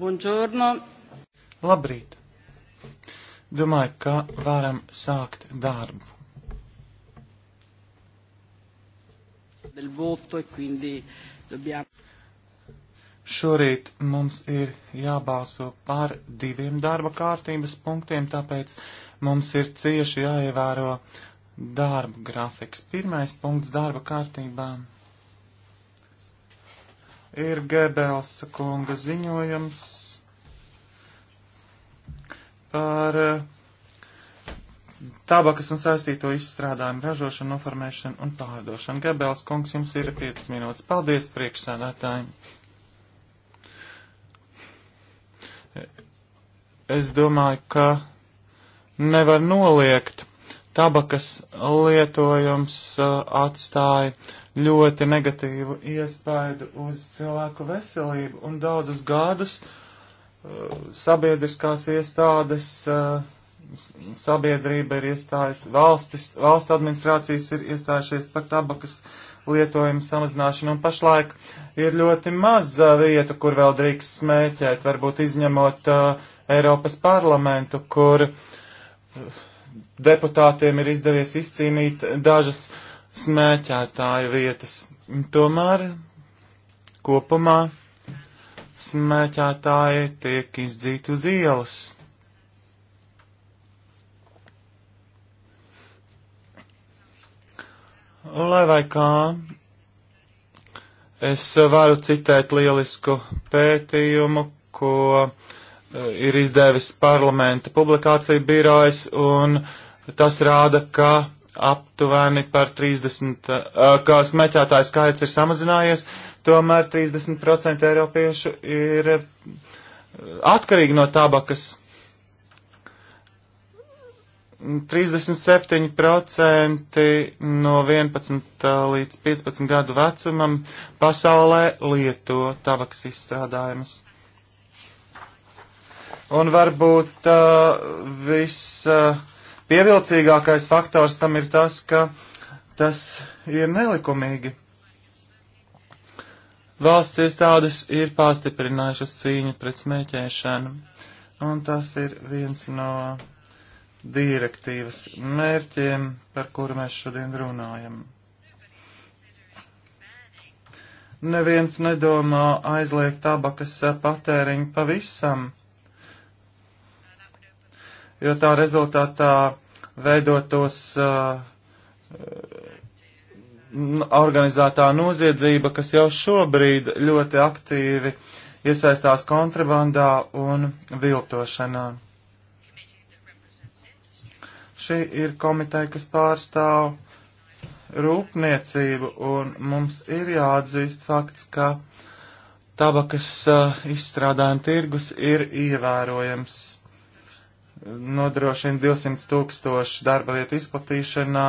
Buongiorno. Labrīt. Domāju, ka varam sākt darbu. Del voto e quindi dobbiamo. Šorīt mums ir jābalso par diviem darba kārtības punktiem, tāpēc mums ir cieši jāievēro darba grafiks. Pirmais punkts darba kārtībām ir Gebelsa kunga ziņojums par eh, tabakas un saistīto izstrādājumu ražošanu, noformēšanu un pārdošanu. Gebels kungs, jums ir 5 minūtes. Paldies priekšsēdētājiem! Es domāju, ka nevar noliegt. Tabakas lietojums eh, atstāja ļoti negatīvu iespaidu uz cilvēku veselību un daudzus gadus uh, sabiedriskās iestādes, uh, sabiedrība ir iestājusi, valstis, valsts administrācijas ir iestājušies par tabakas lietojumu samazināšanu un pašlaik ir ļoti maz uh, vietu, kur vēl drīkst smēķēt, varbūt izņemot uh, Eiropas parlamentu, kur uh, deputātiem ir izdevies izcīnīt dažas uh, smēķētāju vietas. Tomēr kopumā smēķētāji tiek izdzīti uz ielas. Lai vai kā, es varu citēt lielisku pētījumu, ko e, ir izdevis parlamenta publikācija birojas, un tas rāda, ka aptuveni par 30, eh, kā smēķētāju skaits ir samazinājies, tomēr 30% eiropiešu ir eh, atkarīgi no tabakas. 37% no 11 eh, līdz 15 gadu vecumam pasaulē lieto tabakas izstrādājumus. Un varbūt uh, viss. Uh, pievilcīgākais faktors tam ir tas, ka tas ir nelikumīgi. Valsts iestādes ir pastiprinājušas cīņu pret smēķēšanu, un tas ir viens no direktīvas mērķiem, par kuru mēs šodien runājam. Neviens nedomā aizliegt tabakas patēriņu pavisam, jo tā rezultātā veidotos uh, organizētā noziedzība, kas jau šobrīd ļoti aktīvi iesaistās kontrabandā un viltošanā. Šī ir komiteja, kas pārstāv rūpniecību, un mums ir jāatzīst fakts, ka tabakas uh, izstrādājuma tirgus ir ievērojams nodrošina 200 tūkstošu darba vietu izplatīšanā,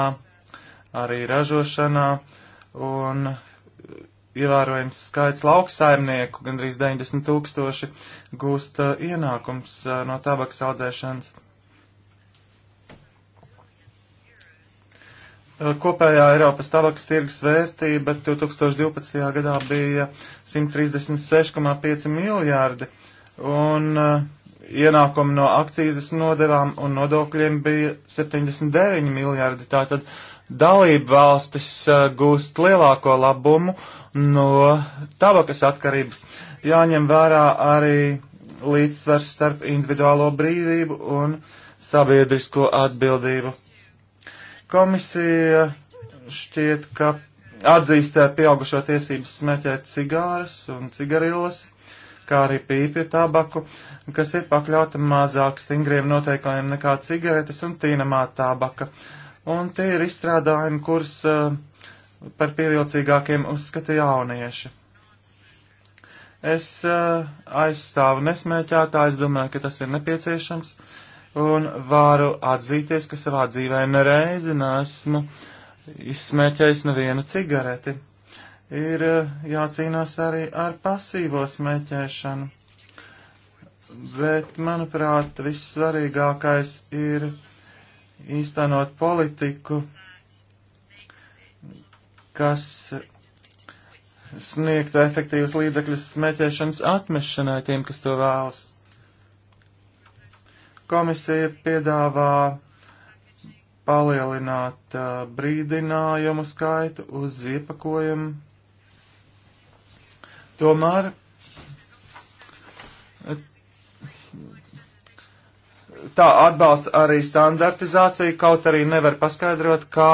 arī ražošanā un ievērojams skaits lauksaimnieku, gandrīz 90 tūkstoši, gūst uh, ienākums uh, no tabaks audzēšanas. Uh, kopējā Eiropas tabakas tirgus vērtība 2012. gadā bija 136,5 miljārdi, un uh, ienākumi no akcijas nodevām un nodokļiem bija 79 miljardi. Tātad dalība valstis uh, gūst lielāko labumu no tabakas atkarības. Jāņem vērā arī līdzsvars starp individuālo brīvību un sabiedrisko atbildību. Komisija šķiet, ka atzīst uh, pieaugušo tiesības smēķēt cigāras un cigarillas kā arī pīpju tabaku, kas ir pakļauta mazāk stingriem noteikumiem nekā cigaretes un tīnamā tabaka. Un tie ir izstrādājumi, kurus uh, par pievilcīgākiem uzskata jaunieši. Es uh, aizstāvu nesmēķētā, es domāju, ka tas ir nepieciešams, un varu atzīties, ka savā dzīvē nereizi nesmu izsmēķējis nevienu cigareti ir eh, jācīnās arī ar pasīvo smēķēšanu. Bet, manuprāt, vissvarīgākais ir īstenot politiku, kas sniegtu efektīvus līdzekļus smēķēšanas atmešanai tiem, kas to vēlas. Komisija piedāvā palielināt uh, brīdinājumu skaitu uz iepakojumu Tomēr tā atbalsta arī standartizāciju, kaut arī nevar paskaidrot, kā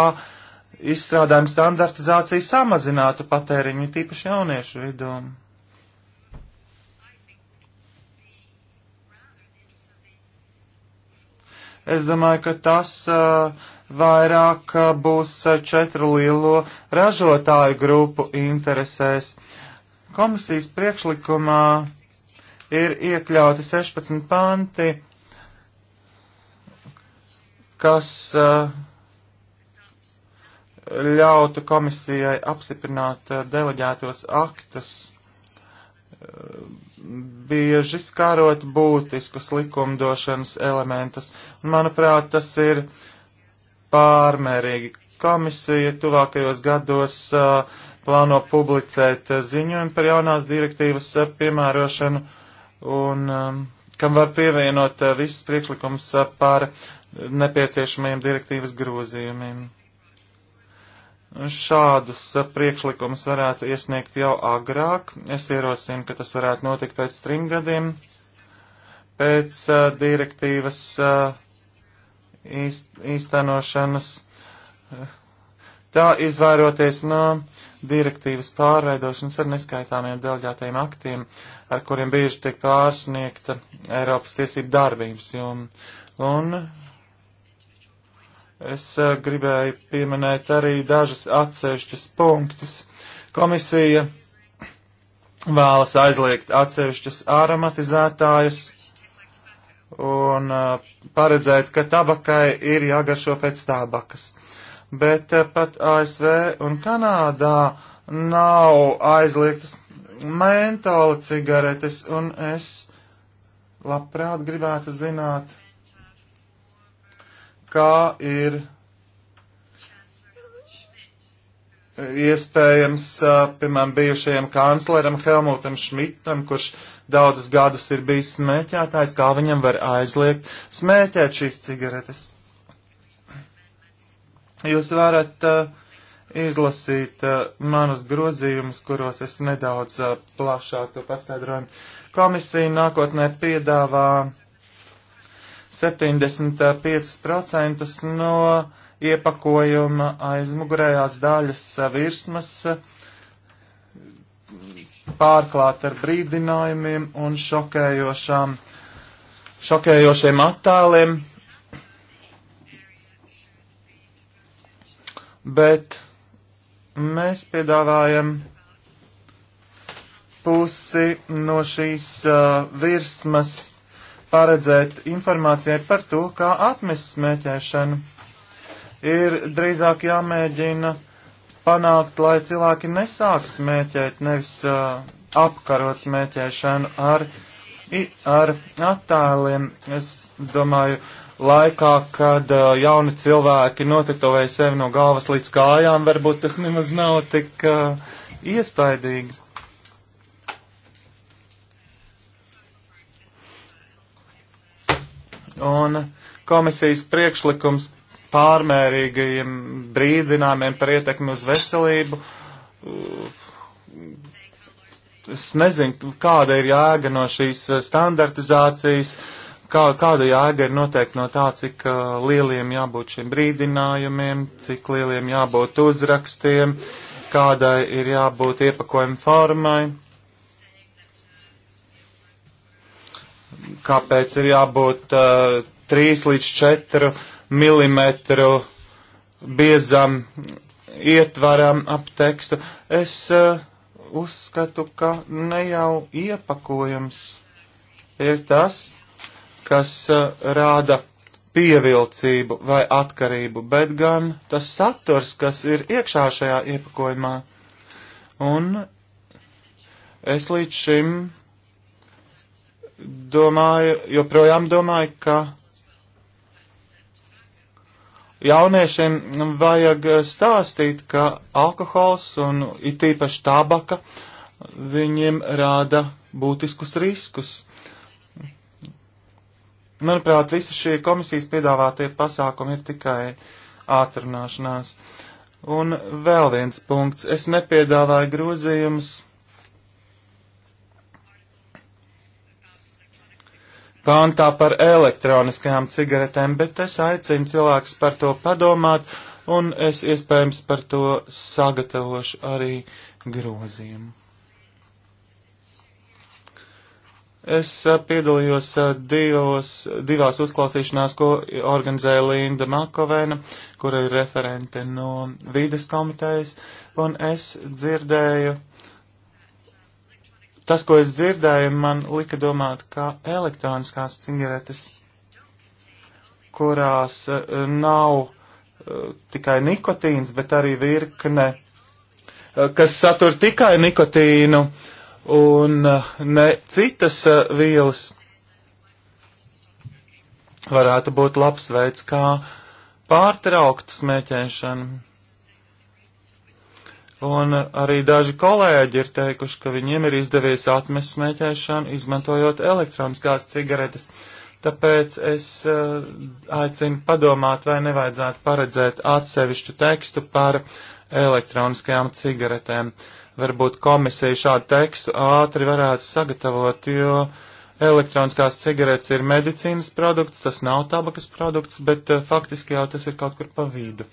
izstrādājuma standartizācija samazinātu patēriņu tīpaši jauniešu vidū. Es domāju, ka tas uh, vairāk uh, būs uh, četru lielo ražotāju grupu interesēs. Komisijas priekšlikumā ir iekļauti 16 panti, kas uh, ļautu komisijai apstiprināt uh, deleģētos aktus, uh, bieži skārot būtiskus likumdošanas elementus. Manuprāt, tas ir pārmērīgi. Komisija tuvākajos gados uh, plāno publicēt eh, ziņojumu par jaunās direktīvas eh, piemērošanu un ehm, kam var pievienot eh, visas priekšlikums par nepieciešamajiem direktīvas grozījumiem. Šādus priekšlikumus varētu iesniegt jau agrāk. Es ierosinu, ka tas varētu notikt pēc trim gadiem, pēc uh, direktīvas uh, īst, īstenošanas. Tā izvairoties no uh, direktīvas pārveidošanas ar neskaitāmiem delģētajiem aktiem, ar kuriem bieži tiek pārsniegta Eiropas tiesību darbības joma. Un es e, gribēju pieminēt arī dažas atsevišķas punktus. Komisija vēlas aizliegt atsevišķas aromatizētājus un e, paredzēt, ka tabakai ir jāgaršo pēc tabakas bet eh, pat ASV un Kanādā nav aizliegtas mentāla cigaretes, un es labprāt gribētu zināt, kā ir iespējams, eh, piemēram, bijušajam kancleram Helmutam Šmitam, kurš daudzus gadus ir bijis smēķētājs, kā viņam var aizliegt smēķēt šīs cigaretes. Jūs varat uh, izlasīt uh, manus grozījumus, kuros es nedaudz uh, plašāk to paskaidroju. Komisija nākotnē piedāvā 75% no iepakojuma aizmugurējās daļas uh, virsmas uh, pārklāt ar brīdinājumiem un šokējošām, šokējošiem attēliem, bet mēs piedāvājam pusi no šīs uh, virsmas paredzēt informācijai par to, kā atmest smēķēšanu. Ir drīzāk jāmēģina panākt, lai cilvēki nesāk smēķēt, nevis uh, apkarot smēķēšanu ar, ar attēliem. Es domāju, uh, laikā, kad uh, jauni cilvēki notiktovēja sevi no galvas līdz kājām, varbūt tas nemaz nav tik uh, iespaidīgi. Un komisijas priekšlikums pārmērīgajiem brīdinājumiem par ietekmi uz veselību. Uh, es nezinu, kāda ir jēga no šīs uh, standartizācijas. Uh, kā, kāda jēga ir noteikti no tā, cik uh, lieliem jābūt šiem brīdinājumiem, cik lieliem jābūt uzrakstiem, kādai ir jābūt iepakojuma formai, kāpēc ir jābūt uh, 3 līdz 4 mm biezam ietvaram ap tekstu. Es uh, uzskatu, ka ne jau iepakojums ir tas, kas eh, rāda pievilcību vai atkarību, bet gan tas saturs, kas ir iekšā šajā iepakojumā. Un es līdz šim domāju, joprojām domāju, ka jauniešiem vajag eh, stāstīt, ka alkohols un it īpaši tabaka viņiem rāda būtiskus riskus. Manuprāt, visi šie komisijas piedāvātie pasākumi ir tikai ātrināšanās. Un vēl viens punkts. Es nepiedāvāju grozījumus pāntā par elektroniskajām cigaretēm, bet es aicinu cilvēkus par to padomāt, un es iespējams par to sagatavošu arī grozījumu. Es piedalījos divos, divās uzklausīšanās, ko organizēja Linda Makovena, kura ir referente no vīdes komitejas, un es dzirdēju, tas, ko es dzirdēju, man lika domāt, kā elektroniskās cigaretes, kurās nav tikai nikotīns, bet arī virkne, kas satur tikai nikotīnu. Uh, un eh, ne citas eh, vielas varētu būt labs veids, kā pārtraukt smēķēšanu. Un eh, arī daži kolēģi ir teikuši, ka viņiem ir izdevies atmest smēķēšanu, izmantojot elektroniskās cigaretes. Tāpēc es uh, aicinu padomāt, vai nevajadzētu paredzēt atsevišķu tekstu par elektroniskajām cigaretēm. Uh, varbūt komisija šādu tekstu ātri varētu sagatavot, jo elektroniskās cigaretes ir medicīnas produkts, tas nav tabakas produkts, bet uh, faktiski jau tas ir kaut kur pa vidu.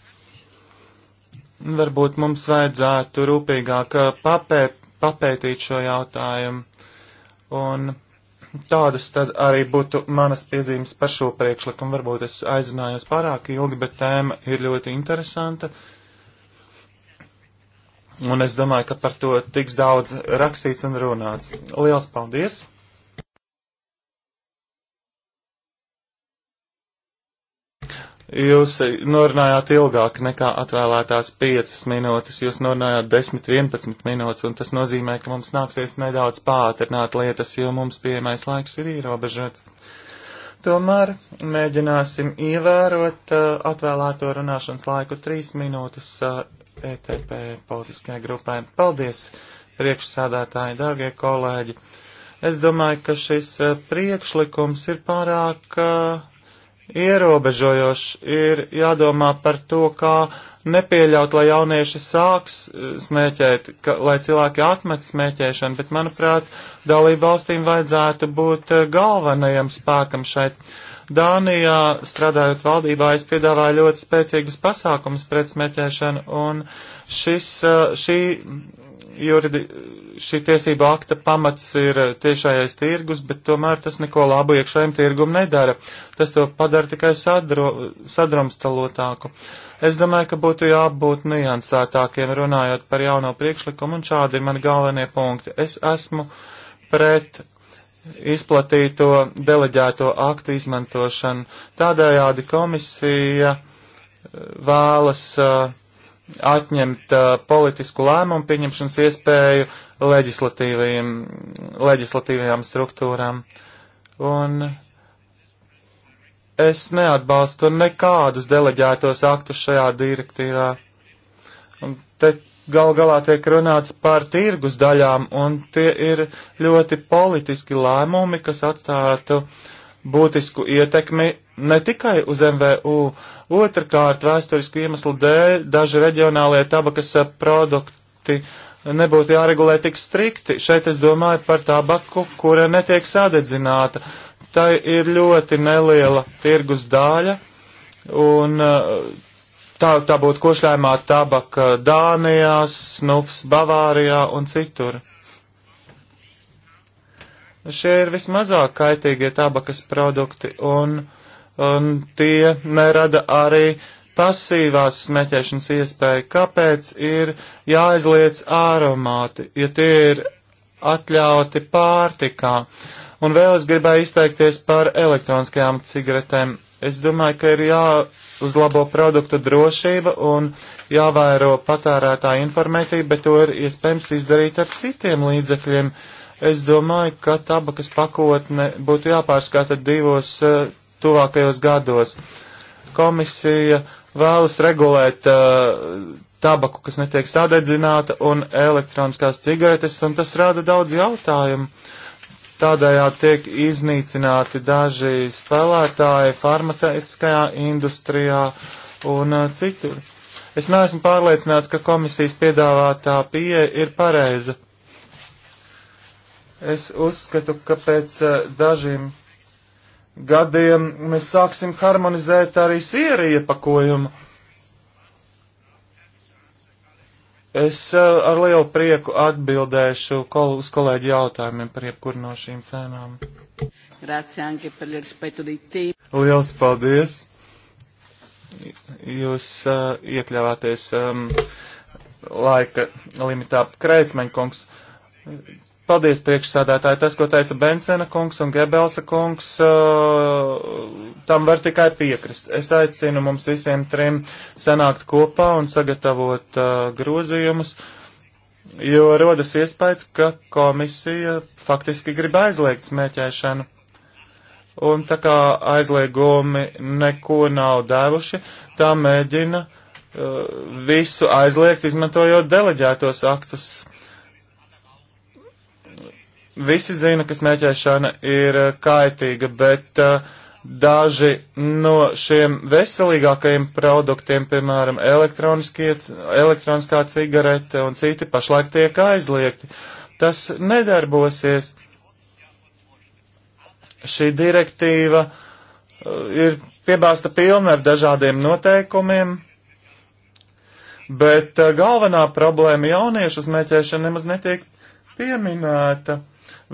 Varbūt mums vajadzētu rūpīgāk eh, papē, papētīt šo jautājumu. Un tādas tad arī būtu manas piezīmes par šo priekšlikumu. Varbūt es aizinājos pārāk ilgi, bet tēma ir ļoti interesanta. Uh, Un es domāju, ka par to tiks daudz rakstīts un runāts. Lielas paldies! Jūs norunājāt ilgāk nekā atvēlētās 5 minūtes, jūs norunājāt 10-11 minūtes, un tas nozīmē, ka mums nāksies nedaudz pātrināt lietas, jo mums pieejamais laiks ir ierobežots. Tomēr mēģināsim ievērot uh, atvēlēto runāšanas laiku 3 minūtes uh, ETP politiskajai grupai. Paldies, priekšsādātāji, dārgie kolēģi! Es domāju, ka šis e, priekšlikums ir pārāk uh, ierobežojošs. Ir jādomā par to, kā nepieļaut, lai jaunieši sāks e, smēķēt, ka, lai cilvēki atmet smēķēšanu, bet, manuprāt, dalību valstīm vajadzētu būt galvenajam spēkam šeit. Uh, Dānijā, strādājot valdībā, es piedāvāju ļoti spēcīgus pasākumus pret smēķēšanu, un šis, uh, šī, juridi, šī tiesība akta pamats ir tiešais tirgus, bet tomēr tas neko labu iekšējiem tirgum nedara. Tas to padara tikai sadro, sadrumstalotāku. Es domāju, ka būtu jābūt niansētākiem runājot par jauno priekšlikumu, un šādi ir mani galvenie punkti. Es esmu pret izplatīto deleģēto aktu izmantošanu. Tādējādi komisija eh, vēlas eh, atņemt eh, politisku lēmumu pieņemšanas iespēju leģislatīvajām struktūrām. Un es neatbalstu nekādus deleģētos aktus šajā direktīvā. Un te gal galā tiek runāts par tirgus daļām, un tie ir ļoti politiski lēmumi, kas atstātu būtisku ietekmi ne tikai uz MVU. Otrakārt, vēsturisku iemeslu dēļ daži reģionālie tabakas produkti nebūtu jāregulē tik strikti. Šeit es domāju par tabaku, kura netiek sadedzināta. Tā ir ļoti neliela tirgus daļa, un uh, Tā, tā būtu košļājumā tabaka Dānijā, snups Bavārijā un citur. Šie ir vismazāk kaitīgie tabakas produkti, un, un tie nerada arī pasīvās smēķēšanas iespēju. Kāpēc ir jāizliec āromāti, ja tie ir atļauti pārtikā? Un vēl es gribēju izteikties par elektroniskajām cigaretēm Es domāju, ka ir jāuzlabo produkta drošība un jāvēro patērētāja informētība, bet to ir iespējams izdarīt ar citiem līdzekļiem. Es domāju, ka tabakas pakotne būtu jāpārskata divos uh, tuvākajos gados. Komisija vēlas regulēt uh, tabaku, kas netiek sadedzināta, un elektroniskās cigaretes, un tas rada daudz jautājumu. Uh, Tādējādi tiek iznīcināti daži spēlētāji farmaceitiskajā industrijā un uh, citur. Es neesmu pārliecināts, ka komisijas piedāvātā pieeja ir pareiza. Es uzskatu, ka pēc uh, dažiem gadiem mēs sāksim harmonizēt arī sieru iepakojumu Es eh, ar lielu prieku atbildēšu kol uz kolēģi jautājumiem par jebkuru no šīm tēmām. Liels paldies! Jūs uh, iekļāvāties um, laika limitā. Kreitsmeņkungs, Paldies, priekšsādātāji. Tas, ko teica Bensena kungs un Gebelsa kungs, uh, tam var tikai piekrist. Es aicinu mums visiem trim sanākt kopā un sagatavot uh, grozījumus, jo rodas iespējas, ka komisija faktiski grib aizliegt smēķēšanu. Un tā kā aizliegumi neko nav devuši, tā mēģina uh, visu aizliegt, izmantojot deleģētos aktus Visi zina, ka smēķēšana ir eh, kaitīga, bet uh, daži no šiem veselīgākajiem produktiem, piemēram, elektroniskā cigarete un citi pašlaik tiek aizliegti. Tas nedarbosies. Šī direktīva eh, ir piebāsta pilna ar dažādiem noteikumiem, bet galvenā problēma jauniešu smēķēšana nemaz netiek pieminēta.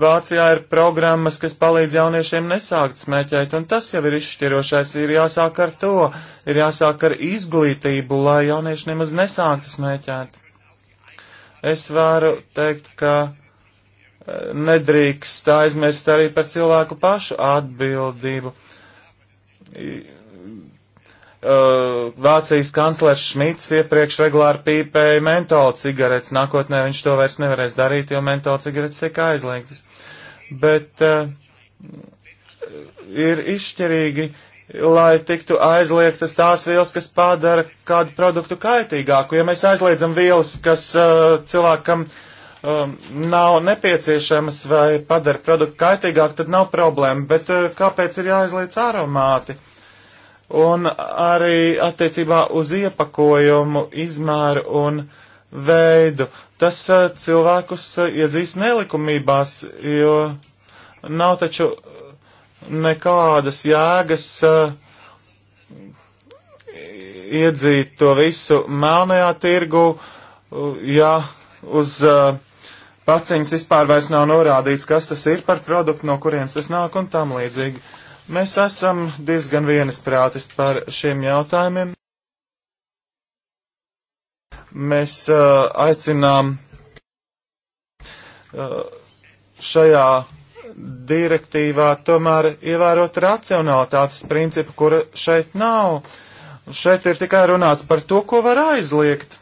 Vācijā ir programmas, kas palīdz jauniešiem nesākt smēķēt, un tas jau ir izšķirošais. Ir jāsāk ar to, ir jāsāk ar izglītību, lai jaunieši nemaz nesāktu smēķēt. Es varu teikt, ka e, nedrīkst aizmirst arī par cilvēku pašu atbildību. E, Vācijas kanclers Šmits iepriekš regulāri pīpēja mentola cigaretes. Nākotnē viņš to vairs nevarēs darīt, jo mentola cigaretes tiek aizliegtas bet uh, ir izšķirīgi, lai tiktu aizliegtas tās vielas, kas padara kādu produktu kaitīgāku. Ja mēs aizliedzam vielas, kas uh, cilvēkam um, nav nepieciešamas vai padara produktu kaitīgāku, tad nav problēma. Bet uh, kāpēc ir jāaizliedz aromāti? Un arī attiecībā uz iepakojumu, izmēru un uh, veidu. Tas cilvēkus iedzīs nelikumībās, jo nav taču nekādas jēgas iedzīt to visu melnajā tirgu, ja uz paciņas vispār vairs nav norādīts, kas tas ir par produktu, no kurienes tas nāk un tam līdzīgi. Mēs esam diezgan vienisprātis par šiem jautājumiem. Mēs uh, aicinām uh, šajā direktīvā tomēr ievērot racionalitātes principu, kura šeit nav. Šeit ir tikai runāts par to, ko var aizliegt.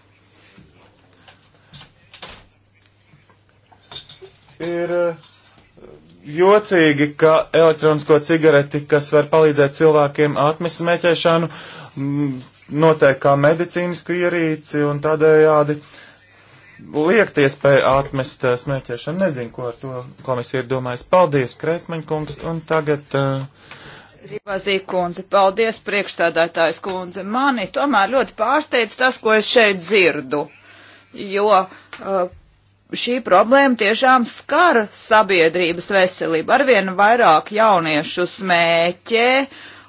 Ir uh, jocīgi, ka elektronisko cigareti, kas var palīdzēt cilvēkiem atmesmēķēšanu, mm, notiek kā medicīnisku ierīci un tādējādi liekt iespēju atmest eh, smēķēšanu. Nezinu, ko ar to komisija ir domājis. Paldies, Kreismaņkungs, un tagad. Uh, eh, Rībazī kundze, paldies priekšstādātājs kundze. Mani tomēr ļoti pārsteidz tas, ko es šeit dzirdu, jo uh, šī problēma tiešām skar sabiedrības veselību. Arvien vairāk jauniešu smēķē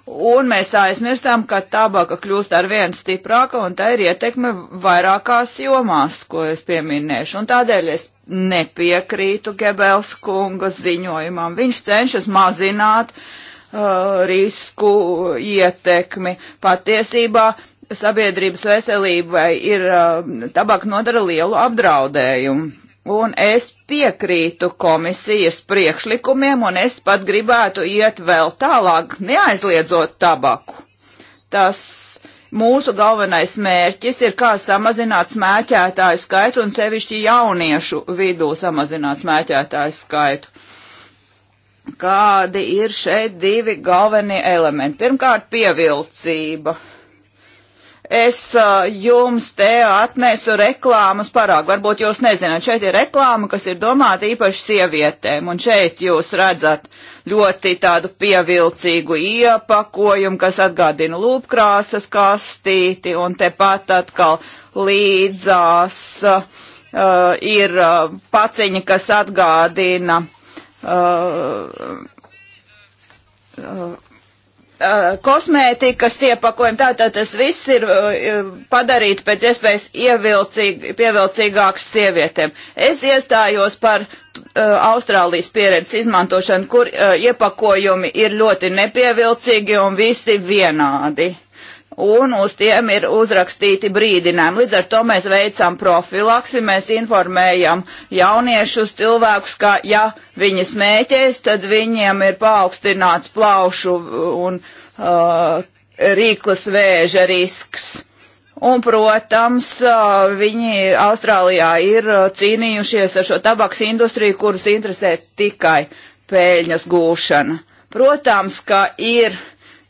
un mēs aizmirstam, ka tabaka kļūst ar vien stiprāka, un tā ir ietekme vairākās jomās, ko es pieminēšu. Un tādēļ es nepiekrītu Gebels kunga ziņojumam. Viņš cenšas mazināt uh, risku ietekmi. Patiesībā sabiedrības veselībai ir uh, tabaka nodara lielu apdraudējumu. Un es piekrītu komisijas priekšlikumiem, un es pat gribētu iet vēl tālāk, neaizliedzot tabaku. Tas mūsu galvenais mērķis ir, kā samazināt smēķētāju skaitu, un sevišķi jauniešu vidū samazināt smēķētāju skaitu. Kādi ir šeit divi galvenie elementi? Pirmkārt, pievilcība. Uh, es uh, jums te atnesu reklāmas parāgu. Varbūt jūs nezināt, šeit ir reklāma, kas ir domāta īpaši sievietēm, un šeit jūs redzat ļoti tādu pievilcīgu iepakojumu, kas atgādina lūpkrāsas kastīti, un tepat atkal līdzās uh, ir uh, paciņa, kas atgādina. Uh, uh, Uh, kosmētikas iepakojumu. Tātad tas viss ir uh, padarīts pēc iespējas pievilcīgāks sievietēm. Es iestājos par uh, Austrālijas pieredzes izmantošanu, kur uh, iepakojumi ir ļoti nepievilcīgi un visi vienādi. Uh, un uz tiem ir uzrakstīti brīdinājumi. Līdz ar to mēs veicam profilaksi, mēs informējam jauniešus cilvēkus, ka ja viņi smēķēs, tad viņiem ir paaugstināts plaušu un uh, rīklas vēža risks. Un, protams, uh, viņi Austrālijā ir uh, cīnījušies ar šo tabaks industriju, kurus interesē tikai pēļņas gūšana. Protams, ka ir uh,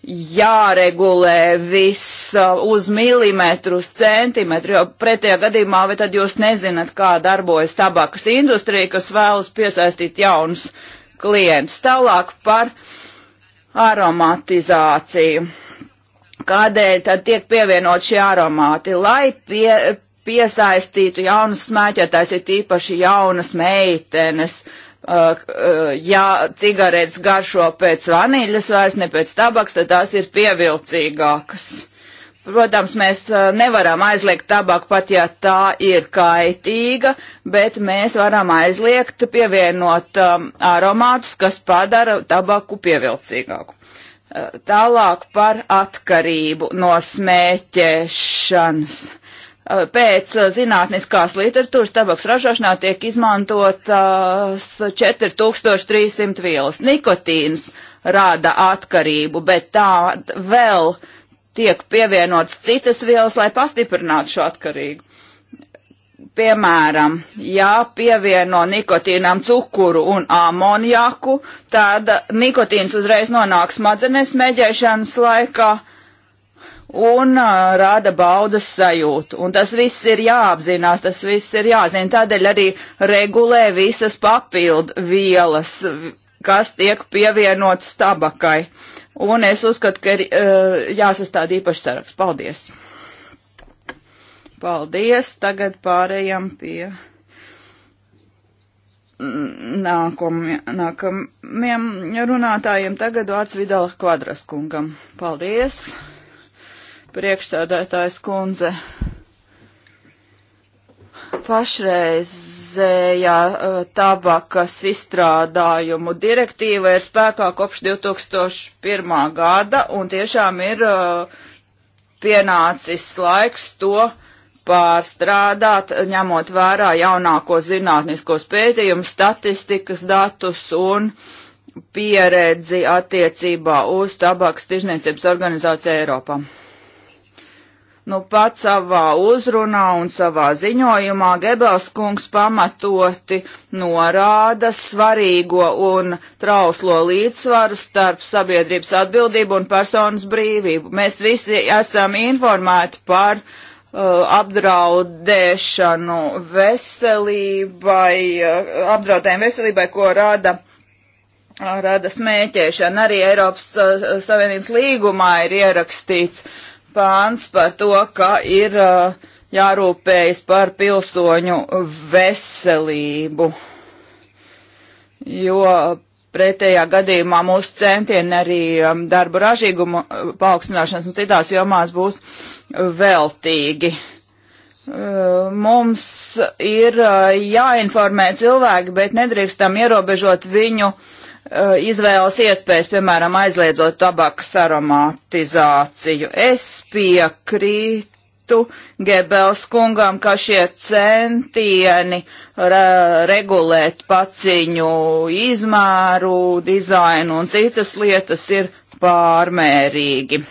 jāregulē viss uh, uz milimetru, uz centimetru, jo pretējā gadījumā, vai tad jūs nezināt, kā darbojas tabakas industrija, kas vēlas piesaistīt jaunus klientus. Tālāk par aromatizāciju. Kādēļ tad tiek pievienot šie aromāti? Lai pie, piesaistītu jaunus smēķētājs, ir tīpaši jaunas meitenes. Uh, Uh, uh, ja cigaretes garšo pēc vaniļas vairs ne pēc tabaks, tad tās ir pievilcīgākas. Protams, mēs uh, nevaram aizliegt tabaku pat, ja tā ir kaitīga, bet mēs varam aizliegt pievienot um, aromātus, kas padara tabaku pievilcīgāku. Tālāk par atkarību no smēķēšanas. Eh, pēc eh, zinātniskās literatūras tabaks ražošanā tiek izmantotas 4300 vielas. Nikotīns rāda atkarību, bet tā vēl tiek pievienotas citas vielas, lai pastiprinātu šo atkarību. Piemēram, ja pievieno nikotīnam cukuru un amoniaku, tad nikotīns uzreiz nonāk smadzenēs mēģēšanas laikā. Uh, un uh, rāda baudas sajūtu. Un tas viss ir jāapzinās, tas viss ir jāzina. Tādēļ arī regulē visas papildu vielas, kas tiek pievienotas tabakai. Un es uzskatu, ka ir uh, jāsastāda īpašs saraksts. Paldies! Paldies! Tagad pārējām pie nākamie, nākamiem runātājiem. Tagad vārds Vidala Kvadraskungam. Paldies! priekšsēdētājs kundze. Pašreizējā uh, tabakas izstrādājumu direktīva ir spēkā kopš 2001. gada un tiešām ir uh, pienācis laiks to pārstrādāt, ņemot vērā jaunāko zinātniskos pētījumus, statistikas datus un pieredzi attiecībā uz tabaks tirzniecības organizāciju Eiropā. Nu, pat savā uzrunā un savā ziņojumā Gebels kungs pamatoti norāda svarīgo un trauslo līdzsvaru starp sabiedrības atbildību un personas brīvību. Mēs visi esam informēti par uh, apdraudēšanu veselībai, uh, apdraudējumu veselībai, ko rada rada smēķēšana. Arī Eiropas uh, Savienības līgumā ir ierakstīts uh, pāns par to, ka ir uh, jārūpējas par pilsoņu veselību, jo pretējā gadījumā mūsu centieni arī um, darba ražīgumu uh, paaugstināšanas un citās jomās būs veltīgi. Uh, mums ir jāinformē cilvēki, bet nedrīkstam ierobežot viņu uh, Uh, izvēles iespējas, piemēram, aizliedzot tabakas aromatizāciju. Es piekrītu Gebels kungam, ka šie centieni re regulēt paciņu izmēru, dizainu un citas lietas ir pārmērīgi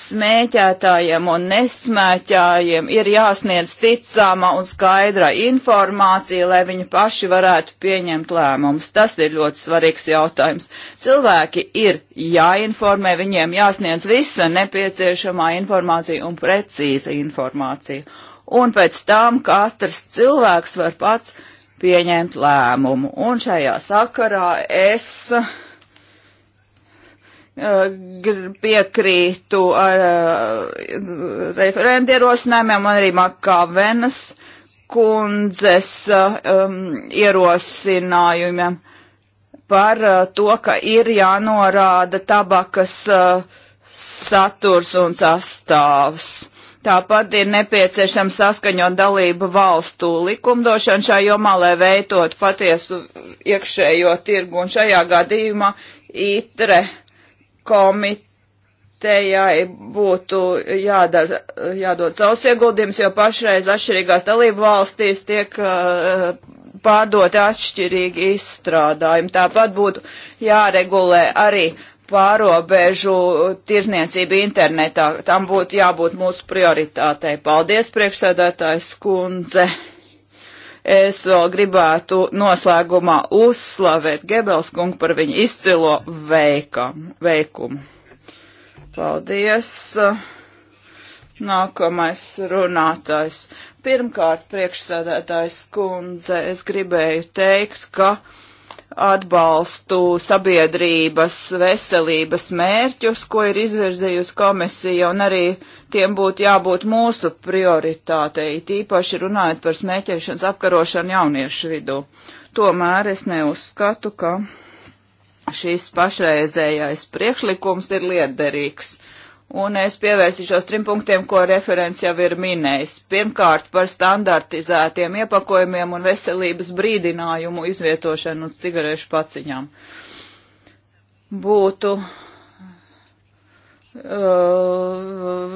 smēķētājiem un nesmēķājiem ir jāsniedz ticama un skaidra informācija, lai viņi paši varētu pieņemt lēmumus. Tas ir ļoti svarīgs jautājums. Cilvēki ir jāinformē, viņiem jāsniedz visa nepieciešamā informācija un precīza informācija. Un pēc tam katrs cilvēks var pats pieņemt lēmumu. Un šajā sakarā es. Uh, Eh, piekrītu ar eh, referendi ierosinājumiem un arī Makāvenas kundzes eh, um, ierosinājumiem par uh, to, ka ir jānorāda tabakas uh, saturs un sastāvs. Tāpat ir nepieciešams saskaņot dalību valstu likumdošanu šajā jomā, lai veidot patiesu iekšējo tirgu, un šajā gadījumā ITRE komitejai būtu jādara, jādod savus ieguldījumus, jo pašreiz atšķirīgās dalību valstīs tiek uh, pārdoti atšķirīgi izstrādājumi. Tāpat būtu jāregulē arī pārobežu tirzniecību internetā. Tam būtu jābūt mūsu prioritātei. Paldies, priekšsēdētājs kundze! Es vēl gribētu noslēgumā uzslavēt Gebelskungu par viņa izcilo veikam, veikumu. Paldies! Nākamais runātājs. Pirmkārt, priekšsēdētājs kundze, es gribēju teikt, ka atbalstu sabiedrības veselības mērķus, ko ir izvirzījusi komisija un arī uh, tiem būtu jābūt mūsu prioritātei, tīpaši runājot par smēķēšanas apkarošanu jauniešu vidū. Tomēr es neuzskatu, ka šis pašreizējais priekšlikums ir liederīgs. Un es pievērsīšos trim punktiem, ko referents jau ir minējis. Pirmkārt, par standartizētiem iepakojumiem un veselības brīdinājumu izvietošanu uz cigarešu paciņām. Būtu Uh,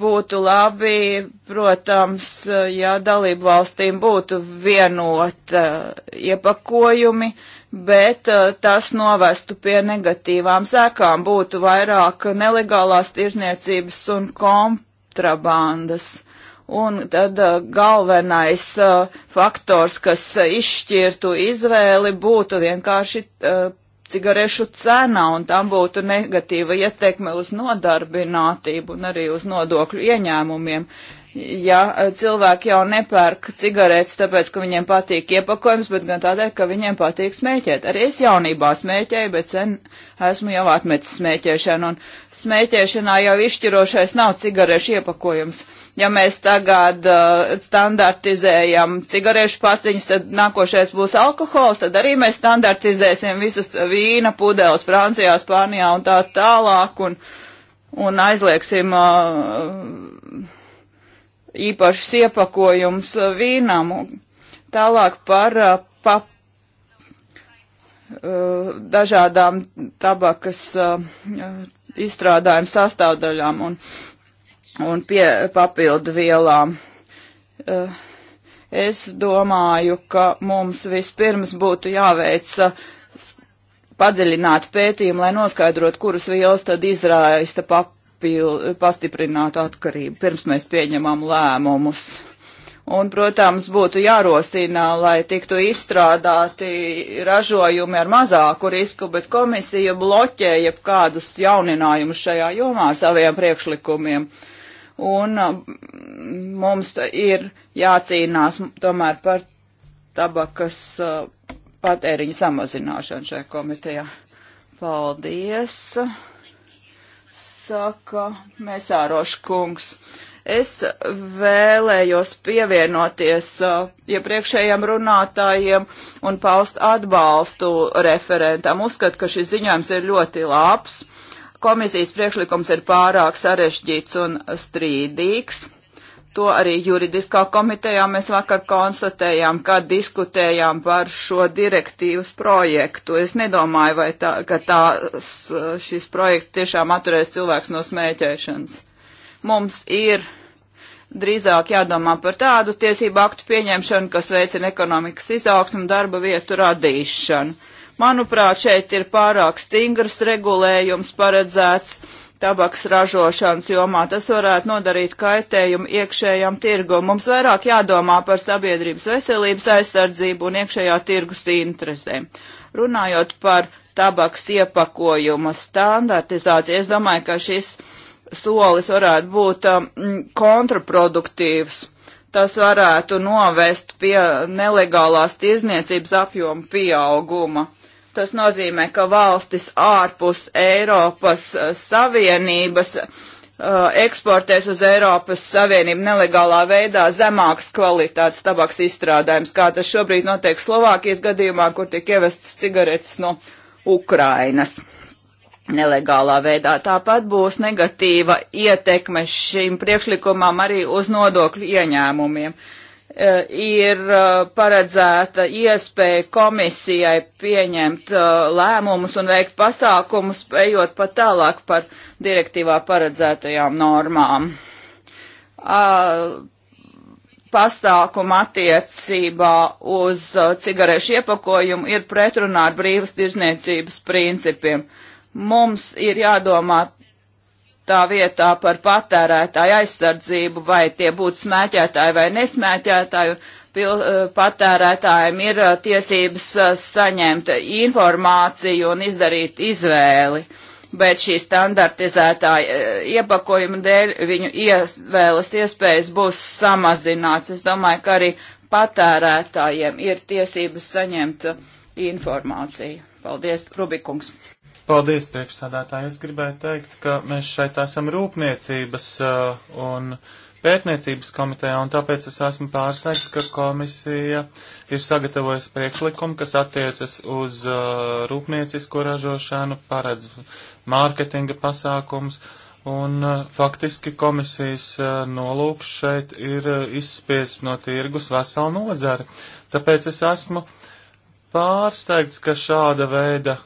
būtu labi, protams, ja dalību valstīm būtu vienota iepakojumi, bet uh, tas novestu pie negatīvām sekām, būtu vairāk nelegālās tirzniecības un kontrabandas. Un tad uh, galvenais faktors, kas izšķirtu izvēli, būtu vienkārši cigarešu cena, un tam būtu negatīva ietekme uz nodarbinātību un arī uz nodokļu ieņēmumiem. Uh, ja e, cilvēki jau nepērk cigaretes, tāpēc, ka viņiem patīk iepakojums, bet gan tādēļ, ka viņiem patīk smēķēt. Arī es jaunībā smēķēju, bet sen esmu jau atmetis smēķēšanu, un smēķēšanā jau izšķirošais nav cigarešu iepakojums. Ja mēs tagad uh, standartizējam cigarešu paciņas, tad nākošais būs alkohols, tad arī mēs standartizēsim visus vīna pudeles Francijā, Spānijā un tā tālāk, un, un aizliegsim. Uh, īpašs iepakojums uh, vīnam. Tālāk par uh, pap, uh, dažādām tabakas izstrādājumu sastāvdaļām un, un pie, papildu vielām. Es domāju, ka mums vispirms būtu jāveic padziļināt pētījumu, lai noskaidrot, kuras vielas tad izraista pap papil, pastiprināt atkarību, pirms mēs pieņemam lēmumus. Un, protams, būtu jārosina, lai tiktu izstrādāti ražojumi ar mazāku risku, bet komisija bloķēja kādus jauninājumus šajā jomā ar saviem priekšlikumiem. Un mm, mums ir jācīnās tomēr par tabakas uh, patēriņa samazināšanu šajā komitejā. Paldies! saka Mēsārošs kungs. Es vēlējos pievienoties uh, iepriekšējiem ja runātājiem un paust atbalstu referentam. Uzskatu, ka šis ziņojums ir ļoti labs. Komisijas priekšlikums ir pārāk sarežģīts un strīdīgs to arī juridiskā komitejā mēs vakar konstatējām, kad diskutējām par šo direktīvas projektu. Es nedomāju, vai tā, ka tās, šis projekts tiešām atturēs cilvēks no smēķēšanas. Mums ir drīzāk jādomā par tādu tiesību aktu pieņemšanu, kas veicina ekonomikas izaugsmu un darba vietu radīšanu. Manuprāt, šeit ir pārāk stingrs regulējums paredzēts tabaks ražošanas jomā. Tas varētu nodarīt kaitējumu iekšējam tirgu. Mums vairāk jādomā par sabiedrības veselības aizsardzību un iekšējā tirgus interesēm. Runājot par tabaks iepakojuma standartizāciju, es domāju, ka šis solis varētu būt um, kontraproduktīvs. Tas varētu novest pie nelegālās tirzniecības apjoma pieauguma Tas nozīmē, ka valstis ārpus Eiropas eh, Savienības eh, eksportēs uz Eiropas Savienību nelegālā veidā zemāks kvalitātes tabaks izstrādājums, kā tas šobrīd notiek Slovākijas gadījumā, kur tiek ievestas cigaretes no Ukrainas nelegālā veidā. Tāpat būs negatīva ietekme šim priekšlikumam arī uz nodokļu ieņēmumiem. Uh, Eh, ir eh, paredzēta iespēja komisijai pieņemt eh, lēmumus un veikt pasākumus, ejot pat tālāk par direktīvā paredzētajām normām. Pasākuma attiecībā uz cigarešu iepakojumu ir pretrunā ar brīvas tirzniecības principiem. Mums ir jādomā tā vietā par patērētāju aizsardzību, vai tie būtu smēķētāji vai nesmēķētāji. Pil, eh, patērētājiem ir eh, tiesības eh, saņemt informāciju un izdarīt izvēli, bet šī standartizētā iepakojuma dēļ viņu izvēles iespējas būs samazināts. Es domāju, ka arī patērētājiem ir tiesības saņemt informāciju. Paldies, Rubikungs. Paldies, priekšsādātāji. Es gribēju teikt, ka mēs šeit esam rūpniecības uh, un pētniecības komitejā, un tāpēc es esmu pārsteigts, ka komisija ir sagatavojusi priekšlikumu, kas attiecas uz uh, rūpniecisko ražošanu, paredz mārketinga pasākums, un uh, faktiski komisijas uh, nolūks šeit ir uh, izspiest no tirgus veselu nozari. Tāpēc es esmu pārsteigts, ka šāda veida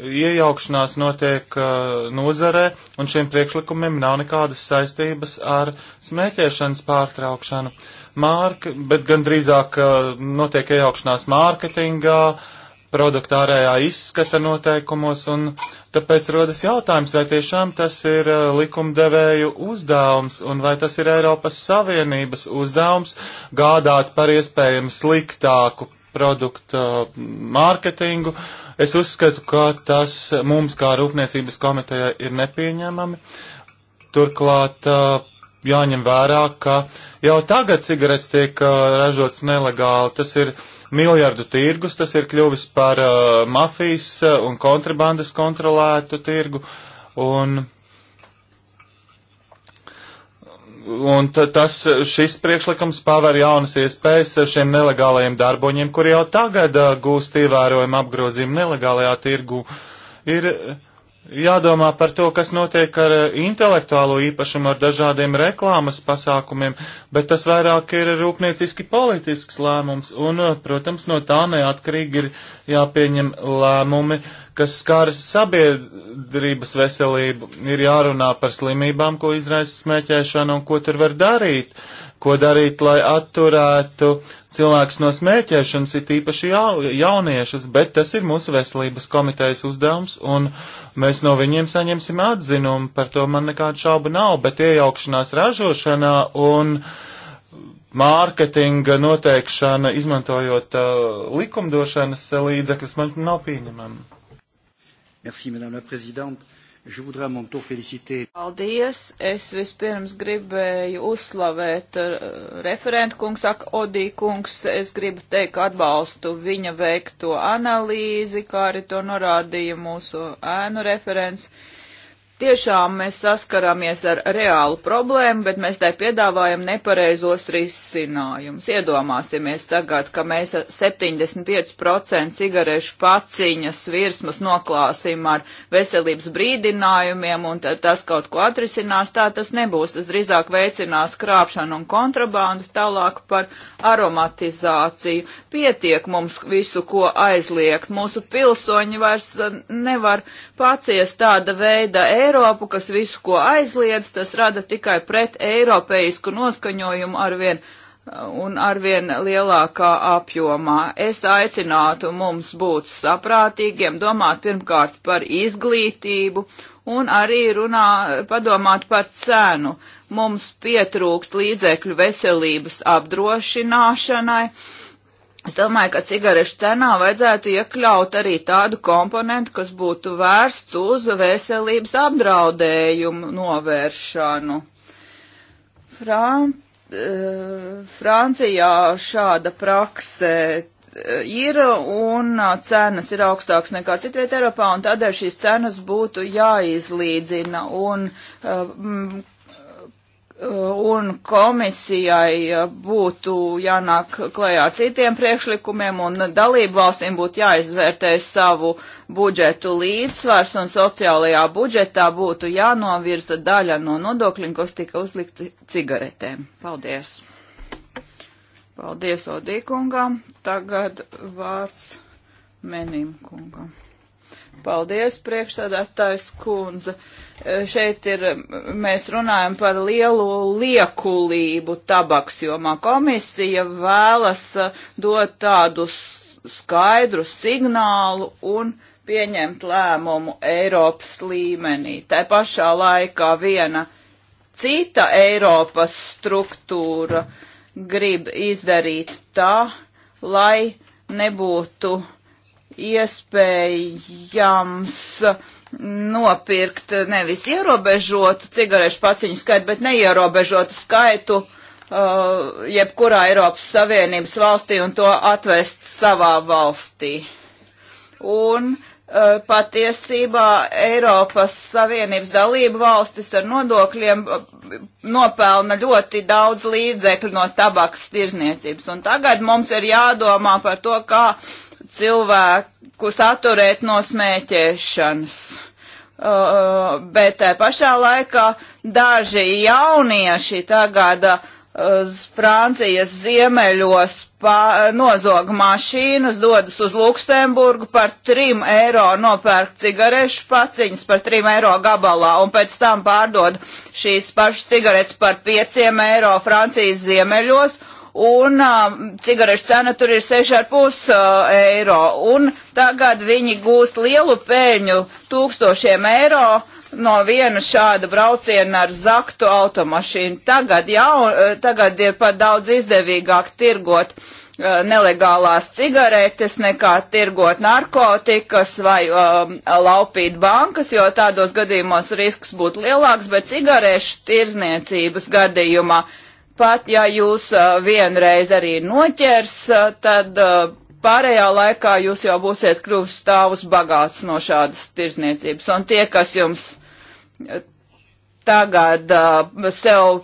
iejaukšanās notiek uh, nozarē, un šiem priekšlikumiem nav nekādas saistības ar smēķēšanas pārtraukšanu. Mārka, bet gan drīzāk uh, notiek iejaukšanās mārketingā, produkta ārējā izskata noteikumos, un tāpēc rodas jautājums, vai tiešām tas ir uh, likumdevēju uzdevums, un vai tas ir Eiropas Savienības uzdevums gādāt par iespējami sliktāku produkta uh, mārketingu. Es uzskatu, ka tas mums kā rūpniecības komitejai ir nepieņemami. Turklāt uh, jāņem vērā, ka jau tagad cigaretes tiek uh, ražotas nelegāli. Tas ir miljardu tirgus, tas ir kļuvis par mafijas un kontrabandas kontrolētu tirgu. Un Un tas, šis priekšlikums paver jaunas iespējas šiem nelegālajiem darboņiem, kuri jau tagad uh, gūst ievērojumu apgrozījumu nelegālajā tirgu. Ir uh, jādomā par to, kas notiek ar uh, intelektuālo īpašumu, ar dažādiem reklāmas pasākumiem, bet tas vairāk ir rūpnieciski politisks lēmums. Un, uh, protams, no tā neatkarīgi ir jāpieņem lēmumi. Uh, kas skāras sabiedrības veselību, ir jārunā par slimībām, ko izraisa smēķēšana un ko tur var darīt, ko darīt, lai atturētu cilvēks no smēķēšanas, ir īpaši ja, jauniešus, bet tas ir mūsu veselības komitejas uzdevums, un mēs no viņiem saņemsim atzinumu, par to man nekāda šauba nav, bet iejaukšanās ražošanā un mārketinga noteikšana, izmantojot uh, likumdošanas līdzekļus, man nav pieņemama. Merci, Madame la Présidente. Je voudrais mon to féliciter. Paldies! Es vispirms gribēju uzslavēt uh, referentu kungs, saka Odī kungs. Es gribu teikt atbalstu viņa veikto analīzi, kā arī to norādīja mūsu ēnu referents. Uh, Tiešām mēs saskaramies ar reālu problēmu, bet mēs tai piedāvājam nepareizos risinājumus. Iedomāsimies tagad, ka mēs 75% cigarešu paciņas virsmas noklāsim ar veselības brīdinājumiem, un tad tas kaut ko atrisinās, tā tas nebūs. Tas drīzāk veicinās krāpšanu un kontrabandu tālāk par aromatizāciju. Pietiek mums visu, ko aizliegt. Mūsu pilsoņi vairs nevar paciest tāda veida eiro Eiropu, kas visu ko aizliedz, tas rada tikai pret eiropeisku noskaņojumu arvien un arvien lielākā apjomā. Es aicinātu mums būt saprātīgiem, domāt pirmkārt par izglītību un arī runā, padomāt par cenu. Mums pietrūkst līdzekļu veselības apdrošināšanai Es domāju, ka cigarešu cenā vajadzētu iekļaut arī tādu komponentu, kas būtu vērsts uz veselības apdraudējumu novēršanu. Fran eh, Francijā šāda prakse eh, ir un eh, cenas ir augstākas nekā citviet Eiropā, un tādēļ šīs cenas būtu jāizlīdzina. Un um, Eh, un komisijai eh, būtu jānāk klajā ar citiem priekšlikumiem, un dalību valstīm būtu jāizvērtē savu budžetu līdzsvars, un sociālajā budžetā būtu jānovirza daļa no nodokļiem, kas tika uzlikti cigaretēm. Paldies! Paldies Odīkungam! Tagad vārds Menim kungam. Paldies, priekšstādātājs kundze. E, šeit ir, mēs runājam par lielu liekulību tabaks jomā. Komisija vēlas e, dot tādu skaidru signālu un pieņemt lēmumu Eiropas līmenī. Tā pašā laikā viena cita Eiropas struktūra grib izdarīt tā, lai nebūtu uh, iespējams nopirkt nevis ierobežotu cigarešu paciņu skaitu, bet neierobežotu skaitu uh, jebkurā Eiropas Savienības valstī un to atvest savā valstī. Un uh, patiesībā Eiropas Savienības dalību valstis ar nodokļiem uh, nopelna ļoti daudz līdzekļu no tabaks tirzniecības. Un tagad mums ir jādomā par to, kā uh, cilvēkus atturēt no smēķēšanas. Uh, bet tā pašā laikā daži jaunieši tagad uh, Francijas ziemeļos nozog mašīnas, dodas uz Luksemburgu par 3 eiro nopērk cigarešu paciņas par 3 eiro gabalā un pēc tam pārdod šīs pašas cigaretes par 5 eiro Francijas ziemeļos un uh, cigarešu cena tur ir 6,5 uh, eiro. Un tagad viņi gūst lielu pēļņu tūkstošiem eiro no viena šāda brauciena ar zaktu automašīnu. Tagad, jau, uh, tagad ir pat daudz izdevīgāk tirgot uh, nelegālās cigaretes nekā tirgot narkotikas vai um, laupīt bankas, jo tādos gadījumos risks būtu lielāks, bet cigarešu tirzniecības gadījumā uh, pat ja jūs vienreiz arī noķers, tad pārējā laikā jūs jau būsiet kļuvis stāvus bagāts no šādas tirzniecības. Un tie, kas jums tagad sev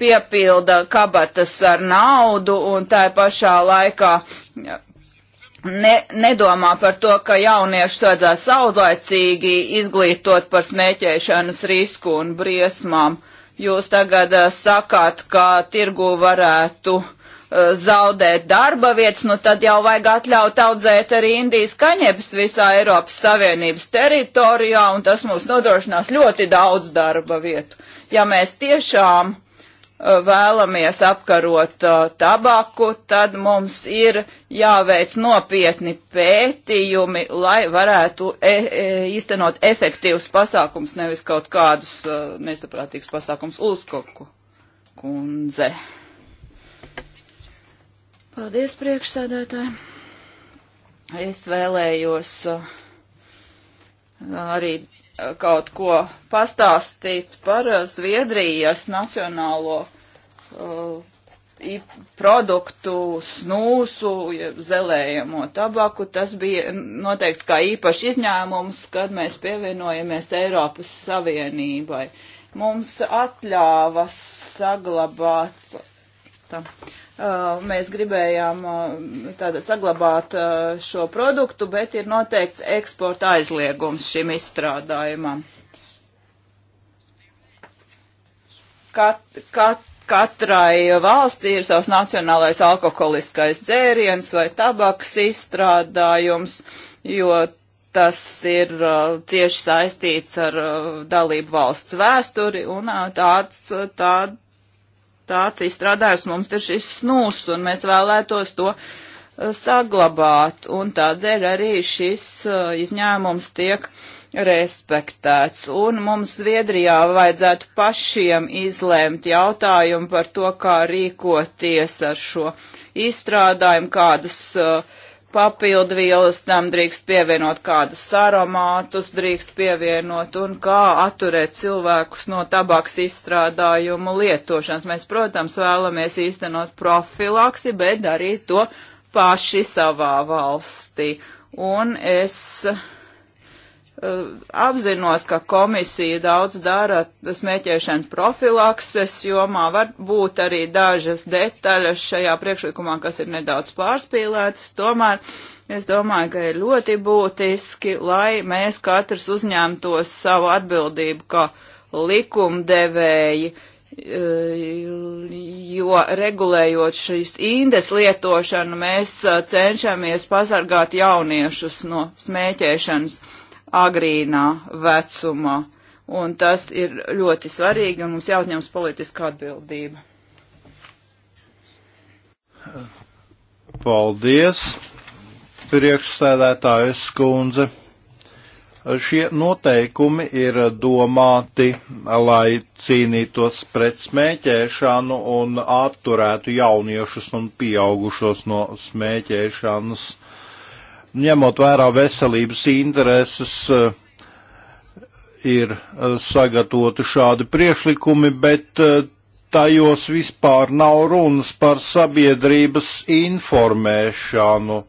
piepilda kabatas ar naudu un tā pašā laikā ne, nedomā par to, ka jauniešus vajadzētu saudlaicīgi izglītot par smēķēšanas risku un briesmām. Uh, Jūs tagad eh, sakāt, ka tirgu varētu eh, zaudēt darba vietas, nu tad jau vajag atļaut audzēt arī Indijas kaņepes visā Eiropas Savienības teritorijā, un tas mums nodrošinās ļoti daudz darba vietu. Ja mēs tiešām uh, Eh, vēlamies apkarot eh, tabaku, tad mums ir jāveic nopietni pētījumi, lai varētu e e īstenot efektīvus pasākums, nevis kaut kādus eh, nesaprātīgus pasākums uzkoku kundze. Paldies, priekšsēdētāji. Es vēlējos arī kaut ko pastāstīt par eh, Zviedrijas nacionālo uh, produktu snūsu, zelējamo tabaku. Tas bija noteikts kā īpašs izņēmums, kad mēs pievienojamies Eiropas Savienībai. Mums atļāva saglabāt. Tā. Uh, mēs gribējām uh, tāda, saglabāt uh, šo produktu, bet ir noteikts eksporta aizliegums šim izstrādājumam. Kat, kat, katrai valstī ir savs nacionālais alkoholiskais dzēriens vai tabaks izstrādājums, jo tas ir uh, cieši saistīts ar uh, dalību valsts vēsturi un uh, tāds, tād, tāds izstrādājums mums ir šis snūs, un mēs vēlētos to eh, saglabāt, un tādēļ arī šis eh, izņēmums tiek respektēts. Un mums Zviedrijā vajadzētu pašiem izlēmt jautājumu par to, kā rīkoties ar šo izstrādājumu, kādas uh, papildvielas, tam drīkst pievienot kādus aromātus, drīkst pievienot un kā atturēt cilvēkus no tabaks izstrādājumu lietošanas. Mēs, protams, vēlamies īstenot profilaksi, bet darīt to paši savā valstī. Un es uh, Eh, apzinos, ka komisija daudz dara smēķēšanas profilakses jomā, var būt arī dažas detaļas šajā priekšlikumā, kas ir nedaudz pārspīlētas, tomēr es domāju, ka ir ļoti būtiski, lai mēs katrs uzņemtos savu atbildību kā likumdevēji, eh, jo regulējot šīs indes lietošanu, mēs eh, cenšamies pasargāt jauniešus no smēķēšanas agrīnā vecumā. Un tas ir ļoti svarīgi, un mums jāuzņemas politiska atbildība. Paldies, priekšsēdētājas kundze. Šie noteikumi ir domāti, lai cīnītos pret smēķēšanu un atturētu jauniešus un pieaugušos no smēķēšanas ņemot vērā veselības intereses, eh, ir eh, sagatavoti šādi priekšlikumi, bet eh, tajos vispār nav runas par sabiedrības informēšanu.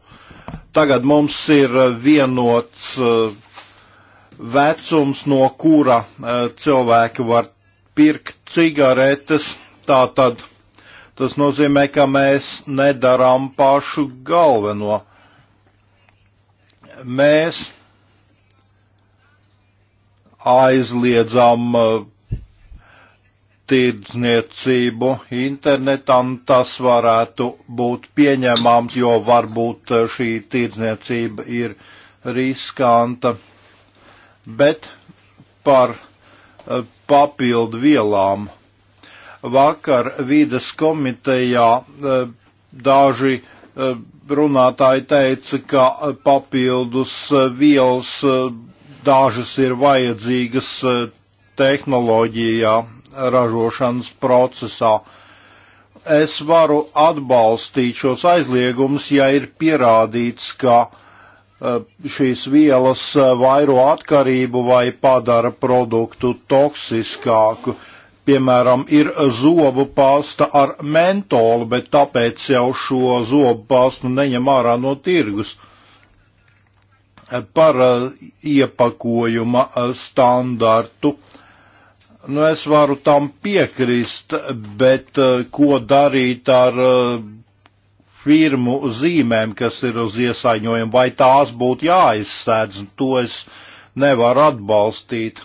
Tagad mums ir vienots vecums, no kura cilvēki var pirkt cigaretes. Tātad tas nozīmē, ka mēs nedarām pašu galveno mēs aizliedzām uh, tirdzniecību internetam, tas varētu būt pieņemams, jo varbūt uh, šī tirdzniecība ir riskanta. Bet par uh, papildu vielām. Vakar vides komitejā daži runātāji teica, ka eh, papildus eh, vielas eh, dažas ir vajadzīgas tehnoloģijā, ražošanas procesā. Es varu atbalstīt šos aizliegumus, ja ir pierādīts, ka šīs vielas vairo atkarību vai padara produktu toksiskāku piemēram, ir zobu pasta ar mentolu, bet tāpēc jau šo zobu pastu neņem ārā no tirgus. Par eh, iepakojuma eh, standartu. Nu, es varu tam piekrist, bet eh, ko darīt ar firmu zīmēm, kas ir uz iesaņojumu, vai tās būtu jāizsēdz, to es nevaru atbalstīt.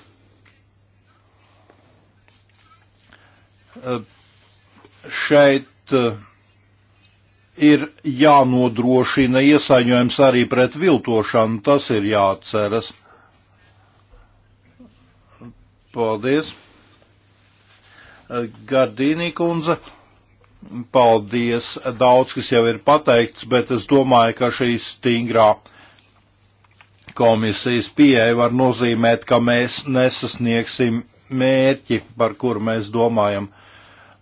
Eh, šeit eh, ir jānodrošina iesaņojums arī pret viltošanu, tas ir jāatceras. Paldies. Eh, Gardīnī kundze, paldies. Daudz, kas jau ir pateikts, bet es domāju, ka šī stingrā komisijas pieeja var nozīmēt, ka mēs nesasniegsim mērķi, par kuru mēs domājam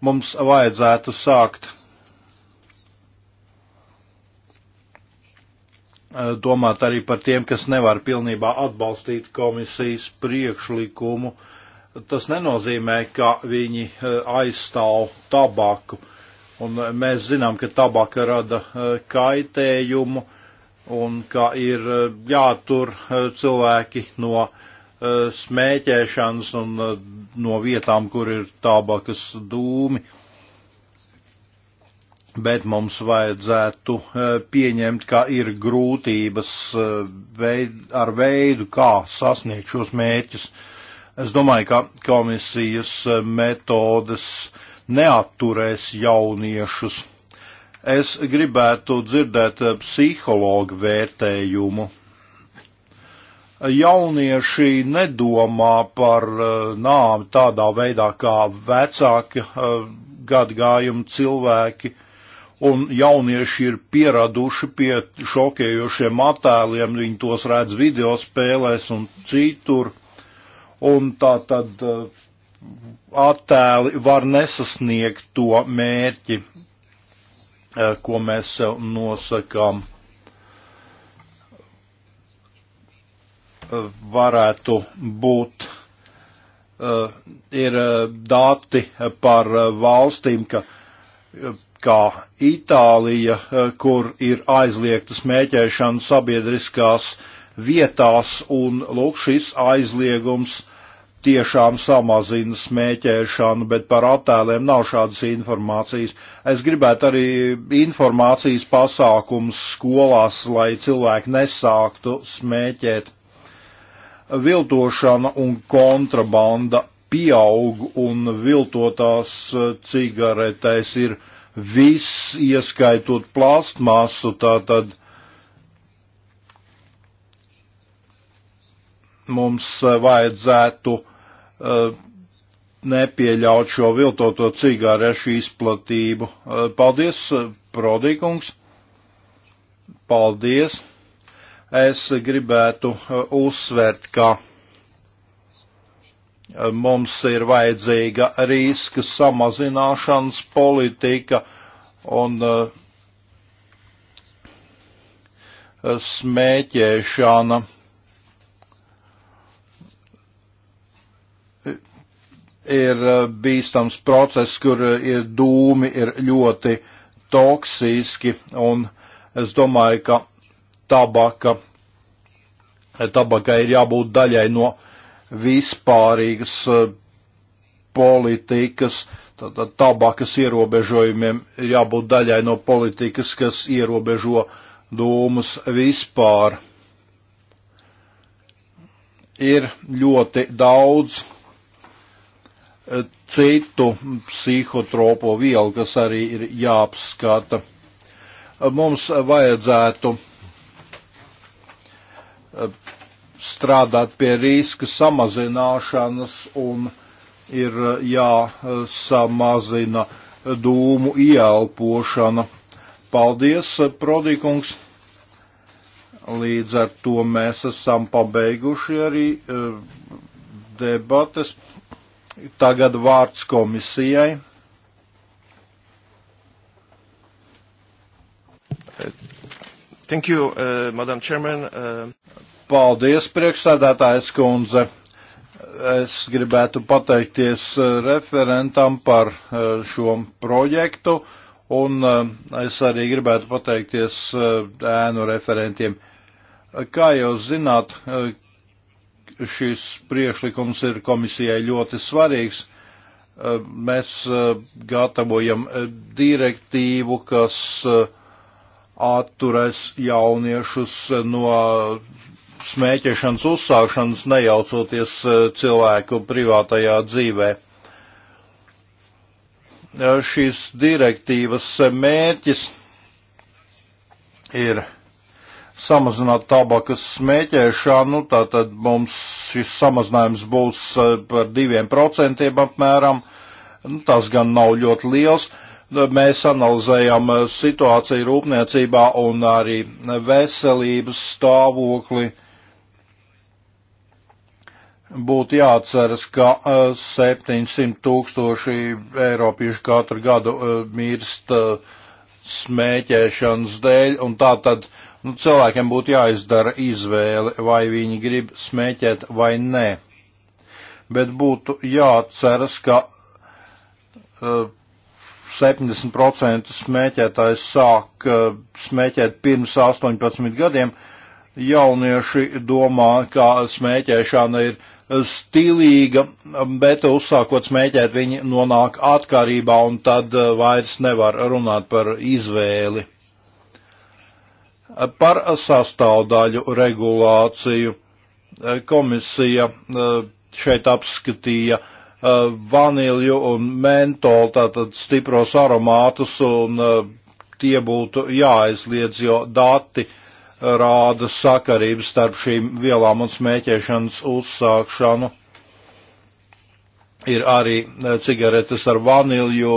mums vajadzētu sākt eh, domāt arī par tiem, kas nevar pilnībā atbalstīt komisijas priekšlikumu. Tas nenozīmē, ka viņi eh, aizstāv tabaku. Un eh, mēs zinām, ka tabaka rada kaitējumu un ka ir jātur cilvēki no uh, smēķēšanas un no vietām, kur ir tabakas dūmi. Bet mums vajadzētu pieņemt, ka ir grūtības veid, ar veidu, kā sasniegt šos mērķus. Es domāju, ka komisijas metodes neatturēs jauniešus. Es gribētu dzirdēt psihologu vērtējumu jaunieši nedomā par eh, nāvi tādā veidā, kā vecāki eh, gadgājumi cilvēki un jaunieši ir pieraduši pie šokējošiem attēliem, viņi tos redz video spēlēs un citur, un tā tad eh, attēli var nesasniegt to mērķi, ko mēs sev nosakām. varētu būt, eh, ir eh, dati par eh, valstīm, ka, kā Itālija, kur ir aizliegta smēķēšana sabiedriskās vietās, un lūk, šis aizliegums tiešām samazina smēķēšanu, bet par attēliem nav šādas informācijas. Es gribētu arī informācijas pasākums skolās, lai cilvēki nesāktu smēķēt viltošana un kontrabanda pieaug un viltotās eh, cigaretēs ir viss, ieskaitot plastmasu, tātad mums eh, vajadzētu uh, nepieļaut šo viltoto cigārešu izplatību. Paldies, Prodīkungs! Paldies! Es gribētu uh, uzsvērt, ka uh, mums ir vajadzīga riska samazināšanas politika un uh, smēķēšana. ir bīstams process, kur ir dūmi ir ļoti toksiski, un es domāju, ka tabaka. Tabakai ir jābūt daļai no vispārīgas eh, politikas, tātad tabakas ierobežojumiem ir jābūt daļai no politikas, kas ierobežo domas vispār. Ir ļoti daudz eh, citu psihotropo vielu, kas arī ir jāapskata. Mums vajadzētu strādāt pie riska samazināšanas un ir eh, jāsamazina dūmu ieelpošana. Paldies, eh, Prodīkungs! Līdz ar to mēs esam pabeiguši arī eh, debates. Tagad vārds komisijai. Thank you, uh, Madam Chairman. Uh... Paldies, priekšsēdētājs kundze. Es gribētu pateikties uh, referentam par uh, šo projektu, un uh, es arī gribētu pateikties ēnu referentiem. Kā jūs zināt, šis priekšlikums ir komisijai ļoti svarīgs mēs gatavojam direktīvu, kas atturēs jauniešus no smēķēšanas uzsākšanas, nejaucoties eh, cilvēku privātajā dzīvē. Eh, šīs direktīvas eh, mērķis ir samazināt tabakas smēķēšanu, nu, tātad mums šis samazinājums būs par diviem procentiem apmēram. Nu, tas gan nav ļoti liels. Uh, mēs analizējam eh, situāciju rūpniecībā un arī veselības stāvokli. Būtu jāatceras, ka 700 eh, tūkstoši eiropiešu katru gadu eh, mirst smēķēšanas dēļ, un tā tad nu, cilvēkiem būtu jāizdara izvēle, vai viņi grib smēķēt vai nē. Bet būtu jāatceras, ka uh, 70% smēķētājs sāk eh, smēķēt pirms 18 gadiem. Jaunieši domā, ka smēķēšana ir stilīga, bet uzsākot smēķēt, viņi nonāk atkarībā un tad eh, vairs nevar runāt par izvēli. Par sastāvdaļu regulāciju eh, komisija šeit apskatīja Uh, vanilju un mentolu, tātad stipros aromātus, un uh, tie būtu jāaizliedz, jo dati rāda sakarības starp šīm vielām un smēķēšanas uzsākšanu. Ir arī uh, cigaretes ar vanilju,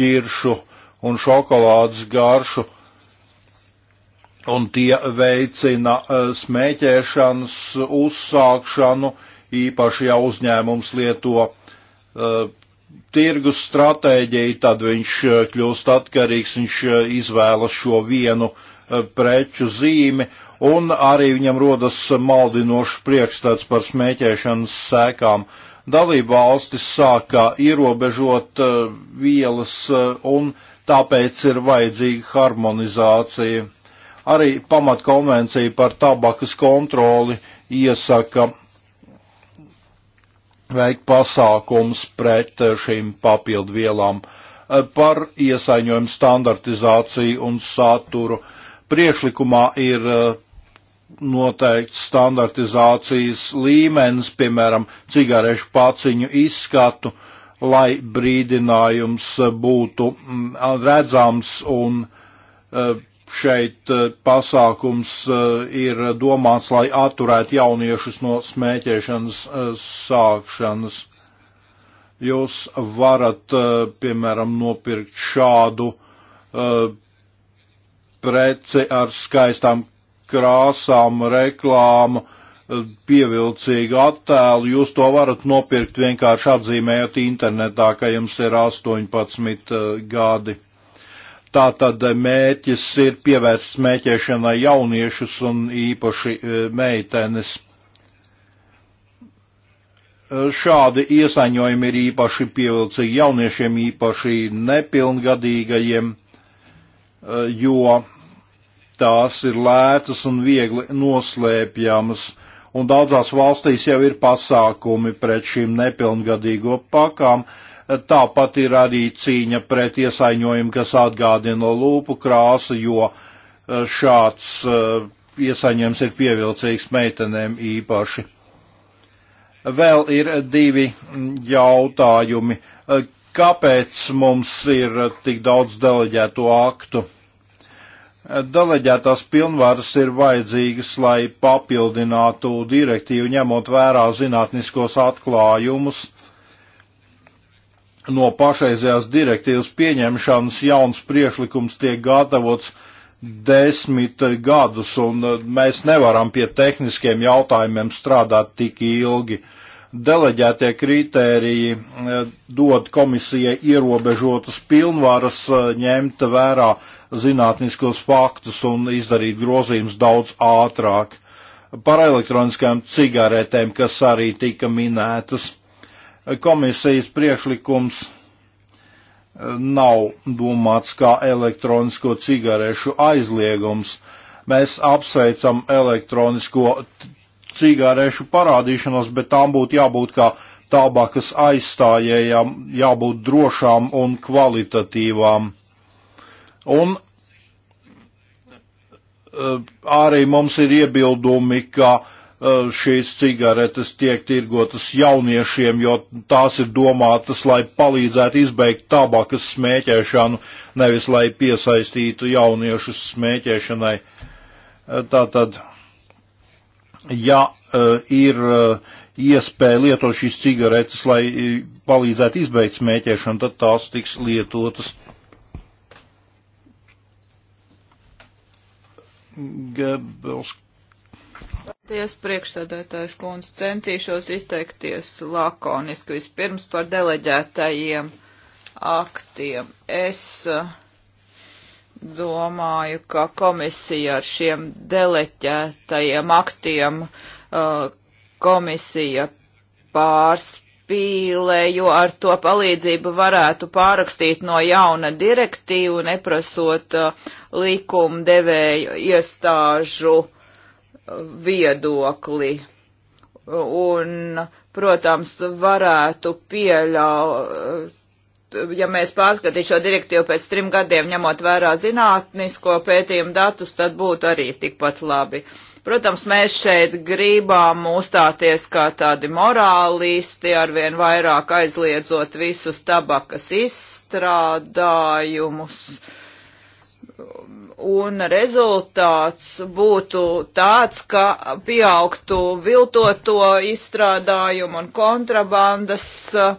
ķiršu un šokolādes garšu, un tie veicina smēķēšanas uzsākšanu, uh, īpaši ja uzņēmums lieto uh, tirgus stratēģiju, tad viņš e, kļūst atkarīgs, viņš e, izvēlas šo vienu preču zīmi, un arī viņam rodas maldinošs priekšstats par smēķēšanas sēkām. Dalība valstis sākā ierobežot vielas, un tāpēc ir vajadzīga harmonizācija. Arī pamatkonvencija par tabakas kontroli iesaka veikt pasākums pret eh, šīm papildvielām eh, par iesaiņojumu standartizāciju un saturu. Priekšlikumā ir eh, noteikts standartizācijas līmenis, piemēram, cigarešu paciņu izskatu, lai brīdinājums būtu mm, redzams un uh, šeit eh, pasākums eh, ir domāts, lai atturētu jauniešus no smēķēšanas eh, sākšanas. Jūs varat, piemēram, nopirkt šādu preci ar skaistām krāsām, reklāmu, pievilcīgu attēlu. Jūs to varat nopirkt vienkārši atzīmējot internetā, ka jums ir 18 gadi. Tātad mērķis ir pievērst smēķēšanai jauniešus un īpaši e, meitenes. E, šādi iesaņojumi ir īpaši pievilcīgi jauniešiem, īpaši nepilngadīgajiem, e, jo tās ir lētas un viegli noslēpjamas, un daudzās valstīs jau ir pasākumi pret šīm nepilngadīgo pakām. Uh, Tāpat ir arī cīņa pret iesaiņojumu, kas atgādina lūpu krāsu, jo e, šāds e, iesaņojums ir pievilcīgs meitenēm īpaši. Vēl ir divi jautājumi. E, kāpēc mums ir tik daudz deleģēto aktu? Deleģētās pilnvaras ir vajadzīgas, lai papildinātu direktīvu, ņemot vērā zinātniskos atklājumus no pašreizējās direktīvas pieņemšanas jauns priešlikums tiek gatavots desmit gadus, un uh, mēs nevaram pie tehniskiem jautājumiem strādāt tik ilgi. Deleģētie kritēriji uh, dod komisijai ierobežotas pilnvaras uh, ņemt vērā zinātniskos faktus un izdarīt grozījums daudz ātrāk. Par elektroniskajām cigaretēm, kas arī tika minētas komisijas priekšlikums eh, nav domāts kā elektronisko cigarešu aizliegums. Mēs apsveicam elektronisko cigarešu parādīšanos, bet tām būtu jābūt kā tabakas aizstājējām, jābūt drošām un kvalitatīvām. Un eh, arī mums ir iebildumi, ka uh, Eh, šīs cigaretes tiek tirgotas jauniešiem, jo tās ir domātas, lai palīdzētu izbeigt tabakas smēķēšanu, nevis lai piesaistītu jauniešus smēķēšanai. Eh, tātad, ja eh, ir iespēja lietot šīs cigaretes, lai palīdzētu izbeigt smēķēšanu, tad tās tiks lietotas. Gebels Paldies, priekšsēdētājs kundze. Centīšos izteikties lakoniski vispirms par deleģētajiem aktiem. Es eh, domāju, ka komisija ar šiem deleģētajiem aktiem uh, komisija pārspīlē, jo ar to palīdzību varētu pārakstīt no jauna direktīvu, neprasot uh, likumdevēju iestāžu uh, viedokli. Un, protams, varētu pieļaut, ja mēs pārskatītu šo direktīvu pēc trim gadiem, ņemot vērā zinātnisko pētījumu datus, tad būtu arī tikpat labi. Protams, mēs šeit gribam uzstāties kā tādi morālisti, arvien vairāk aizliedzot visus tabakas izstrādājumus. Uh, un rezultāts būtu tāds, ka pieaugtu viltoto izstrādājumu un kontrabandas uh,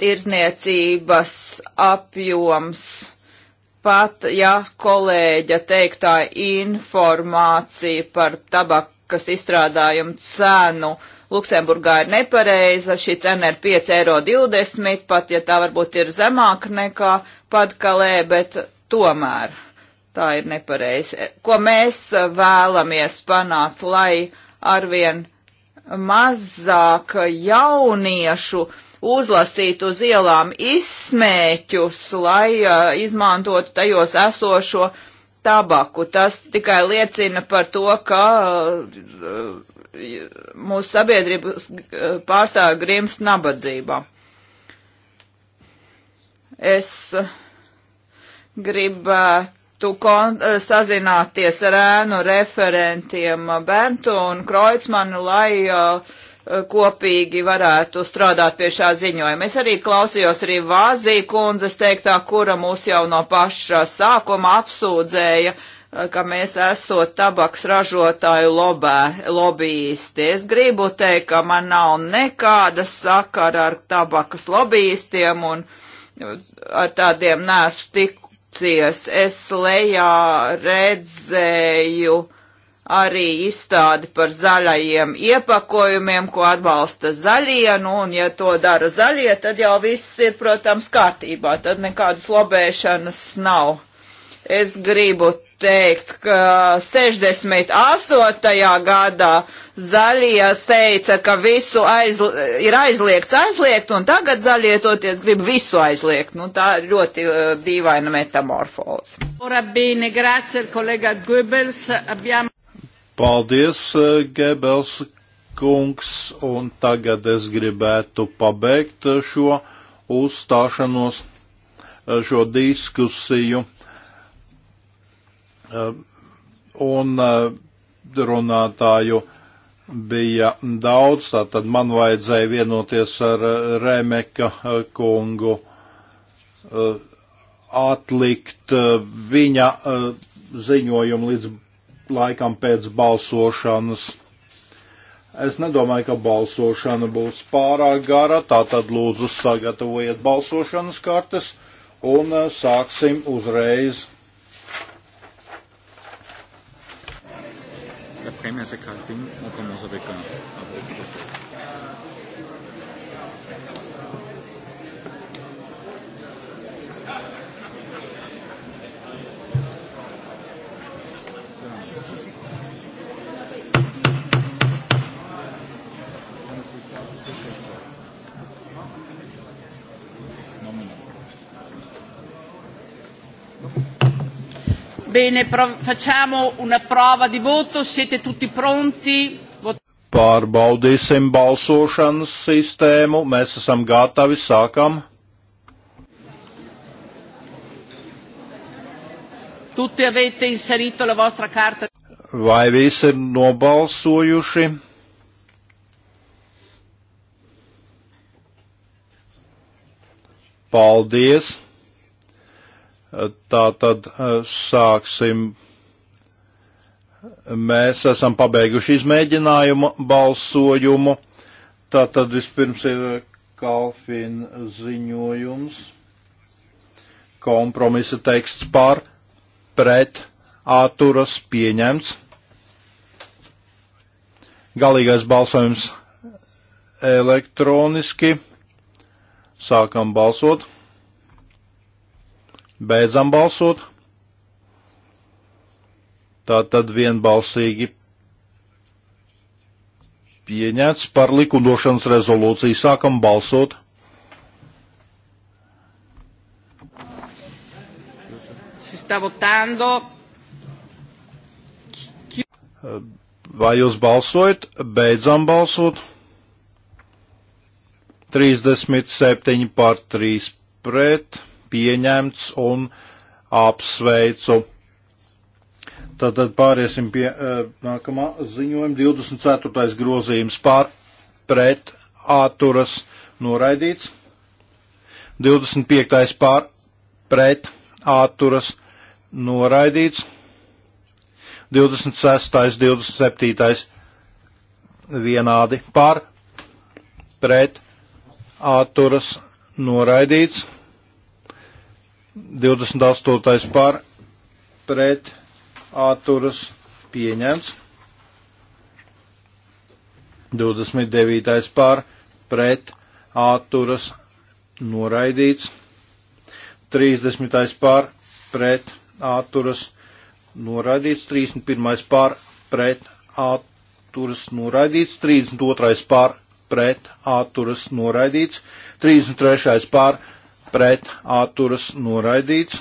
tirzniecības apjoms. Pat ja kolēģa teiktā informācija par tabakas izstrādājumu cenu Luksemburgā ir nepareiza, šī cena ir 5,20 eiro, pat ja tā varbūt ir zemāka nekā padkalē, bet tomēr tā ir nepareizi. Ko mēs eh, vēlamies panākt, lai arvien mazāk jauniešu uzlasīt uz ielām izsmēķus, lai uh, izmantotu tajos esošo tabaku. Tas tikai liecina par to, ka uh, mūsu sabiedrības pārstāvja grims nabadzībā. Es gribētu varētu kon, eh, sazināties ar ēnu referentiem eh, Bentu un Kreutzmanu, lai uh, kopīgi varētu strādāt pie šā ziņojuma. Es arī klausījos arī Vāzija kundzes teiktā, kura mūs jau no paša sākuma apsūdzēja, ka mēs esot tabaks ražotāju lobē, lobbyisti. Es gribu teikt, ka man nav nekāda sakara ar tabakas lobbyistiem un ar tādiem nesu tik nācies. Es lejā redzēju arī izstādi par zaļajiem iepakojumiem, ko atbalsta zaļie, nu, un ja to dara zaļie, tad jau viss ir, protams, kārtībā, tad nekādas lobēšanas nav. Es gribu teikt, ka 68. gadā zaļie teica, ka visu aizl ir aizliegts aizliegt, un tagad zaļie toties grib visu aizliegt. Nu, tā ir ļoti uh, dīvaina metamorfoze. Paldies, uh, Gebels kungs, un tagad es gribētu pabeigt uh, šo uzstāšanos, uh, šo diskusiju. Eh, un eh, runātāju bija daudz, tad man vajadzēja vienoties ar eh, Remeka kungu atlikt viņa ziņojumu līdz laikam pēc balsošanas. Es nedomāju, ka balsošana būs pārāk gara, tā tad lūdzu sagatavojiet balsošanas kartes un sāksim uzreiz. Après Massacre on commence avec un, un ah Bene, facciamo una prova di voto, siete tutti pronti? Vot Pārbaudīsim balsošanas sistēmu, mēs esam gatavi, sākam. Tutti avete inserito la vostra carta? Vai visi ir nobalsojuši? Paldies! Tā tad eh, sāksim. Mēs esam pabeiguši izmēģinājumu balsojumu. Tā tad vispirms ir Kalfina ziņojums. Kompromisa teksts par pret atturas pieņemts. Galīgais balsojums elektroniski. Sākam balsot. Beidzam balsot. Tā tad vienbalsīgi pieņemts par likumdošanas rezolūciju. Sākam balsot. Vai jūs balsojat? Beidzam balsot. 37 pār 3 pret pieņemts un apsveicu. Tātad pāriesim pie uh, nākamā ziņojuma. 24. grozījums pār pret āturas noraidīts. 25. pār pret āturas noraidīts. 26. 27. vienādi pār pret āturas noraidīts. 28. pār pret āturas pieņemts. 29. pār pret āturas noraidīts. 30. pār pret āturas noraidīts. 31. pār pret āturas noraidīts. 32. pār pret āturas noraidīts. 33. pār pret pret atturas noraidīts,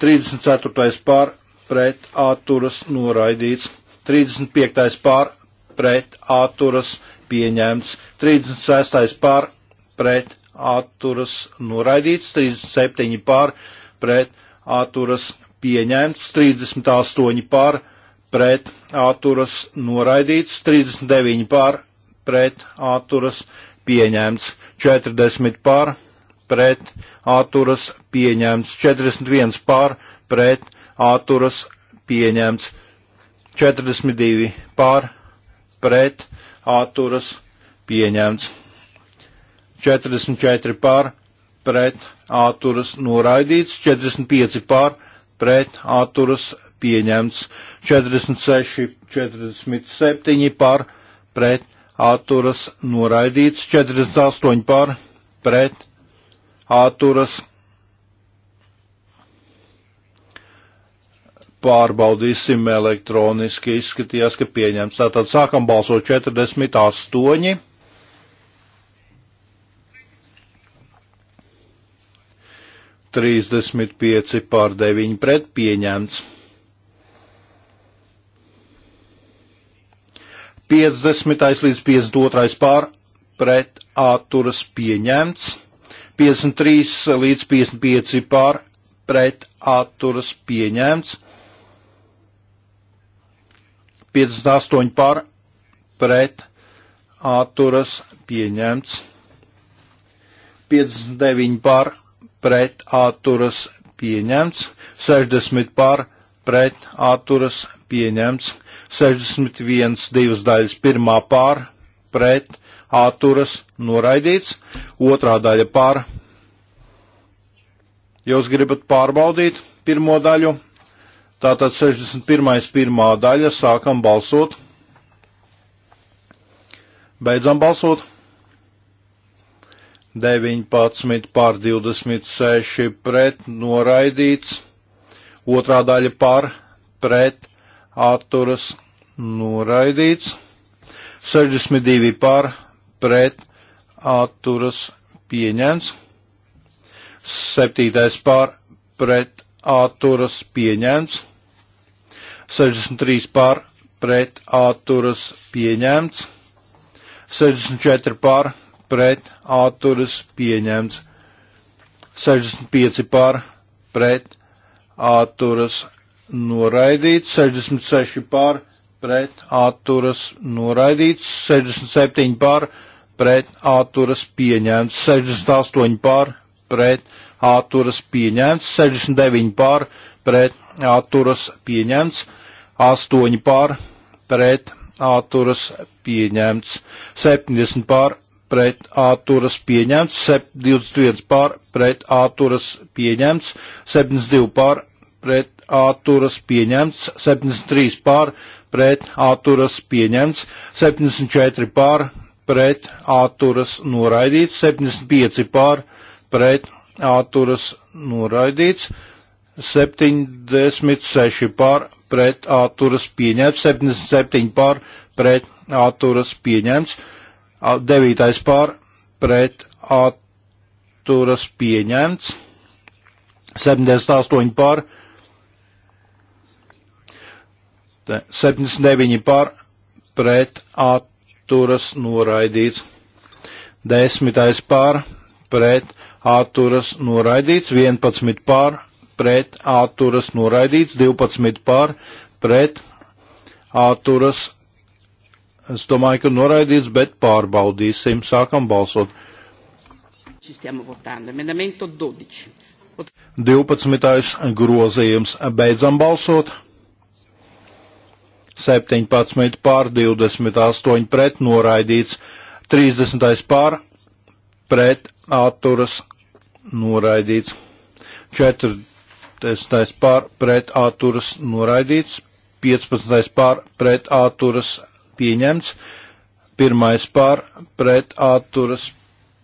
34. pār pret atturas noraidīts, 35. pār pret atturas pieņemts, 36. pār pret atturas noraidīts, 37. pār pret atturas pieņemts, 38. pār pret atturas noraidīts, 39. pār pret atturas pieņemts, 40 pār pret pret atturas pieņemts, 41 pār pret atturas pieņemts, 42 pār pret atturas pieņemts, 44 pār pret atturas noraidīts, 45 pār pret atturas pieņemts, 46, 47 pār pret atturas noraidīts, 48 pār pret atturas. Pārbaudīsim elektroniski, izskatījās, ka pieņems. Tātad sākam balsot 48. Trīsdesmit pieci pār deviņi pret pieņemts. 50. līdz 52. pār pret atturas pieņemts. 53 līdz 55 pār pret atturas pieņemts, 58 pār pret atturas pieņemts, 59 pār pret atturas pieņemts, 60 pār pret atturas pieņemts, 61 divas daļas pirmā pār pret atturas noraidīts, otrā daļa par. Jūs gribat pārbaudīt pirmo daļu? Tātad 61. pirmā daļa sākam balsot. Beidzam balsot. 19 pār 26 pret noraidīts, otrā daļa par pret atturas noraidīts. 62 par pret atturas pieņemts. 7. par pret atturas pieņemts. 63 par pret atturas pieņemts. 64 par pret atturas pieņemts. 65 par pret atturas noraidīts. 66 par pret atturas noraidīts, 67 par pret atturas pieņemts, 68 par pret atturas pieņemts, 69 par pret atturas pieņemts, 8 par pret atturas pieņemts, 70 par pret atturas pieņemts, 21 par pret atturas pieņemts, 72 par pret āturas pieņemts, 73 pār pret āturas pieņemts, 74 pār pret āturas noraidīts, 75 pār pret āturas noraidīts, 76 pār pret āturas pieņemts, 77 pār pret āturas pieņemts, 9 pār pret āturas pieņemts, 78 pār pret te, 79 par pret atturas noraidīts. 10 par pret atturas noraidīts. 11 par pret atturas noraidīts. 12 par pret atturas. Es domāju, ka noraidīts, bet pārbaudīsim. Sākam balsot. Ci stiamo votando. Emendamento 12. 12. grozījums. Beidzam balsot. 17 pār 28 pret noraidīts, 30 pār pret atturas noraidīts, 40 pār pret atturas noraidīts, 15 pār pret atturas pieņemts, 1 pār pret atturas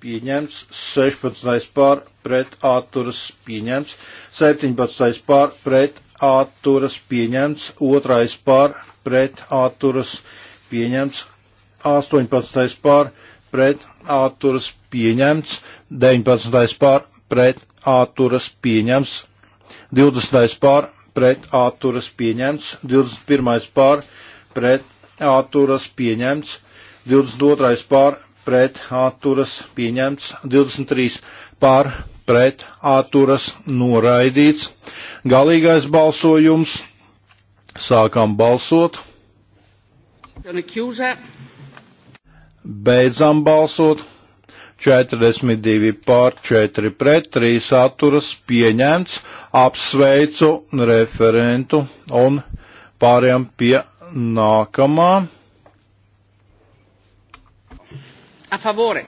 pieņemts, 16 pār pret atturas pieņemts, 17 pār pret atturas pieņemts, 2 pār pret atturas pieņemts, 18. pār pret atturas pieņemts, 19. pār pret atturas pieņemts, 20. pār pret atturas pieņemts, 21. pār pret atturas pieņemts, 22. pār pret atturas pieņemts, 23. pār pret atturas noraidīts. Galīgais balsojums Sākam balsot. Beidzam balsot. 42 pār 4 pret 3 atturas pieņemts. Apsveicu referentu un pārējām pie nākamā. A favore.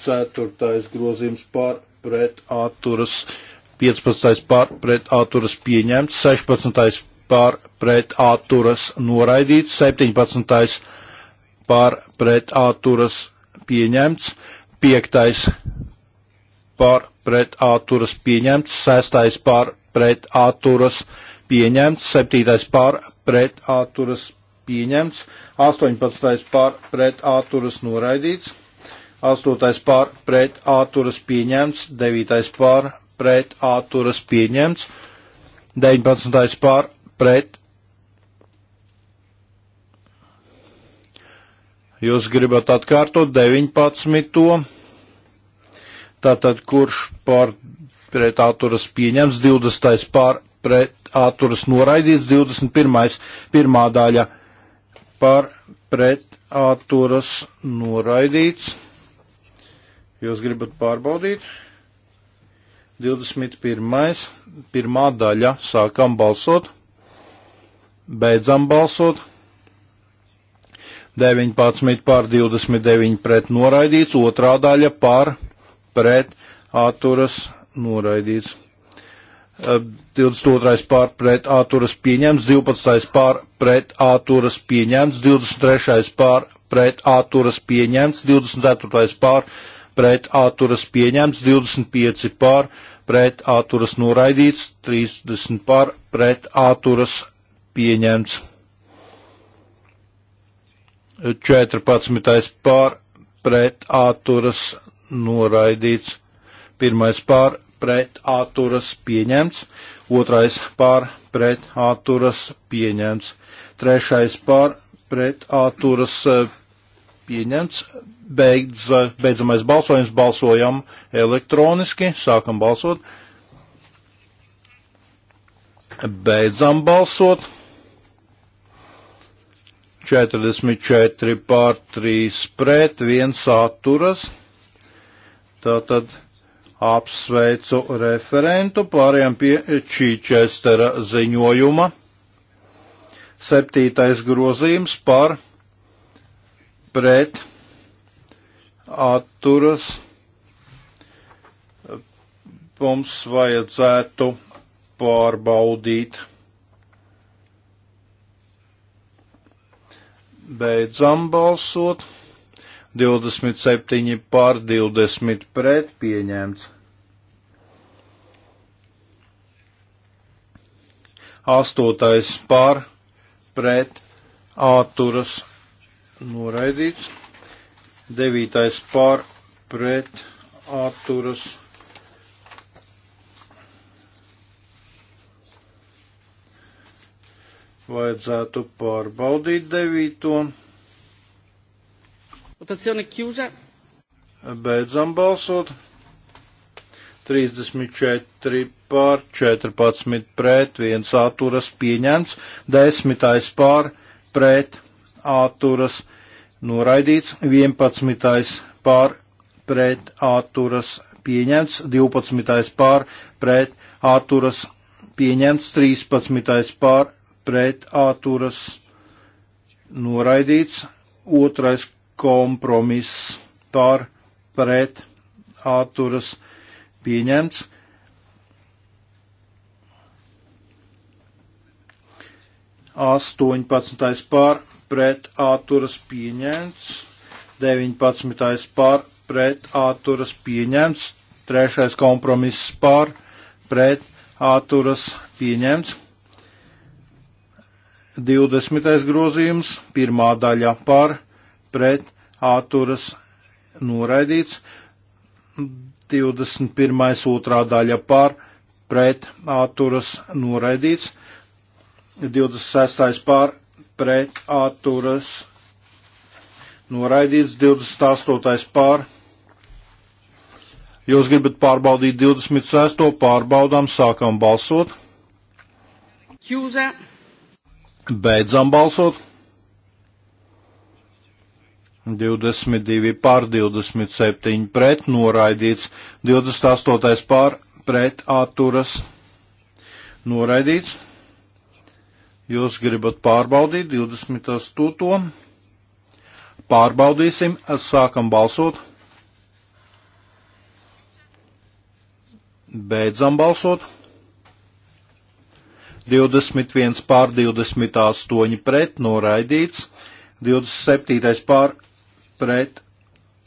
Ceturtais grozījums pār pret atturas. 15. pār pret atturas pieņemts. 16 pār pret āturas noraidīts, 17. pār pret āturas pieņemts, 5. pār pret āturas pieņemts, 6. pār pret āturas pieņemts, 7. pār pret āturas pieņemts, 18. pār pret āturas noraidīts, 8. pār pret āturas pieņemts, 9. pār pret āturas pieņemts, 19. pār pret. Jūs gribat atkārtot 19. Tātad kurš pār pret āturas pieņems, 20. pār pret āturas noraidīts, 21. pirmā daļa pār pret āturas noraidīts. Jūs gribat pārbaudīt? 21. pirmā daļa sākam balsot. Beidzam balsot. 19 pār 29 pret noraidīts, otrā daļa pār pret atturas noraidīts. 22. Eh, pār pret atturas pieņemts, 12. pār pret atturas pieņemts, 23. pār pret atturas pieņemts, 24. pār pret atturas pieņemts, 25 pār pret atturas noraidīts, 30 pār pret atturas pieņemts pieņemts. 14. pār pret āturas noraidīts. 1. pār pret āturas pieņemts. 2. pār pret āturas pieņemts. 3. pār pret āturas eh, pieņemts. Beidz, beidzamais balsojums balsojam elektroniski. Sākam balsot. Beidzam balsot. 44 pār 3 pret 1 atturas. Tātad apsveicu referentu, pārējām pie Čīčestera ziņojuma. Septītais grozījums par pret atturas mums vajadzētu pārbaudīt. Beidzam balsot. 27 pār 20 pret pieņemts. 8 pār pret āturas noraidīts. 9 pār pret āturas noraidīts vajadzētu pārbaudīt devīto. Votazione chiusa. Beidzam balsot. 34 pār 14 pret, 1 atturas pieņemts, 10 pār pret, atturas noraidīts, 11 pār pret, atturas pieņemts, 12 pār pret, atturas pieņemts, 13 pār pret āturas noraidīts, otrais kompromiss par pret āturas pieņemts. Astoņpadsmitais pār pret āturas pieņemts, deviņpadsmitais pār pret āturas pieņemts, trešais kompromiss pār pret āturas pieņemts. 20. grozījums, pirmā daļa par pret āturas noraidīts, 21. otrā daļa par pret āturas noraidīts, 26. par pret āturas noraidīts, 28. par. Jūs gribat pārbaudīt 26. pārbaudām, sākam balsot. Jūzē. Beidzam balsot. 22 pār 27 pret noraidīts, 28 pār pret atturas noraidīts. Jūs gribat pārbaudīt 28. Pārbaudīsim, sākam balsot. Beidzam balsot. 21 pār 28 pret noraidīts, 27 pār pret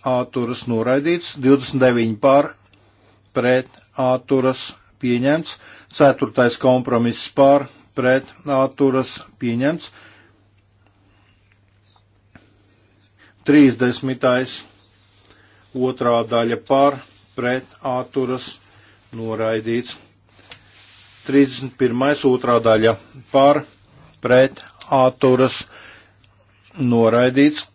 āturas noraidīts, 29 pār pret āturas pieņemts, 4. kompromiss pār pret āturas pieņemts, 30. otrā daļa pār pret āturas noraidīts. 31. otrā daļa par pret āturas noraidīts,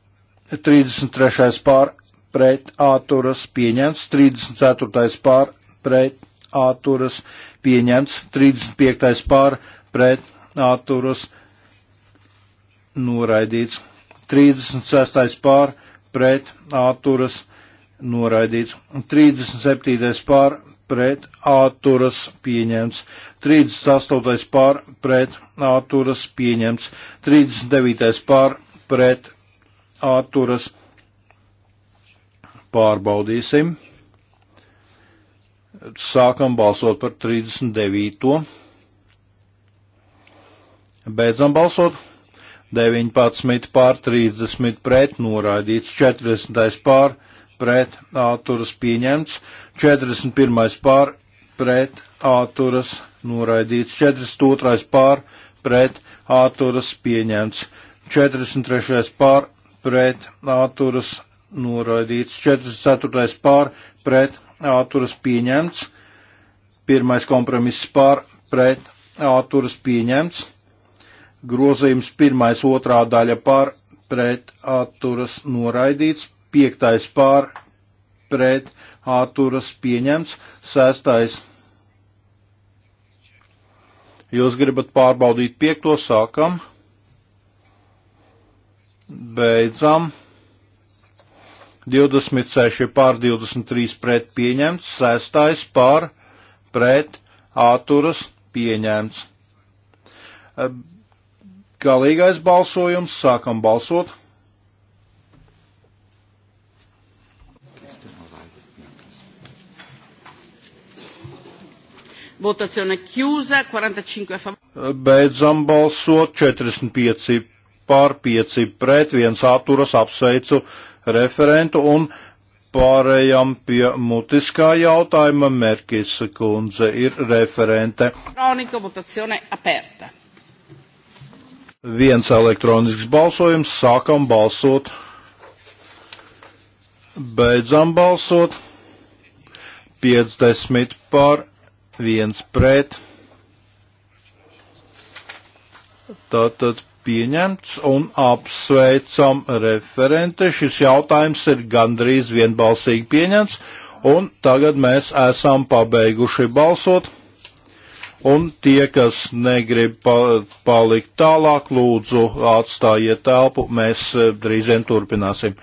33. pār pret āturas pieņemts, 34. pār pret āturas pieņemts, 35. pār pret āturas noraidīts, 36. pār pret āturas noraidīts, 37. pār pret āturas pieņemts, 38. pār pret āturas pieņemts, 39. pār pret āturas pārbaudīsim. Sākam balsot par 39. Beidzam balsot. 19 pār 30 pret noraidīts, 40 pār pret āturas pieņemts, 41. pār pret āturas noraidīts, 42. pār pret āturas pieņemts, 43. pār pret āturas noraidīts, 44. pār pret āturas pieņemts, 1. kompromiss pār pret āturas pieņemts, grozījums 1. otrā daļa pār pret atturas noraidīts, piektais pār pret Āturas pieņemts, sestais. Jūs gribat pārbaudīt piekto, sākam, beidzam. 26 pār 23 pret pieņemts, sestais pār pret Āturas pieņemts. Galīgais balsojums, sākam balsot. Votazione chiusa, 45 a favore. Beidzam balsot 45 pār 5 pret, viens atturas apsveicu referentu un pārējām pie mutiskā jautājuma. Merkis kundze ir referente. Kronika votazione aperta. Viens elektronisks balsojums, sākam balsot. Beidzam balsot. 50 pār viens pret. Tātad pieņemts un apsveicam referente. Šis jautājums ir gandrīz vienbalsīgi pieņemts un tagad mēs esam pabeiguši balsot. Un tie, kas negrib palikt tālāk, lūdzu atstājiet telpu, mēs eh, drīz vien turpināsim.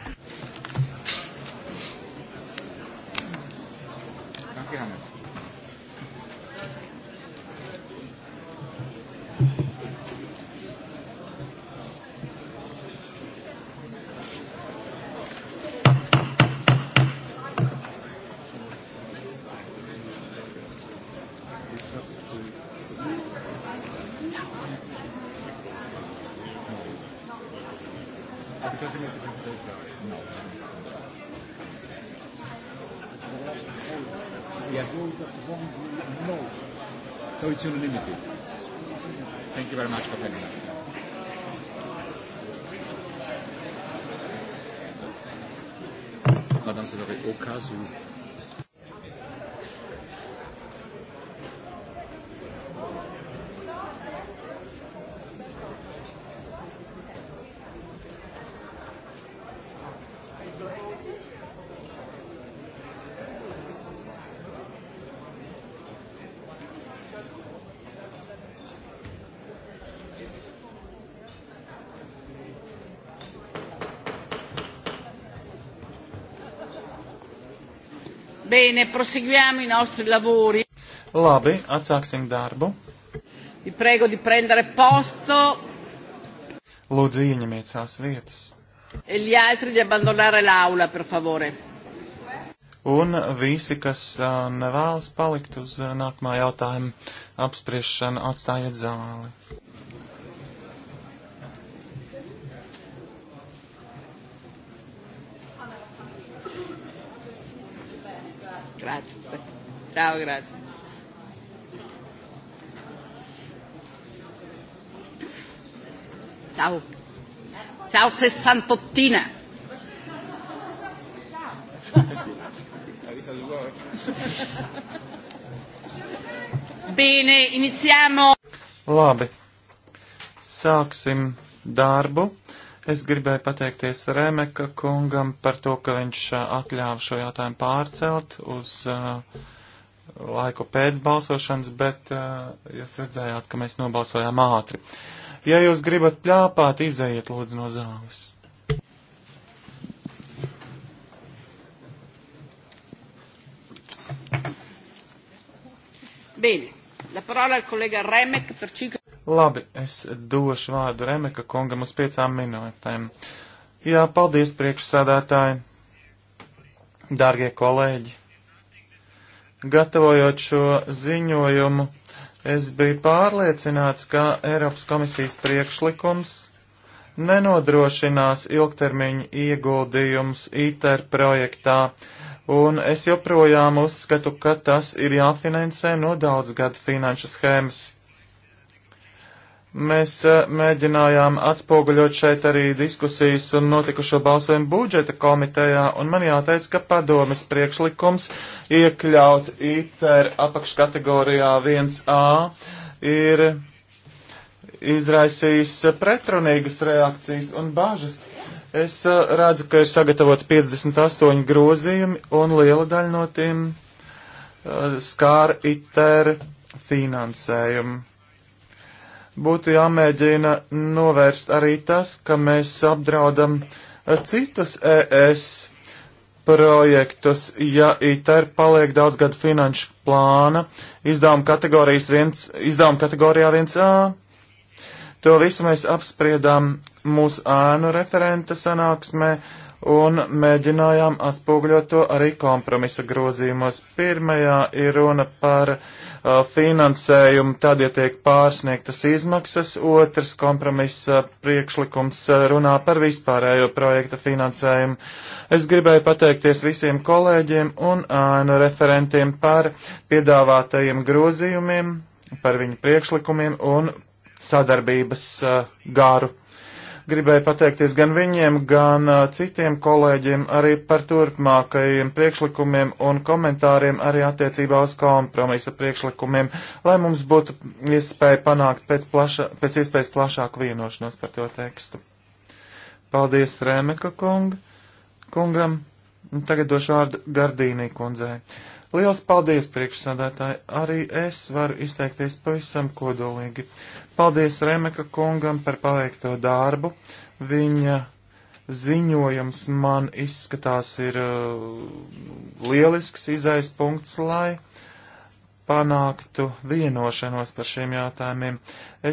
Bene, proseguiamo i nostri lavori. Labi, atsāksim darbu. Vi prego di prendere posto. Lūdzu, ieņemiet savas vietas. E gli altri di abbandonare l'aula, per favore. Un visi, kas uh, nevēlas palikt uz uh, nākamā jautājuma apspriešanu, atstājiet zāli. Grazie. Ciao, grazie. Ciao. Ciao sessantottina. Bene, iniziamo. Labi. Sāksim darbu. Es gribēju pateikties Remeka kungam par to, ka viņš atļāva šo jautājumu pārcelt uz uh, laiku pēc balsošanas, bet uh, jūs redzējāt, ka mēs nobalsojām ātri. Ja jūs gribat pļāpāt, izējiet lūdzu no zāles. Bene, la parola al collega Remek per 5 Labi, es došu vārdu Remeka kungam uz piecām minūtēm. Jā, paldies priekšsādātāji, dārgie kolēģi. Gatavojot šo ziņojumu, es biju pārliecināts, ka Eiropas komisijas priekšlikums nenodrošinās ilgtermiņu ieguldījums ITER projektā, un es joprojām uzskatu, ka tas ir jāfinansē no daudzgada finanšu schēmas. Mēs eh, mēģinājām atspoguļot šeit arī diskusijas un notikušo balsojumu budžeta komitejā, un man jāteic, ka padomis priekšlikums iekļaut ITER apakškategorijā 1A ir izraisījis pretrunīgas reakcijas un bažas. Es eh, redzu, ka ir sagatavot 58 grozījumi, un liela daļa no tiem eh, skāra ITER finansējumu būtu jāmēģina novērst arī tas, ka mēs apdraudam eh, citus ES projektus, ja ITER paliek daudz gadu finanšu plāna izdevuma kategorijas 1, izdevuma kategorijā 1A. To visu mēs apspriedām mūsu ēnu referenta sanāksmē, uh, un mēģinājām atspoguļot to arī kompromisa grozījumos. Pirmajā ir runa par uh, finansējumu, tad, ja tiek pārsniegtas izmaksas, otrs kompromisa uh, priekšlikums uh, runā par vispārējo projekta finansējumu. Es gribēju pateikties visiem kolēģiem un ēnu referentiem par piedāvātajiem grozījumiem, par viņu priekšlikumiem un sadarbības uh, garu. Gribēju pateikties gan viņiem, gan citiem kolēģiem arī par turpmākajiem priekšlikumiem un komentāriem arī attiecībā uz kompromisa priekšlikumiem, lai mums būtu iespēja panākt pēc, plaša, pēc iespējas plašāku vienošanos par to tekstu. Paldies Rēmeka kung, kungam. Tagad došu vārdu Gardīnī kundzei. Liels paldies, priekšsādātāji! Arī es varu izteikties pavisam kodolīgi. Paldies Remeka kungam par paveikto darbu. Viņa ziņojums man izskatās ir uh, lielisks izaispunkts, lai panāktu vienošanos par šiem jautājumiem.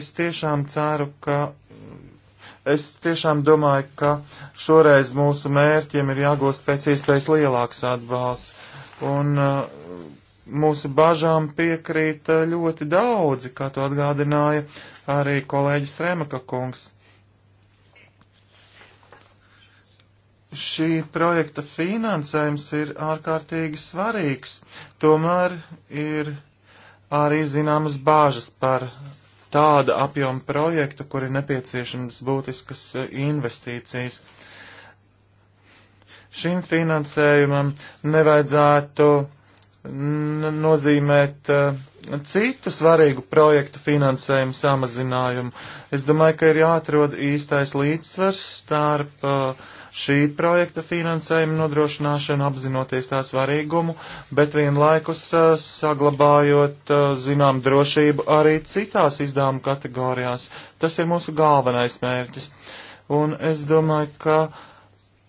Es tiešām ceru, ka. Es tiešām domāju, ka šoreiz mūsu mērķiem ir jāgūst pēc iespējas lielāks atbalsts. Un uh, mūsu bažām piekrīt eh, ļoti daudzi, kā to atgādināja arī kolēģis Remaka kungs. Šī projekta finansējums ir ārkārtīgi svarīgs, tomēr ir arī zināmas bāžas par tāda apjoma projektu, kur ir nepieciešams būtiskas eh, investīcijas. Šim finansējumam nevajadzētu nozīmēt uh, citu svarīgu projektu finansējumu samazinājumu. Es domāju, ka ir jāatrod īstais līdzsvars starp uh, šī projekta finansējumu nodrošināšanu, apzinoties tā svarīgumu, bet vienlaikus uh, saglabājot zinām drošību arī citās izdevuma kategorijās. Tas ir mūsu galvenais mērķis. Un es domāju, ka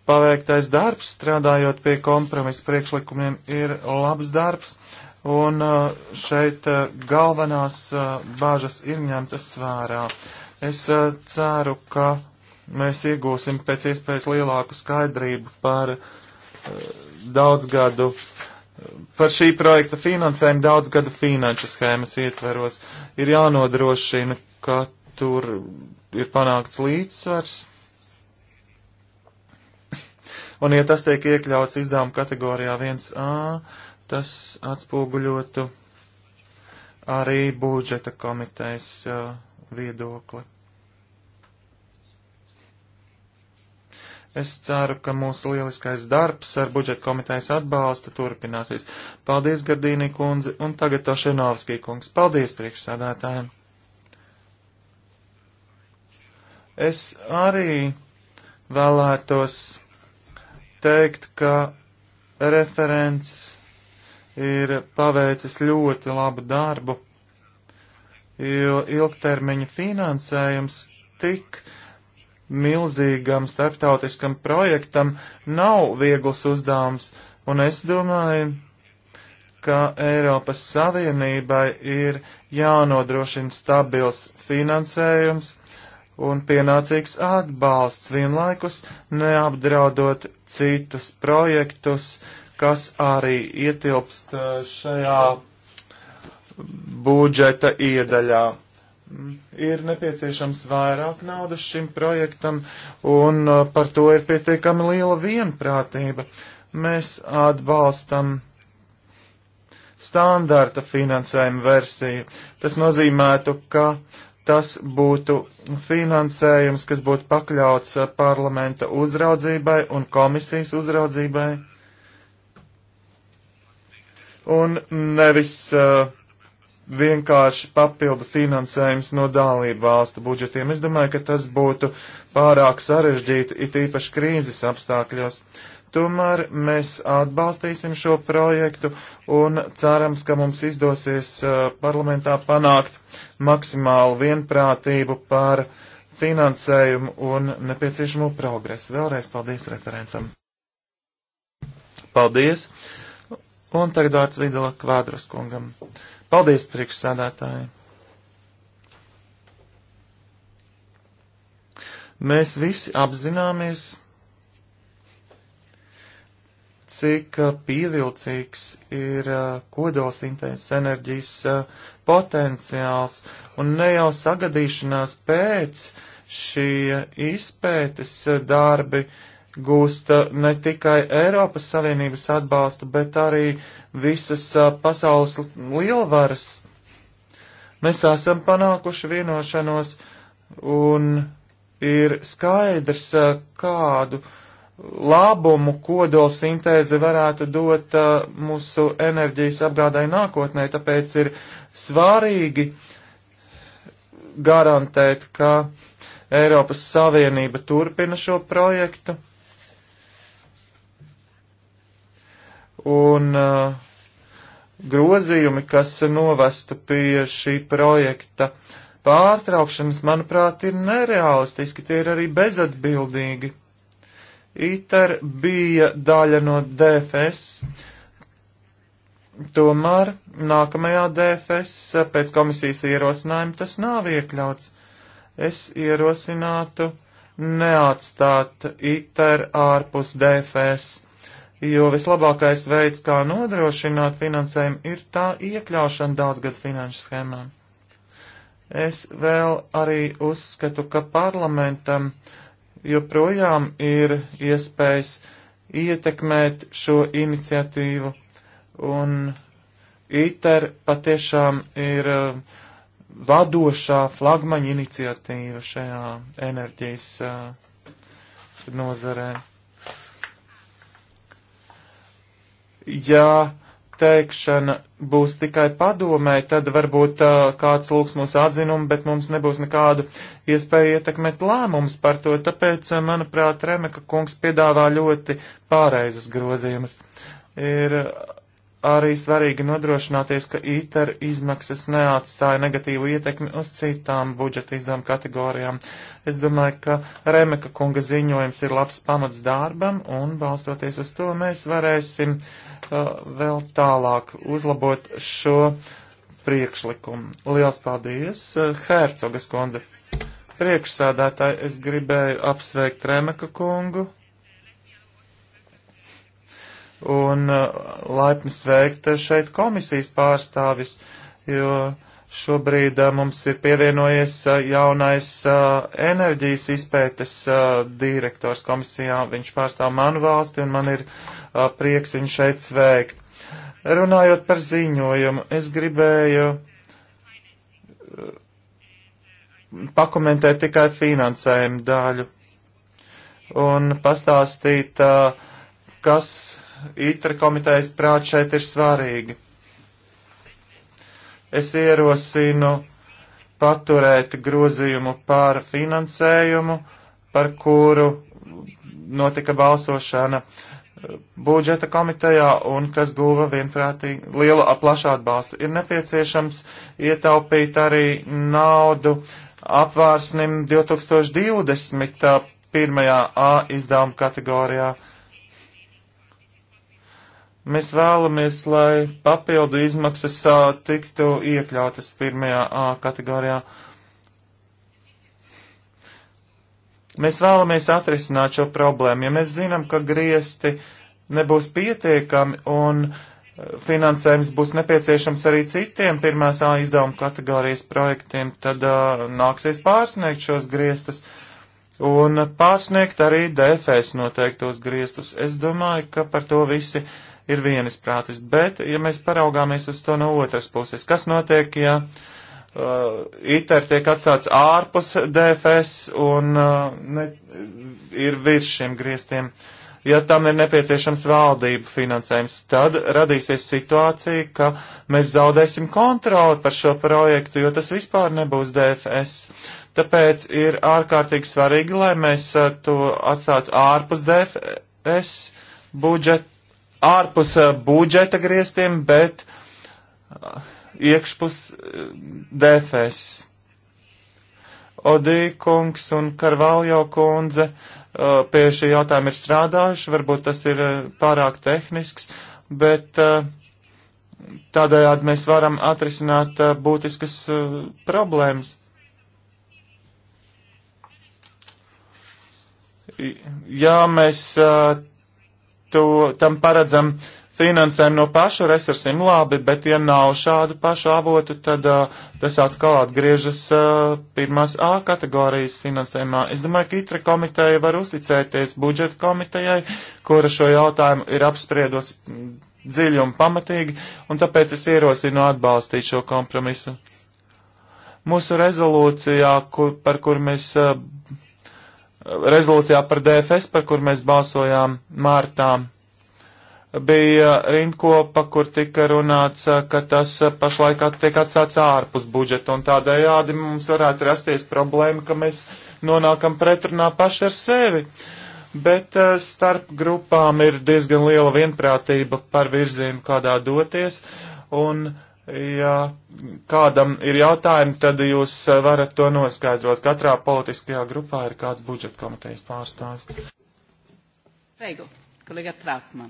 paveiktais darbs, strādājot pie kompromisa priekšlikumiem, ir labs darbs, un uh, šeit uh, galvenās uh, bāžas ir ņemtas vērā. Es ceru, ka mēs iegūsim pēc iespējas lielāku skaidrību par daudzgadu, par šī projekta finansējumu daudzgadu finanšu schēmas ietveros. Ir jānodrošina, ka tur ir panākts līdzsvars Un ja tas tiek iekļauts izdevuma kategorijā 1A, tas atspoguļotu arī budžeta komitejas uh, viedokli. Es ceru, ka mūsu lieliskais darbs ar budžeta komitejas atbalstu turpināsies. Paldies, Gardīnī kundze, un tagad Tošenovskī kungs. Paldies priekšsādātājiem! Es arī vēlētos teikt, ka referents ir paveicis ļoti labu darbu, jo ilgtermiņa finansējums tik milzīgam starptautiskam projektam nav viegls uzdevums, un es domāju, ka Eiropas Savienībai ir jānodrošina stabils finansējums, un pienācīgs atbalsts vienlaikus, neapdraudot citus projektus, kas arī ietilpst eh, šajā budžeta iedaļā. Mm, ir nepieciešams vairāk naudas šim projektam, un eh, par to ir pietiekami liela vienprātība. Mēs atbalstam standarta finansējuma versiju. Tas nozīmētu, ka uh, tas būtu finansējums, kas būtu pakļauts eh, parlamenta uzraudzībai un komisijas uzraudzībai, un nevis uh, vienkārši papildu finansējums no dalību valstu budžetiem. Es domāju, ka tas būtu pārāk sarežģīti, it īpaši krīzes apstākļos. Tomēr mēs atbalstīsim šo projektu un cerams, ka mums izdosies uh, parlamentā panākt maksimālu vienprātību par finansējumu un nepieciešamo progresu. Vēlreiz paldies referentam. Paldies. Un tagad vārds Vidala Kvādras kungam. Paldies priekšsādātāji. Mēs visi apzināmies, cik uh, pievilcīgs ir uh, kodolsintēzes enerģijas uh, potenciāls, un ne jau sagadīšanās pēc šī izpētes darbi gūsta ne tikai Eiropas Savienības atbalstu, bet arī visas pasaules lielvaras. Mēs esam panākuši vienošanos, un ir skaidrs, kādu uh, labumu kodolsintēze varētu dot uh, mūsu enerģijas apgādai nākotnē, tāpēc ir svarīgi garantēt, ka Eiropas Savienība turpina šo projektu. Un uh, grozījumi, kas novestu pie šī projekta pārtraukšanas, manuprāt, ir nereālistiski, tie ir arī bezatbildīgi ITER bija daļa no DFS. Tomēr nākamajā DFS pēc komisijas ierosinājuma tas nav iekļauts. Es ierosinātu neatstāt ITER ārpus DFS, jo vislabākais veids, kā nodrošināt finansējumu, ir tā iekļaušana daudzgad finanšu schēmām. Es vēl arī uzskatu, ka parlamentam uh, joprojām ir iespējas ietekmēt šo iniciatīvu, un ITER patiešām ir um, vadošā flagmaņa iniciatīva šajā enerģijas uh, nozarē. Jā, ja teikšana būs tikai padomē, tad varbūt uh, kāds lūgs mūsu atzinumu, bet mums nebūs nekādu iespēju ietekmēt lēmumus par to. Tāpēc, uh, manuprāt, Remeka kungs piedāvā ļoti pārreizus grozījumus. Ir arī svarīgi nodrošināties, ka ITER izmaksas neatstāja negatīvu ietekmi uz citām budžeta izdevuma kategorijām. Es domāju, ka Remeka kunga ziņojums ir labs pamats darbam, un balstoties uz to mēs varēsim uh, vēl tālāk uzlabot šo priekšlikumu. Liels paldies, eh, Hercogas kundze. Priekšsēdētāji, es gribēju apsveikt Remeka kungu un eh, laipni sveikt šeit komisijas pārstāvis, jo šobrīd eh, mums ir pievienojies jaunais enerģijas izpētes direktors komisijā. Viņš pārstāv manu valsti un man ir prieks viņu šeit sveikt. Runājot par ziņojumu, es gribēju pakomentēt tikai finansējumu daļu un pastāstīt, kas ITRA komitejas prāt šeit ir svarīgi. Es ierosinu paturēt grozījumu par finansējumu, par kuru notika balsošana uh, budžeta komitejā un kas guva vienprātīgi lielu plašu atbalstu. Ir nepieciešams ietaupīt arī naudu apvārsnim 2020. pirmajā A izdevuma kategorijā. Mēs vēlamies, lai papildu izmaksas tiktu iekļautas pirmajā A kategorijā. Uh, Mēs vēlamies atrisināt šo problēmu, ja mēs zinām, ka griesti nebūs pietiekami un e, finansējums būs nepieciešams arī citiem pirmās A izdevuma kategorijas projektiem, tad uh, nāksies pārsniegt šos griestus un pārsniegt arī DFS noteiktos griestus. Es domāju, ka par to visi ir vienisprātis, bet ja mēs paraugāmies uz to no otras puses, kas notiek, ja uh, Uh, ITER tiek atstāts ārpus DFS un uh, ne, ir virs šiem griestiem. Ja tam ir nepieciešams valdību finansējums, tad radīsies situācija, ka mēs zaudēsim kontroli par šo projektu, jo tas vispār nebūs DFS. Tāpēc ir ārkārtīgi svarīgi, lai mēs uh, to atstātu ārpus DFS budžeta, ārpus budžeta griestiem, bet uh, iekšpus eh, defes. Odī kungs un Karvaljo kundze eh, pie šī jautājuma ir strādājuši, varbūt tas ir eh, pārāk tehnisks, bet tādējādi mēs varam atrisināt būtiskas problēmas. Ja mēs to, tam paredzam uh, finansēm no paša resursiem labi, bet ja nav šādu pašu avotu, tad uh, tas atkal atgriežas uh, pirmās A kategorijas finansējumā. Es domāju, ka itra komiteja var uzticēties budžeta komitejai, kura šo jautājumu ir apspriedos dziļi un pamatīgi, un tāpēc es ierosinu atbalstīt šo kompromisu. Mūsu rezolūcijā, kur, par kur mēs. Uh, rezolūcijā par DFS, par kur mēs balsojām mārtām bija rindkopa, kur tika runāts, eh, ka tas eh, pašlaik tiek atstāts ārpus budžeta, un tādējādi mums varētu rasties problēma, ka mēs nonākam pretrunā paši ar sevi. Bet eh, starp grupām ir diezgan liela vienprātība par virzienu, kādā doties, un ja kādam ir jautājumi, tad jūs varat to noskaidrot. Katrā politiskajā grupā ir kāds budžeta komitejas pārstāvis. Reigu, kolega Trautmann.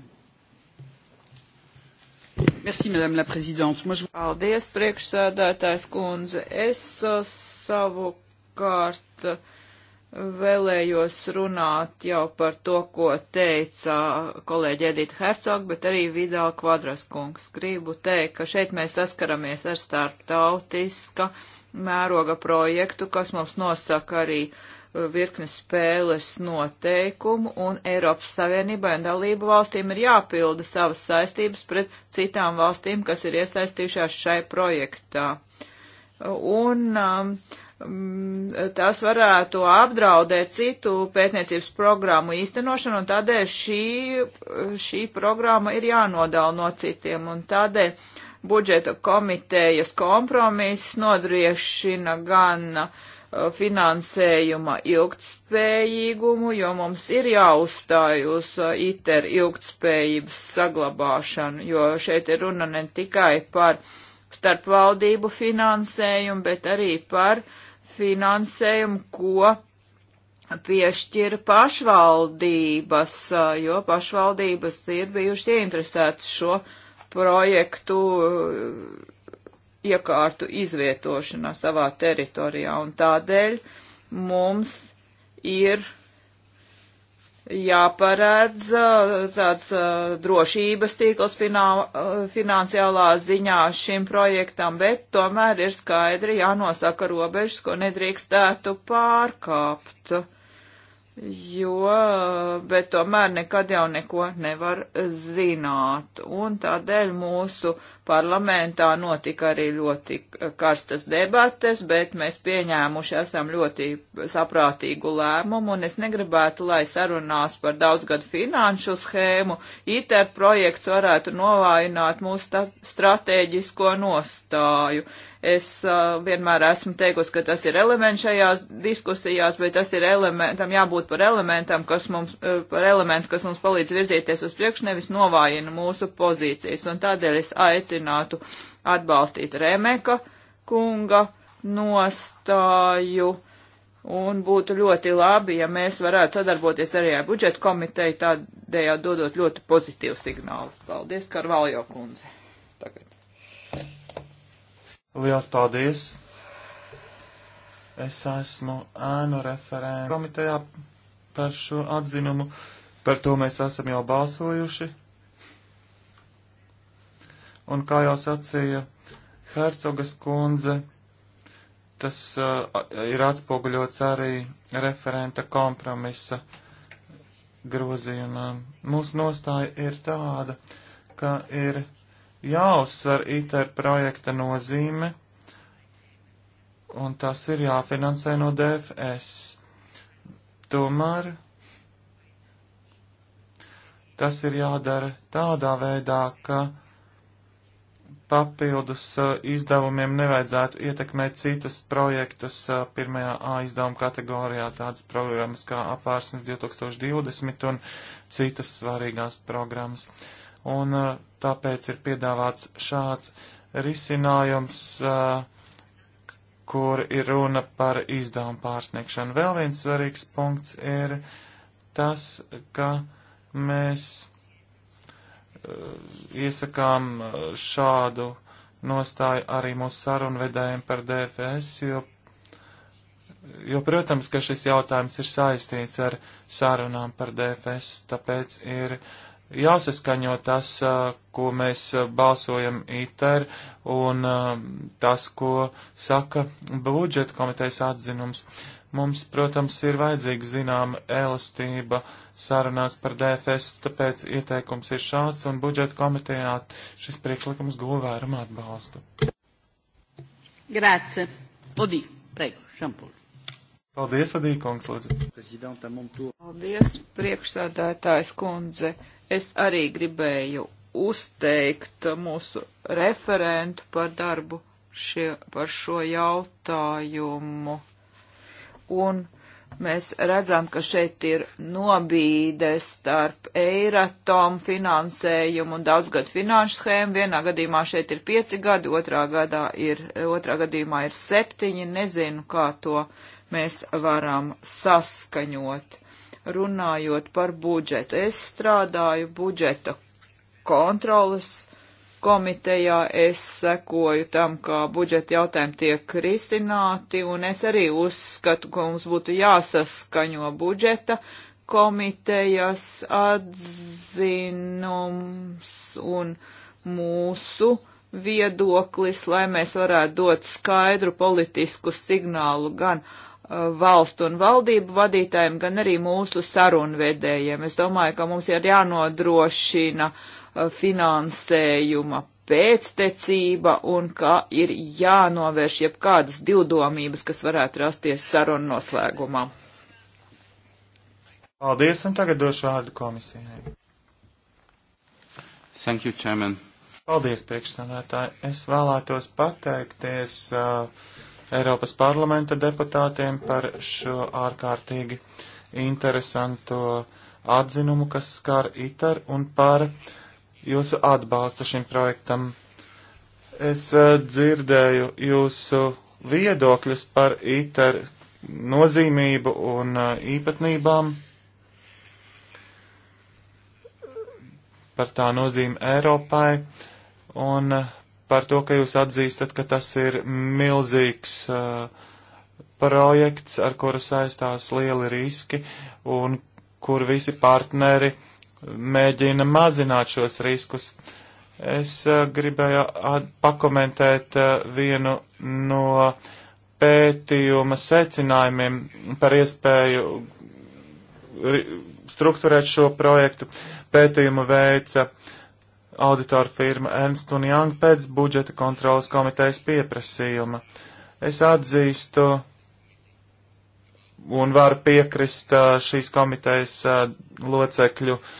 Merci, Madame la Présidente. Moi, je... Paldies, priekšsēdētājs kundze. Es uh, savu kārtu vēlējos runāt jau par to, ko teica kolēģi Edita Hercog, bet arī Vidā Kvadraskungs. Gribu teikt, ka šeit mēs saskaramies ar starptautiska mēroga projektu, kas mums nosaka arī uh, virkni spēles noteikumu, un Eiropas Savienībai un dalību valstīm ir jāpilda savas saistības pret citām valstīm, kas ir iesaistījušās šai projektā. Un um, mm, tas varētu apdraudēt citu pētniecības programmu īstenošanu, un tādēļ šī, šī programma ir jānodala no citiem, un tādēļ budžeta komitejas kompromiss nodriešina gan uh, finansējuma ilgtspējīgumu, jo mums ir jāuzstāj uz uh, ITER ilgtspējības saglabāšanu, jo šeit ir runa ne tikai par starpvaldību finansējumu, bet arī par finansējumu, ko piešķir pašvaldības, uh, jo pašvaldības ir bijušas ieinteresētas šo projektu uh, iekārtu izvietošanā savā teritorijā, un tādēļ mums ir jāparēdz uh, tāds uh, drošības tīkls finā, uh, finansiālā ziņā šim projektam, bet tomēr ir skaidri jānosaka robežas, ko nedrīkstētu pārkāpt, jo, bet tomēr nekad jau neko nevar zināt. Un tādēļ mūsu parlamentā notika arī ļoti karstas debates, bet mēs pieņēmuši esam ļoti saprātīgu lēmumu, un es negribētu, lai sarunās par daudzgadu finanšu schēmu ITER projekts varētu novājināt mūsu strateģisko nostāju. Es uh, vienmēr esmu teikusi, ka tas ir elements šajās diskusijās, bet tas ir elementam, jābūt par elementam, kas mums, par elementu, kas mums palīdz virzīties uz priekšu, nevis novājina mūsu pozīcijas. Un tādēļ es aicinu aicinātu atbalstīt Remeka kunga nostāju. Un būtu ļoti labi, ja mēs varētu sadarboties arī ar budžetu komiteju, tādējādi dodot ļoti pozitīvu signālu. Paldies, Karvaljo kundze. Tagad. Lielas paldies! Es esmu ēnu referēnu komitejā par šo atzinumu. Par to mēs esam jau balsojuši. Un kā jau sacīja Hercogas kundze, tas uh, ir atspoguļots arī referenta kompromisa grozījumā. Mūsu nostāja ir tāda, ka ir jāuzsver ITER projekta nozīme, un tas ir jāfinansē no DFS. Tomēr tas ir jādara tādā veidā, ka papildus eh, izdevumiem nevajadzētu ietekmēt citus projektus eh, pirmajā A izdevuma kategorijā, tādas programmas kā apvērsnes 2020 un citas svarīgās programmas. Un eh, tāpēc ir piedāvāts šāds risinājums, kur ir runa par izdevumu pārsniegšanu. Vēl viens svarīgs punkts ir tas, ka mēs Eh, iesakām eh, šādu nostāju arī mūsu sarunvedējiem par DFS, jo, jo, protams, ka šis jautājums ir saistīts ar sarunām par DFS, tāpēc ir jāsaskaņo tas, eh, ko mēs balsojam ITER un tas, ko saka budžeta komitejas atzinums. Uh, Mums, protams, ir vajadzīga zināma elastība sarunās par DFS, tāpēc ieteikums ir šāds, un budžeta komitejā šis priekšlikums guva vērumu atbalstu. Grāce. Odī, prego, šampūl. Paldies, Adī, kungs, lūdzu. Paldies, priekšsādātājs kundze. Es arī gribēju uzteikt mūsu referentu par darbu šie, par šo jautājumu un mēs redzam, ka šeit ir nobīde starp Eiratom finansējumu un daudzgad finanšu schēmu. Vienā gadījumā šeit ir pieci gadi, otrā, gadā ir, otrā gadījumā ir septiņi. Nezinu, kā to mēs varam saskaņot. Runājot par budžetu, es strādāju budžeta kontrolas komitejā es sekoju tam, kā budžeta jautājumi tiek risināti, un es arī uzskatu, ka mums būtu jāsaskaņo budžeta komitejas atzinums un mūsu viedoklis, lai mēs varētu dot skaidru politisku signālu gan uh, valstu un valdību vadītājiem, gan arī mūsu sarunvedējiem. Es domāju, ka mums ir jānodrošina uh, finansējuma pēctecība un ka ir jānovērš jebkādas divdomības, kas varētu rasties sarunu noslēgumā. Paldies, un tagad došu vārdu komisijai. Thank you, Chairman. Paldies, priekšstādātāji. Es vēlētos pateikties uh, Eiropas parlamenta deputātiem par šo ārkārtīgi interesanto atzinumu, kas skar ITER un par uh, jūsu atbalstu šim projektam. Es eh, dzirdēju jūsu viedokļus par ITER nozīmību un eh, īpatnībām, par tā nozīmi Eiropai un eh, par to, ka jūs atzīstat, ka tas ir milzīgs uh, projekts, ar kuru saistās lieli riski un kur visi partneri uh, mēģina mazināt šos riskus. Es uh, gribēju pakomentēt uh, vienu no pētījuma secinājumiem par iespēju struktūrēt šo projektu. Pētījumu veica auditoru firma Ernst un Young pēc budžeta kontrolas komitejas pieprasījuma. Es atzīstu un varu piekrist uh, šīs komitejas locekļu uh,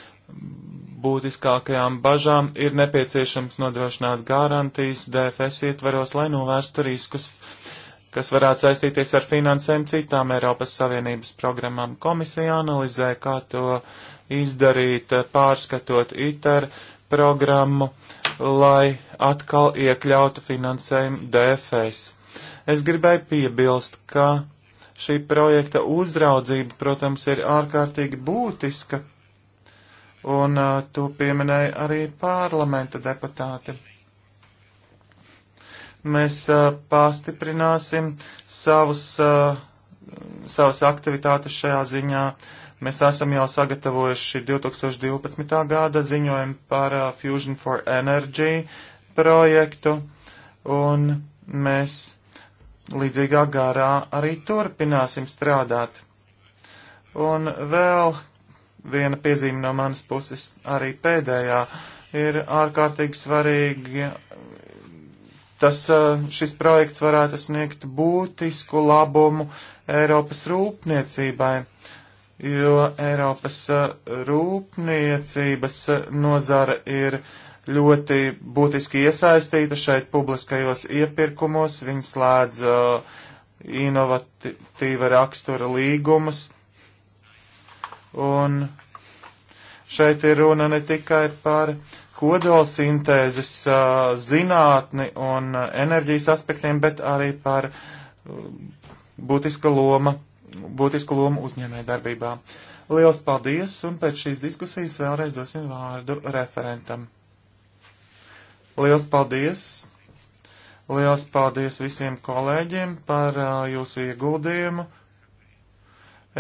būtiskākajām bažām ir nepieciešams nodrošināt garantijas DFS ietveros, lai novērstu riskus, kas varētu saistīties ar finansēm citām Eiropas Savienības programmām. Komisija analizē, kā to izdarīt, pārskatot ITER programmu, lai atkal iekļautu finansējumu DFS. Es gribēju piebilst, ka šī projekta uzraudzība, protams, ir ārkārtīgi būtiska un uh, to pieminēja arī parlamenta deputāti. Mēs uh, pastiprināsim savus, uh, savas aktivitātes šajā ziņā. Mēs esam jau sagatavojuši 2012. gada ziņojumu par uh, Fusion for Energy projektu, un mēs līdzīgā garā arī turpināsim strādāt. Un vēl viena piezīme no manas puses arī pēdējā. Ir ārkārtīgi svarīgi, tas šis projekts varētu sniegt būtisku labumu Eiropas rūpniecībai, jo Eiropas rūpniecības nozara ir ļoti būtiski iesaistīta šeit publiskajos iepirkumos, viņi slēdz uh, inovatīva rakstura līgumus Un šeit ir runa ne tikai par kodolsintēzes zinātni un enerģijas aspektiem, bet arī par būtiska loma, būtiska loma uzņēmē darbībā. Liels paldies, un pēc šīs diskusijas vēlreiz dosim vārdu referentam. Liels paldies! Liels paldies visiem kolēģiem par uh, jūsu ieguldījumu!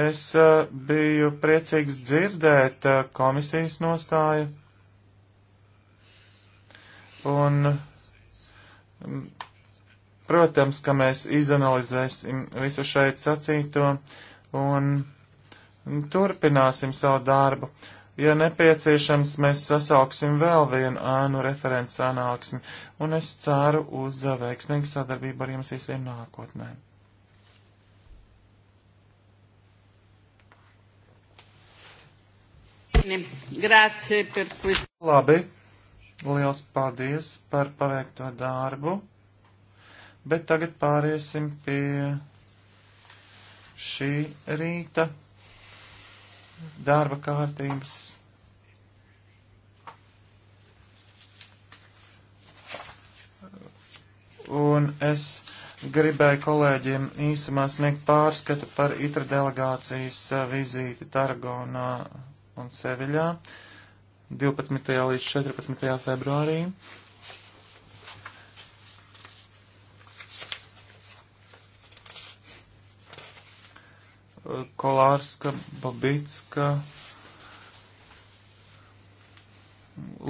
Es eh, biju priecīgs dzirdēt eh, komisijas nostāju. Un, mm, protams, ka mēs izanalizēsim visu šeit sacīto un mm, turpināsim savu darbu. Ja nepieciešams, mēs sasauksim vēl vienu ānu referents sanāksmi, un es ceru uz eh, veiksmīgu sadarbību ar jums visiem nākotnēm. Labi, liels paldies par paveikto darbu, bet tagad pāriesim pie šī rīta darba kārtības. Un es gribēju kolēģiem īsumā sniegt pārskatu par itra delegācijas vizīti Targonā un Seviļā 12. līdz 14. februārī. Kolārska, Babicka,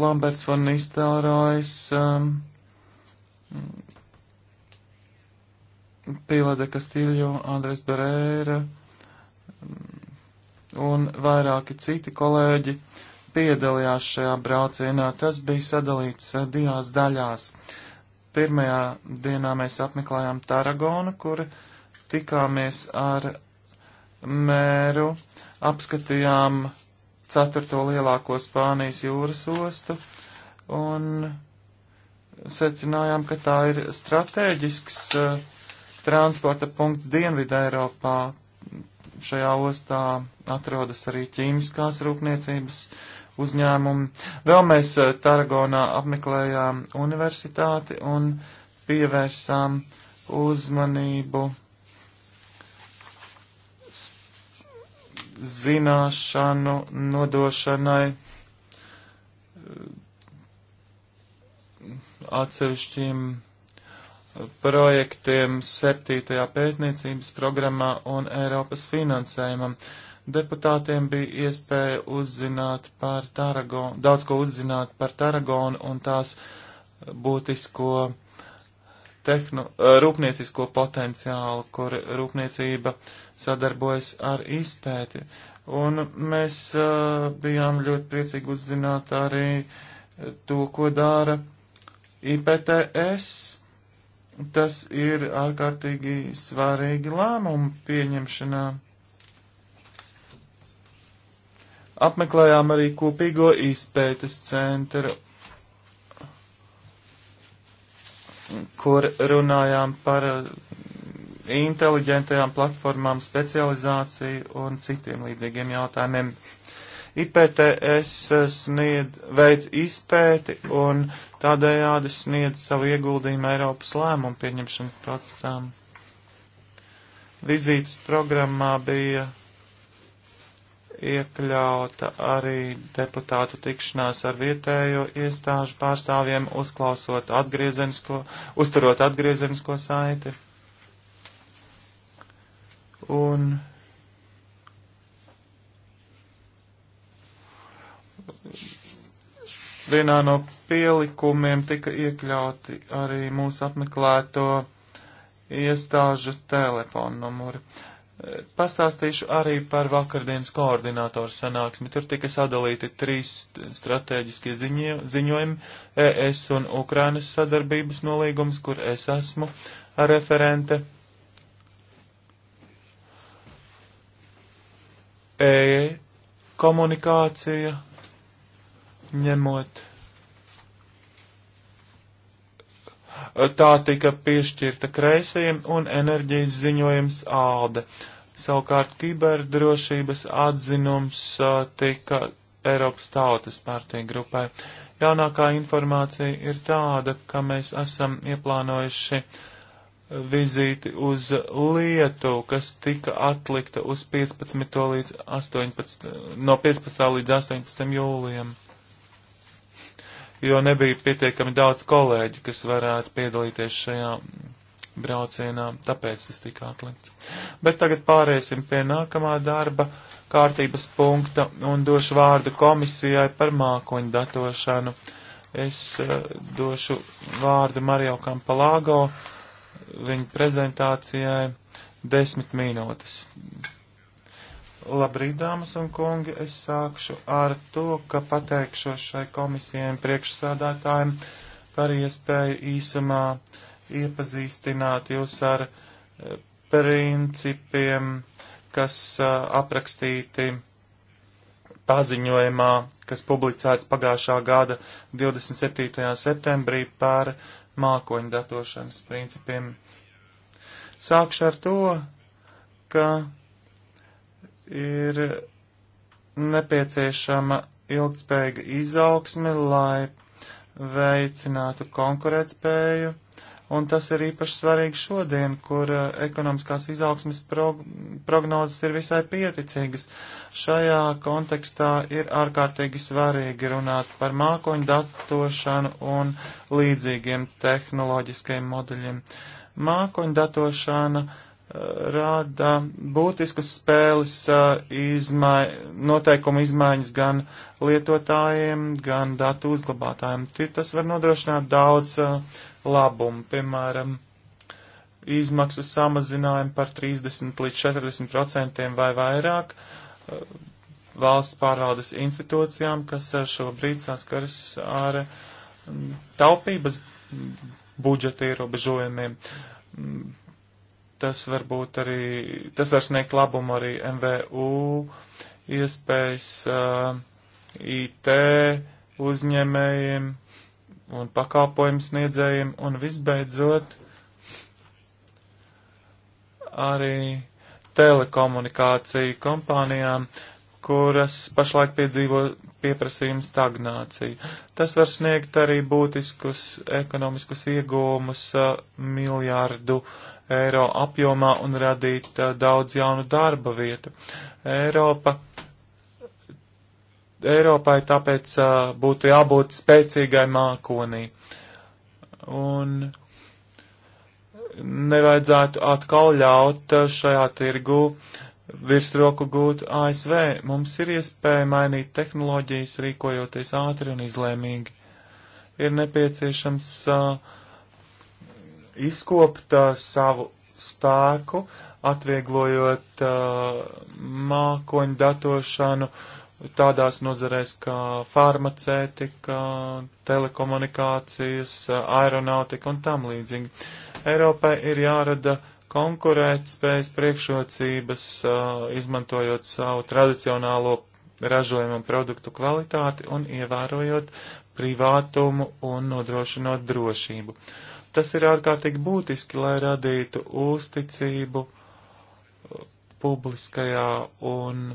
Lamberts von Nistelrojs, um, Pīlade Kastīļo, Andres Berēra un vairāki citi kolēģi piedalījās šajā braucienā. Tas bija sadalīts eh, divās daļās. Pirmajā dienā mēs apmeklējām Taragonu, kur tikāmies ar mēru, apskatījām ceturto lielāko Spānijas jūras ostu un secinājām, ka tā ir strateģisks uh, transporta punkts Dienvidē Eiropā, šajā ostā atrodas arī ķīmiskās rūpniecības uzņēmumi. Vēl mēs eh, Taragonā apmeklējām universitāti un pievērsām uzmanību zināšanu nodošanai eh, atsevišķiem projektiem 7. pētniecības programmā un Eiropas finansējumam. Deputātiem bija iespēja uzzināt par Taragonu, daudz ko uzzināt par Taragonu un tās būtisko tehnu, eh, rūpniecisko potenciālu, kur rūpniecība sadarbojas ar izpēti. Un mēs uh, bijām ļoti priecīgi uzzināt arī to, ko dara IPTS Tas ir ārkārtīgi svarīgi lēmumu pieņemšanā. Apmeklējām arī kopīgo izpētes centru, kur runājām par uh, inteliģentajām platformām, specializāciju un citiem līdzīgiem jautājumiem. IPTS sniedz veids izpēti un tādējādi sniedz savu ieguldījumu Eiropas lēmumu pieņemšanas procesām. Vizītes programmā bija iekļauta arī deputātu tikšanās ar vietējo iestāžu pārstāvjiem, uzklausot atgriezenisko, uzturot atgriezenisko saiti. Un vienā no pielikumiem tika iekļauti arī mūsu apmeklēto iestāžu telefonu numuri. Pastāstīšu arī par vakardienas koordinātoru sanāksmi. Tur tika sadalīti trīs strateģiskie ziņo, ziņojumi - ES un Ukrainas sadarbības nolīgums, kur es esmu referente. E komunikācija, ņemot tā tika piešķirta kreisajiem un enerģijas ziņojums ALDE. Savukārt kiberdrošības atzinums tika Eiropas tautas partija grupai. Jaunākā informācija ir tāda, ka mēs esam ieplānojuši vizīti uz Lietu, kas tika atlikta uz 15. līdz 18. no 15. līdz 18. jūlijam jo nebija pietiekami daudz kolēģi, kas varētu piedalīties šajā braucienā, tāpēc tas tika atlikts. Bet tagad pāriesim pie nākamā darba kārtības punkta un došu vārdu komisijai par mākoņu datošanu. Es uh, došu vārdu Mario Kampalāgo viņa prezentācijai desmit minūtes. Labrīt, dāmas un kungi! Es sākšu ar to, ka pateikšu šai komisijai priekšsādātājiem par iespēju īsumā iepazīstināt jūs ar eh, principiem, kas eh, aprakstīti paziņojumā, kas publicēts pagājušā gada 27. septembrī par mākoņu datošanas principiem. Sākšu ar to, ka ir nepieciešama ilgspējīga izaugsme, lai veicinātu konkurētspēju, un tas ir īpaši svarīgi šodien, kur uh, ekonomiskās izaugsmes prog prognozes ir visai pieticīgas. Šajā kontekstā ir ārkārtīgi svarīgi runāt par mākoņu datošanu un līdzīgiem tehnoloģiskiem modeļiem. Mākoņu datošana uh, rada būtiskas spēles izmai, noteikuma izmaiņas gan lietotājiem, gan datu uzglabātājiem. Tas var nodrošināt daudz labumu, piemēram, izmaksu samazinājumu par 30 līdz 40 procentiem vai vairāk valsts pārvaldes institūcijām, kas šobrīd saskaras ar taupības budžeta ierobežojumiem Tas varbūt arī, tas var sniegt labumu arī MVU, iespējas uh, IT uzņēmējiem un pakalpojumu sniedzējiem un visbeidzot arī telekomunikāciju kompānijām. Uh, kuras pašlaik piedzīvo pieprasījuma stagnāciju. Tas var sniegt arī būtiskus ekonomiskus iegūmus miljārdu eiro apjomā un radīt daudz jaunu darba vietu. Eiropa Eiropai tāpēc uh, būtu jābūt spēcīgai mākonī. Un nevajadzētu atkal ļaut šajā tirgu virsroku gūt ASV. Mums ir iespēja mainīt tehnoloģijas, rīkojoties ātri un izlēmīgi. Ir nepieciešams uh, izkopt uh, savu spēku, atvieglojot uh, mākoņu datošanu tādās nozarēs kā farmacētika, telekomunikācijas, aeronautika un tam līdzīgi. Eiropai ir jārada uh, konkurētspējas priekšrocības, izmantojot savu tradicionālo ražojumu un produktu kvalitāti un ievērojot privātumu un nodrošinot drošību. Tas ir ārkārtīgi būtiski, lai radītu uzticību publiskajā un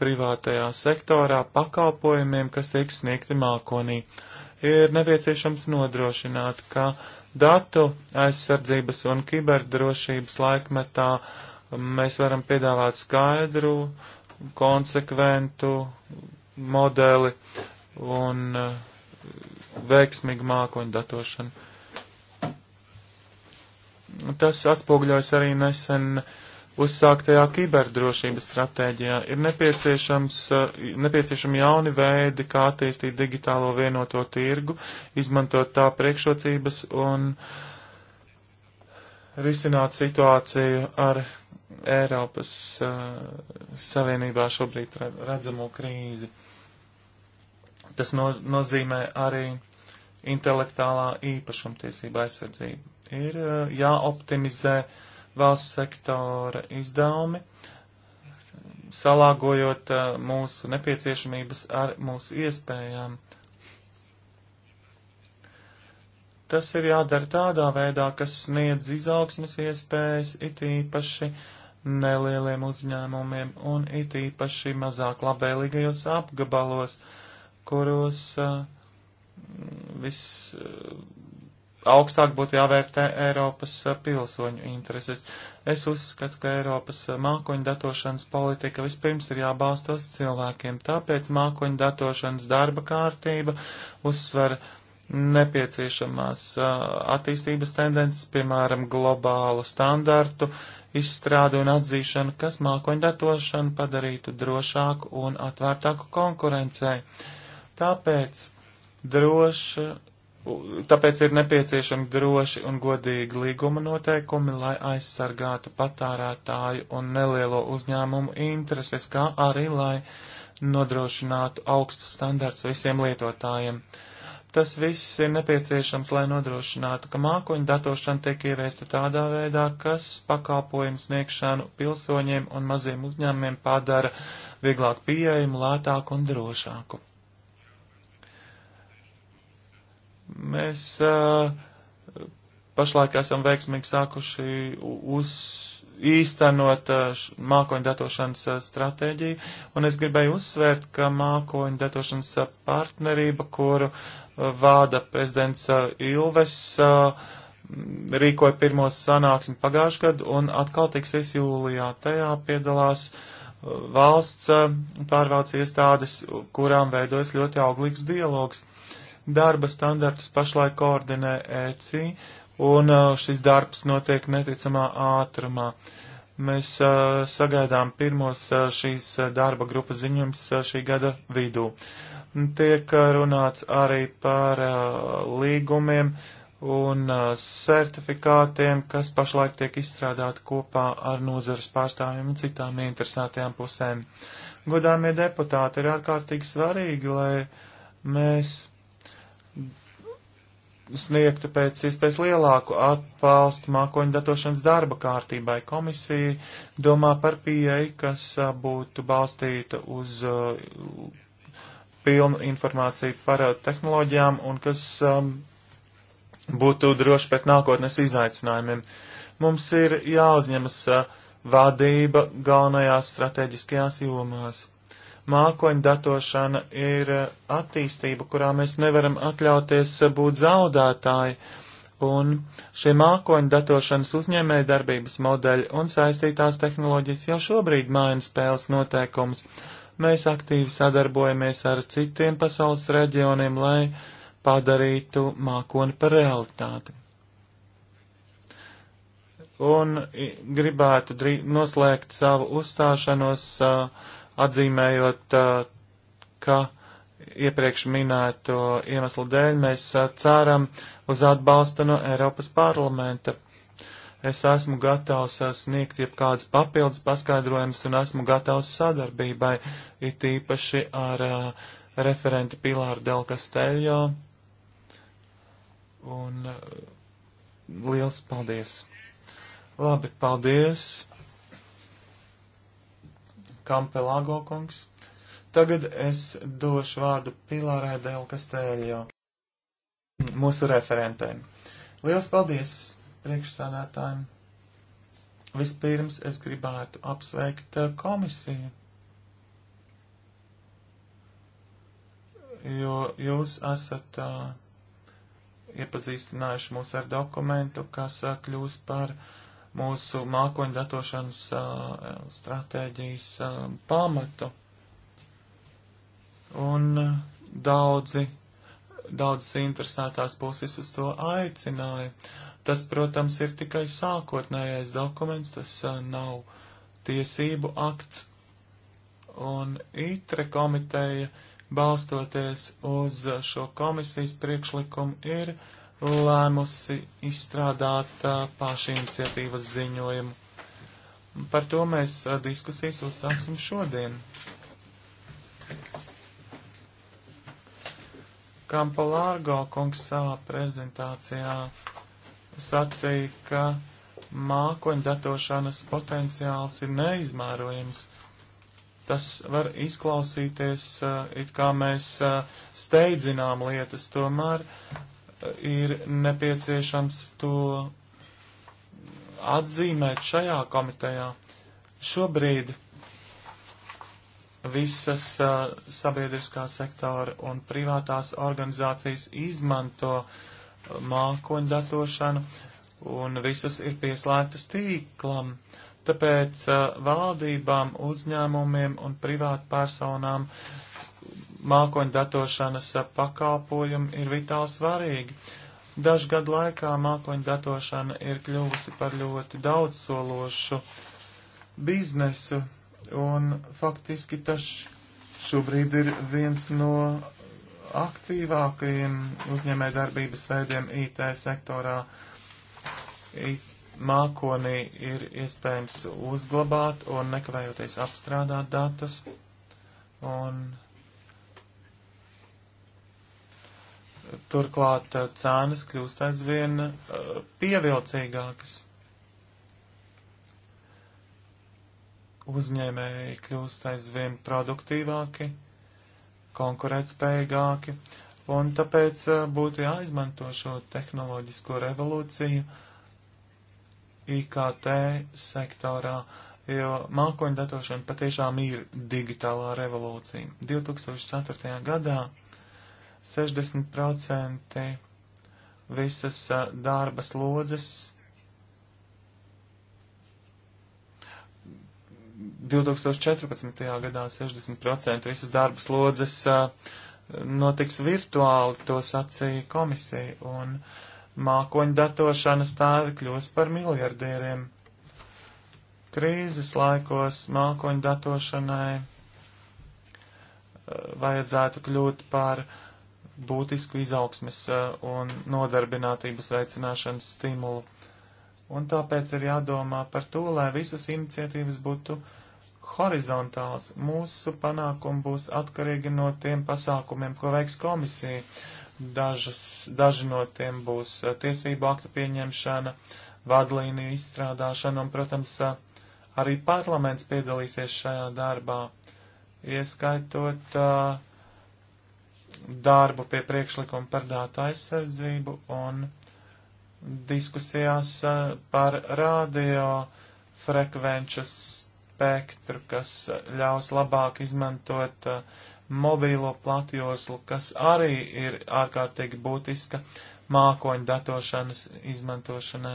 privātajā sektorā pakalpojumiem, kas tiek sniegti mākonī. Ir nepieciešams nodrošināt, ka Datu aizsardzības un kiberdrošības laikmetā mēs varam piedāvāt skaidru, konsekventu modeli un uh, veiksmīgu mākoņu datošanu. Tas atspūgļojas arī nesen uh, uzsāktajā kiberdrošības stratēģijā ir eh, nepieciešami jauni veidi, kā attīstīt digitālo vienoto tirgu, izmantot tā priekšrocības un risināt situāciju ar Eiropas uh, Savienībā šobrīd redzamo krīzi. Tas no, nozīmē arī intelektuālā īpašumtiesība aizsardzību. Ir uh, jāoptimizē uh, valsts sektora izdevumi, salāgojot eh, mūsu nepieciešamības ar mūsu iespējām. Tas ir jādara tādā veidā, kas sniedz izaugsmes iespējas it īpaši nelieliem uzņēmumiem un it īpaši mazāk labvēlīgajos apgabalos, kuros uh, viss eh, augstāk būtu jāvērtē Eiropas eh, pilsoņu intereses. Es uzskatu, ka Eiropas eh, mākoņu datošanas politika vispirms ir jābalstos cilvēkiem, tāpēc mākoņu datošanas darba kārtība uzsver nepieciešamās eh, attīstības tendences, piemēram, globālu standartu izstrādi un atzīšanu, kas mākoņu datošanu padarītu drošāku un atvērtāku konkurencei. Tāpēc droša Tāpēc ir nepieciešami droši un godīgi līguma noteikumi, lai aizsargātu patārētāju un nelielo uzņēmumu intereses, kā arī lai nodrošinātu augstus standarts visiem lietotājiem. Tas viss ir nepieciešams, lai nodrošinātu, ka mākoņu datošana tiek ieviesta tādā veidā, kas pakalpojumu sniegšanu pilsoņiem un maziem uzņēmumiem padara vieglāk pieejamu, lētāku un drošāku. Mēs uh, pašlaik esam veiksmīgi sākuši uz īstenot uh, mākoņu datošanas uh, stratēģiju, un es gribēju uzsvērt, ka mākoņu datošanas uh, partnerība, kuru vāda prezidents Ilves, rīkoja pirmo sanāksmi pagājušajā gadu, un atkal tiksies jūlijā. Tajā piedalās valsts pārvaldes iestādes, kurām veidojas ļoti auglīgs dialogs. Darba standartus pašlaik koordinē ECI, un uh, šis darbs notiek neticamā ātrumā. Mēs uh, sagaidām pirmos uh, šīs darba grupas ziņojums šī gada vidū. Tiek runāts arī par līgumiem un certifikātiem, kas pašlaik tiek izstrādāti kopā ar nozares pārstāvjiem un citām interesētajām pusēm. Godāmie deputāti, ir ārkārtīgi svarīgi, lai mēs sniegtu pēc iespējas lielāku atbalstu mākoņu datošanas darba kārtībai. Komisija domā par pieeju, kas būtu balstīta uz uh, pilnu informāciju par uh, tehnoloģijām un kas um, būtu droši pret nākotnes izaicinājumiem. Mums ir jāuzņemas uh, vadība galvenajās strateģiskajās jomās mākoņdatošana ir eh, attīstība, kurā mēs nevaram atļauties eh, būt zaudētāji, un šie mākoņdatošanas uzņēmēja darbības modeļi un saistītās tehnoloģijas jau šobrīd maina spēles noteikumus. Mēs aktīvi sadarbojamies ar citiem pasaules reģioniem, lai padarītu mākoni par realitāti. Un gribētu noslēgt savu uzstāšanos uh, atzīmējot, ka iepriekš minēto iemeslu dēļ mēs ceram uz atbalstu no Eiropas parlamenta. Es esmu gatavs sniegt jebkādas papildus paskaidrojumus un esmu gatavs sadarbībai, it īpaši ar uh, referenti Pilāru Delkasteļo. Un uh, liels paldies! Labi, paldies! Kampelāgo kungs. Tagad es došu vārdu Pilārai Del Kastēļo, mūsu referentēm. Liels paldies priekšsādātājiem! Vispirms es gribētu apsveikt eh, komisiju, jo jūs esat uh, iepazīstinājuši mūs ar dokumentu, kas uh, eh, kļūs par uh, mūsu mākoņu datošanas uh, stratēģijas uh, pamatu. Un uh, daudzi, daudzas interesētās puses uz to aicināja. Tas, protams, ir tikai sākotnējais dokuments, tas uh, nav tiesību akts. Un ITRE komiteja, balstoties uz šo komisijas priekšlikumu, ir uh, lēmusi izstrādāt pašiniciatīvas ziņojumu. Par to mēs diskusijas uzsāksim šodien. Kampalārgo kungs savā prezentācijā sacīja, ka mākoņdatošanas potenciāls ir neizmērojams. Tas var izklausīties, it kā mēs steidzinām lietas, tomēr ir nepieciešams to atzīmēt šajā komitejā. Šobrīd visas uh, sabiedriskā sektora un privātās organizācijas izmanto uh, mākoņu datošanu un visas ir pieslēgtas tīklam. Tāpēc uh, valdībām, uzņēmumiem un privātpersonām uh, mākoņu datošanas pakalpojumi ir vitāli svarīgi. Dažu gadu laikā mākoņu datošana ir kļuvusi par ļoti daudzsološu biznesu, un faktiski tas šobrīd ir viens no aktīvākajiem uzņēmē darbības veidiem IT sektorā. IT mākonī ir iespējams uzglabāt un nekavējoties apstrādāt datus. Un Turklāt eh, cenas kļūst aizvien eh, pievilcīgākas. Uzņēmēji kļūst aizvien produktīvāki, konkurētspējīgāki, un tāpēc eh, būtu jāizmanto šo tehnoloģisko revolūciju IKT sektorā, jo mākoņdatošana patiešām ir digitālā revolūcija. 2004. gadā 60% visas darba slodzes 2014. gadā 60% visas darba slodzes notiks virtuāli, to sacīja komisija, un mākoņu datošanas tēvi kļūs par miljardieriem. Krīzes laikos mākoņu datošanai vajadzētu kļūt par uh, būtisku izaugsmes eh, un nodarbinātības veicināšanas stimulu. Un tāpēc ir jādomā par to, lai visas iniciatīvas būtu horizontāls. Mūsu panākumi būs atkarīgi no tiem pasākumiem, ko veiks komisija. Dažas, daži no tiem būs eh, tiesību aktu pieņemšana, vadlīniju izstrādāšana un, protams, eh, arī parlaments piedalīsies šajā darbā, ieskaitot uh, darbu pie priekšlikuma par dātu aizsardzību un diskusijās eh, par radio frekvenču spektru, kas ļaus labāk izmantot eh, mobīlo platjoslu, kas arī ir ārkārtīgi būtiska mākoņu datošanas izmantošanai.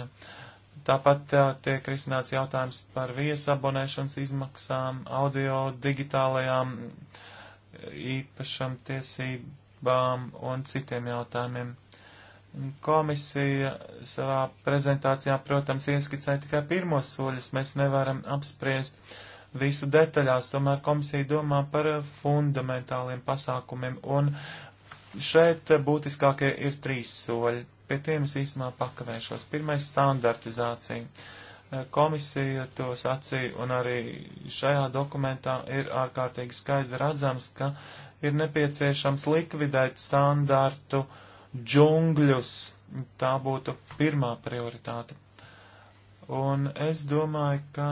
Tāpat eh, tiek risināts jautājums par viesabonēšanas izmaksām, audio, digitālajām uh, īpašam tiesībām un citiem jautājumiem. Komisija savā prezentācijā, protams, ieskicēja tikai pirmos soļus. Mēs nevaram apspriest visu detaļās, tomēr komisija domā par fundamentāliem pasākumiem, un šeit būtiskākie ir trīs soļi. Pie tiem es īsumā pakavēšos. Pirmais - standartizācija. Uh, komisija to sacīja, un arī šajā dokumentā ir ārkārtīgi skaidri redzams, ka ir nepieciešams likvidēt standārtu džungļus. Tā būtu pirmā prioritāte. Un es domāju, ka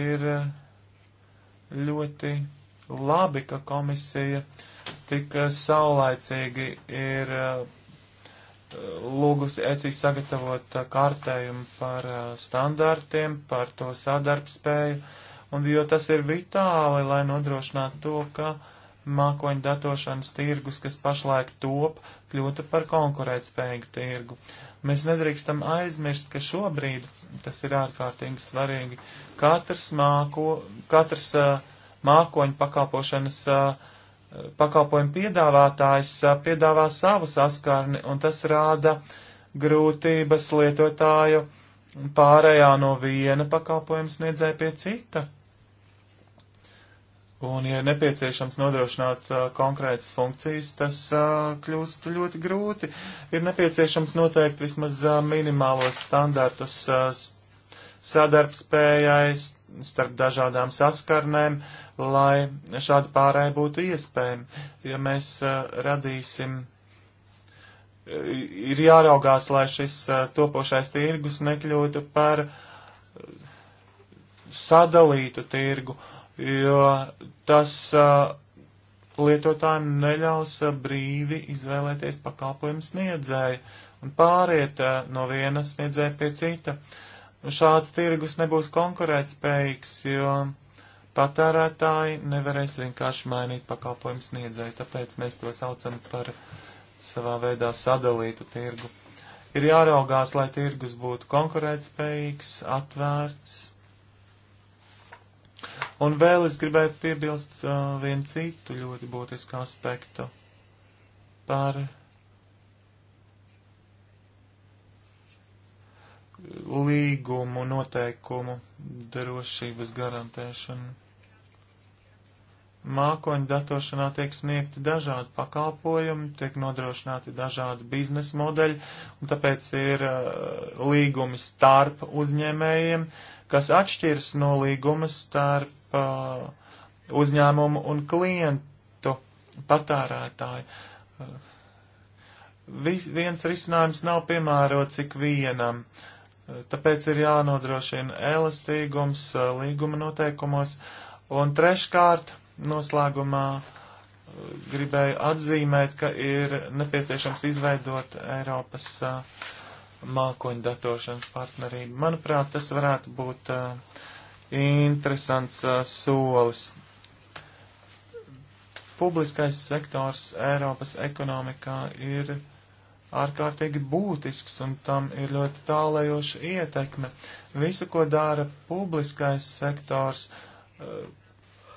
ir ļoti labi, ka komisija tik saulaicīgi ir lūgusi ECI sagatavot uh, kārtējumu par uh, standartiem, par to sadarbspēju, un jo tas ir vitāli, lai nodrošinātu to, ka mākoņu datošanas tirgus, kas pašlaik top, kļūtu par konkurētspējīgu tirgu. Mēs nedrīkstam aizmirst, ka šobrīd tas ir ārkārtīgi svarīgi. Katrs, māko, katrs uh, mākoņu pakalpošanas uh, pakalpojumu piedāvātājs piedāvā savu saskarni, un tas rāda grūtības lietotāju pārējā no viena pakalpojuma sniedzēja pie cita. Un, ja ir nepieciešams nodrošināt uh, konkrētas funkcijas, tas uh, kļūst ļoti grūti. Ir nepieciešams noteikt vismaz uh, minimālos standartus uh, sadarbspējai starp dažādām saskarnēm, lai šāda pārēja būtu iespējama. Ja mēs uh, radīsim, ir jāraugās, lai šis uh, topošais tirgus nekļūtu par uh, sadalītu tirgu, jo tas uh, lietotājiem neļaus uh, brīvi izvēlēties pakalpojumu sniedzēju un pāriet uh, no viena sniedzēja pie cita. Uh, šāds tirgus nebūs konkurētspējīgs, jo patērētāji nevarēs vienkārši mainīt pakalpojumu sniedzēju, tāpēc mēs to saucam par savā veidā sadalītu tirgu. Ir jāraugās, lai tirgus būtu konkurētspējīgs, atvērts. Un vēl es gribēju piebilst uh, vienu citu ļoti būtisku aspektu par līgumu noteikumu drošības garantēšanu. Mākoņu datošanā tiek sniegti dažādi pakalpojumi, tiek nodrošināti dažādi biznesa modeļi, un tāpēc ir uh, līgumi starp uzņēmējiem, kas atšķiras no līguma starp uh, uzņēmumu un klientu patērētāju. Uh, vis, viens risinājums nav piemērots ik vienam. Uh, Tāpēc ir jānodrošina elastīgums līguma noteikumos. Un treškārt, noslēgumā gribēju atzīmēt, ka ir nepieciešams izveidot Eiropas mākoņu datošanas partnerību. Manuprāt, tas varētu būt interesants solis. Publiskais sektors Eiropas ekonomikā ir ārkārtīgi būtisks un tam ir ļoti tālējoša ietekme. Visu, ko dara publiskais sektors, eh,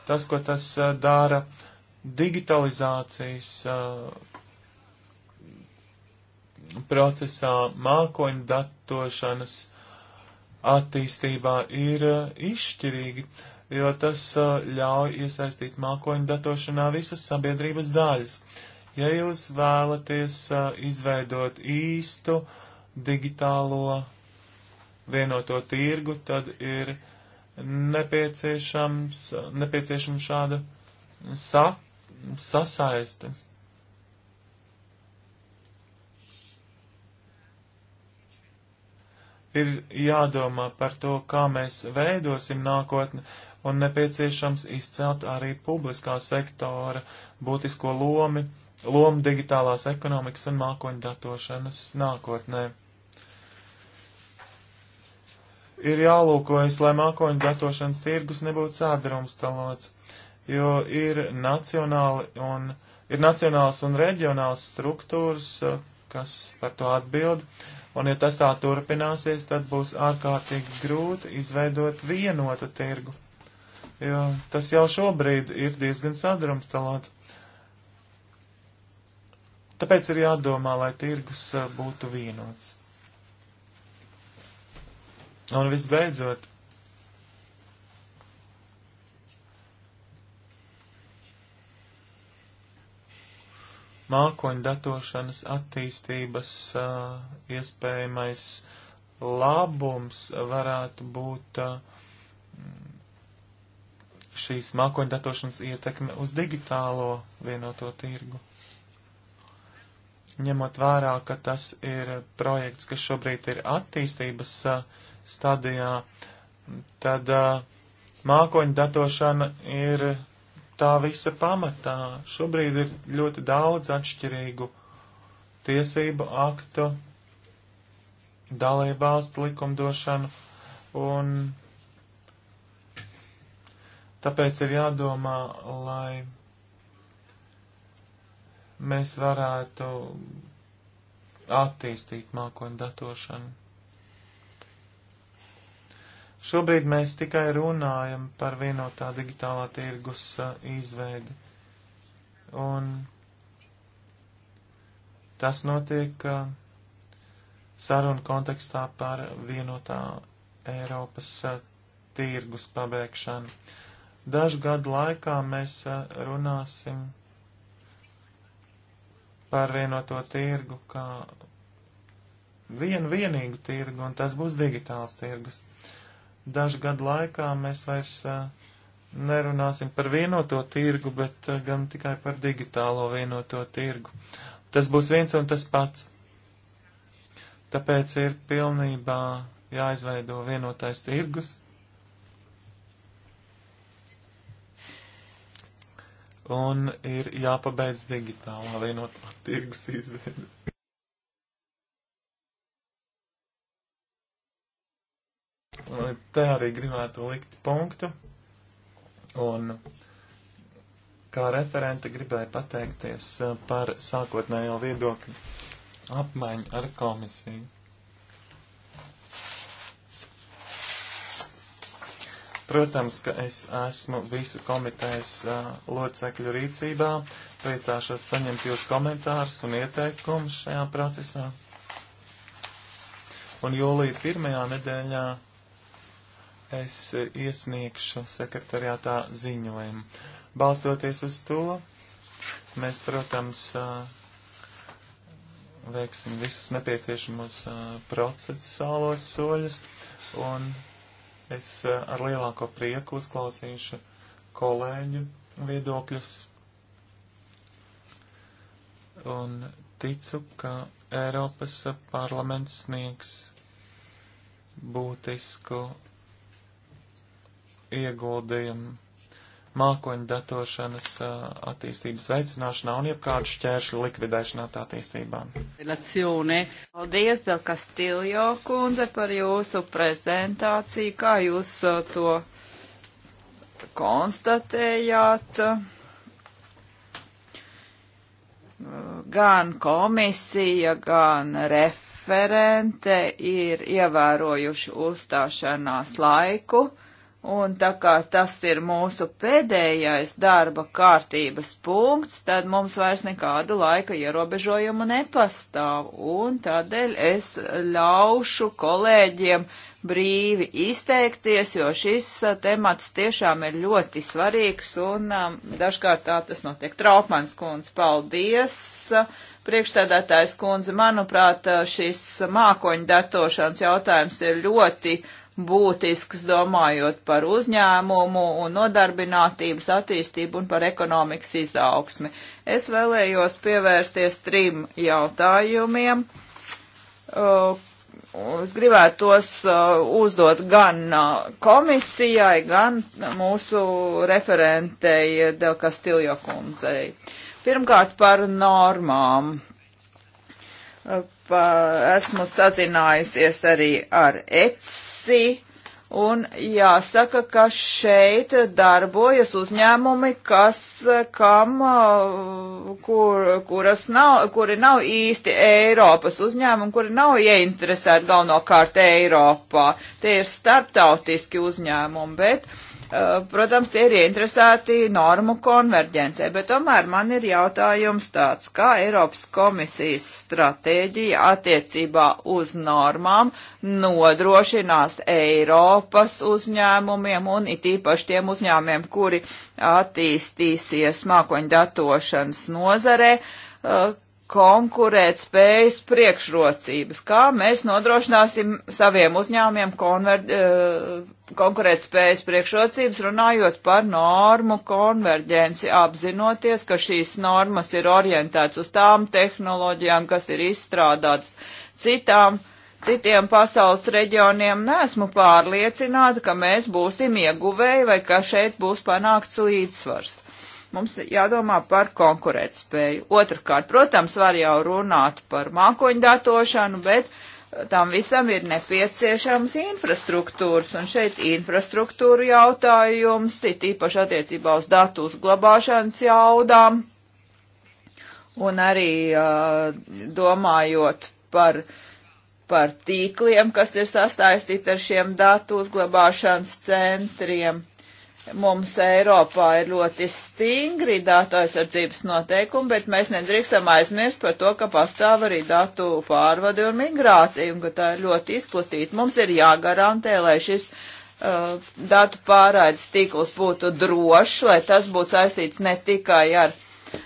tas, ko tas eh, dara digitalizācijas eh, procesā, mākoņu datošanas attīstībā, ir izšķirīgi, jo tas ļauj iesaistīt mākoņu datošanā visas sabiedrības daļas. Uh, Ja jūs vēlaties uh, izveidot īstu digitālo vienoto tirgu, tad ir nepieciešams, nepieciešama šāda sa, sasaiste. ir jādomā par to, kā mēs veidosim nākotni, un nepieciešams izcelt arī publiskā sektora būtisko lomi loma digitālās ekonomikas un mākoņu datošanas nākotnē. Ir jālūkojas, lai mākoņu datošanas tirgus nebūtu sādrumstalots, jo ir, nacionāli un, ir nacionāls un reģionāls struktūras, kas par to atbild, un ja tas tā turpināsies, tad būs ārkārtīgi grūti izveidot vienotu tirgu, jo tas jau šobrīd ir diezgan sadrumstalots Tāpēc ir jādomā, lai tirgus būtu vienots. Un visbeidzot, mākoņu datošanas attīstības uh, iespējamais labums varētu būt uh, šīs mākoņu datošanas ietekme uz digitālo vienoto tirgu ņemot vērā, ka tas ir projekts, kas šobrīd ir attīstības a, stadijā, tad a, mākoņu datošana ir tā visa pamatā. Šobrīd ir ļoti daudz atšķirīgu tiesību aktu, dalību valstu likumdošanu, un tāpēc ir jādomā, lai mēs varētu attīstīt mākoņu datošanu. Šobrīd mēs tikai runājam par vienotā digitālā tirgus izveidi. Un tas notiek sarunu kontekstā par vienotā Eiropas tirgus pabeigšanu. Dažu gadu laikā mēs runāsim par vienoto tirgu kā vienu vienīgu tirgu, un tas būs digitāls tirgus. Dažu gadu laikā mēs vairs nerunāsim par vienoto tirgu, bet gan tikai par digitālo vienoto tirgu. Tas būs viens un tas pats. Tāpēc ir pilnībā jāizveido vienotais tirgus, un ir jāpabeidz digitālā vienotā tirgus izveide. Te arī gribētu likt punktu, un kā referente gribēju pateikties eh, par sākotnējo viedokļu apmaiņu ar komisiju. Protams, ka es esmu visu komitejas uh, locekļu rīcībā, priecāšos saņemt jūs komentārus un ieteikumus šajā procesā. Un jūlija pirmajā nedēļā es iesniegšu sekretariātā ziņojumu. Balstoties uz to, mēs, protams, uh, veiksim visus nepieciešamos uh, procesuālos soļus un Es eh, ar lielāko prieku uzklausīšu kolēģu viedokļus un ticu, ka Eiropas parlaments sniegs būtisku ieguldījumu mākoņu datošanas attīstības veicināšanā un jebkādu šķēršļu likvidēšanā tā attīstībā. Paldies, Delka Stiljo kundze, par jūsu prezentāciju. Kā jūs to konstatējāt? Gan komisija, gan referente ir ievērojuši uzstāšanās laiku Un tā kā tas ir mūsu pēdējais darba kārtības punkts, tad mums vairs nekādu laika ierobežojumu nepastāv. Un tādēļ es ļaušu kolēģiem brīvi izteikties, jo šis temats tiešām ir ļoti svarīgs un um, dažkārt tā tas notiek. Traupmans kundze, paldies! Priekšsēdētājs kundze, manuprāt, šis mākoņu datošanas jautājums ir ļoti būtisks, domājot par uzņēmumu un nodarbinātības attīstību un par ekonomikas izaugsmi. Es vēlējos pievērsties trim jautājumiem. Uh, es gribētu tos uh, uzdot gan uh, komisijai, gan mūsu referentei Delka Stiljo kundzei. Pirmkārt par normām pa, esmu sazinājusies arī ar ECS visi. Un jāsaka, ka šeit darbojas uzņēmumi, kas, kam, uh, kur, kuras nav, kuri nav īsti Eiropas uzņēmumi, kuri nav ieinteresēti galvenokārt Eiropā. Tie ir starptautiski uzņēmumi, bet uh, Eh, protams, tie ir ieinteresēti normu konverģencē, bet tomēr man ir jautājums tāds, kā Eiropas komisijas stratēģija attiecībā uz normām nodrošinās Eiropas uzņēmumiem un it īpaši tiem uzņēmumiem, kuri attīstīsies mākoņdatošanas nozarē, eh, konkurēt spējas priekšrocības, kā mēs nodrošināsim saviem uzņēmumiem konver, e, konkurēt spējas priekšrocības, runājot par normu konverģenci, apzinoties, ka šīs normas ir orientētas uz tām tehnoloģijām, kas ir izstrādātas citām citiem pasaules reģioniem neesmu pārliecināta, ka mēs būsim ieguvēji vai ka šeit būs panākts līdzsvars. Mums jādomā par konkurētspēju. Otrakārt, protams, var jau runāt par mākoņdatošanu, bet eh, tam visam ir nepieciešams infrastruktūras, un šeit infrastruktūra jautājums ir tīpaši attiecībā uz datu uzglabāšanas jaudām, un arī uh, domājot par par tīkliem, kas ir sastāstīti ar šiem datu uzglabāšanas centriem. Mums Eiropā ir ļoti stingri datu aizsardzības noteikumi, bet mēs nedrīkstam aizmirst par to, ka pastāv arī datu pārvadi un migrācija, un ka tā ir ļoti izplatīta. Mums ir jāgarantē, lai šis uh, datu pārraides tīkls būtu drošs, lai tas būtu saistīts ne tikai ar uh,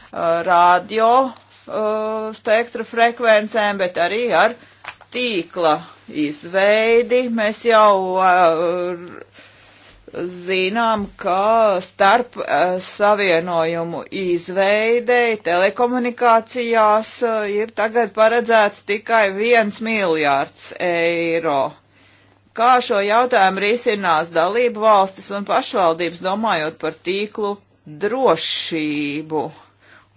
radio uh, spektra frekvencēm, bet arī ar tīkla izveidi. Mēs jau uh, zinām, ka starp eh, savienojumu izveidei telekomunikācijās eh, ir tagad paredzēts tikai viens miljārds eiro. Kā šo jautājumu risinās dalību valstis un pašvaldības domājot par tīklu drošību?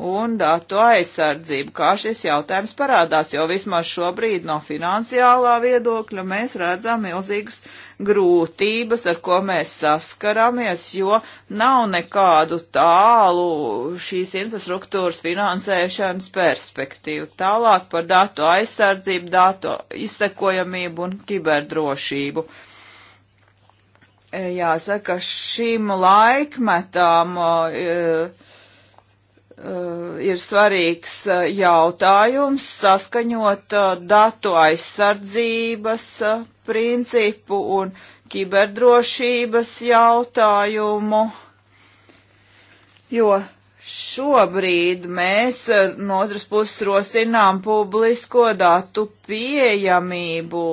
un datu aizsardzību, kā šis jautājums parādās, jo vismaz šobrīd no finansiālā viedokļa mēs redzam milzīgas grūtības, ar ko mēs saskaramies, jo nav nekādu tālu šīs infrastruktūras finansēšanas perspektīvu. Tālāk par datu aizsardzību, datu izsekojamību un kiberdrošību. E, jāsaka, šīm laikmetām uh, e, Eh, ir svarīgs eh, jautājums saskaņot eh, datu aizsardzības principu un kiberdrošības jautājumu, jo šobrīd mēs no otras puses rosinām publisko datu pieejamību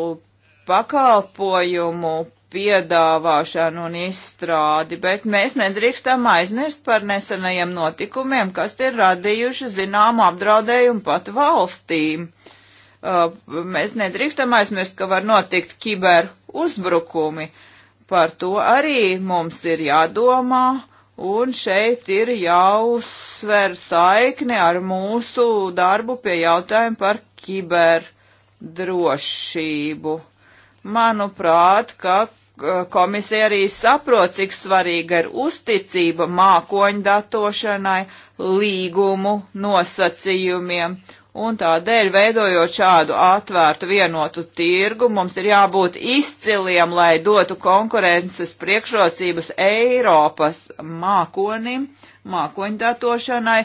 pakalpojumu piedāvāšanu un izstrādi, bet mēs nedrīkstam aizmirst par nesenajiem notikumiem, kas ir radījuši zināmu apdraudējumu pat valstīm. Uh, mēs nedrīkstam aizmirst, ka var notikt kiber uzbrukumi. Par to arī mums ir jādomā, un šeit ir jāuzsver saikni ar mūsu darbu pie jautājuma par kiberdrošību. drošību Manuprāt, ka komisija arī saprot, cik svarīga ir uzticība mākoņdatošanai, līgumu nosacījumiem. Un tādēļ, veidojot šādu atvērtu vienotu tirgu, mums ir jābūt izciliem, lai dotu konkurences priekšrocības Eiropas mākonim, uh, mākoņdatošanai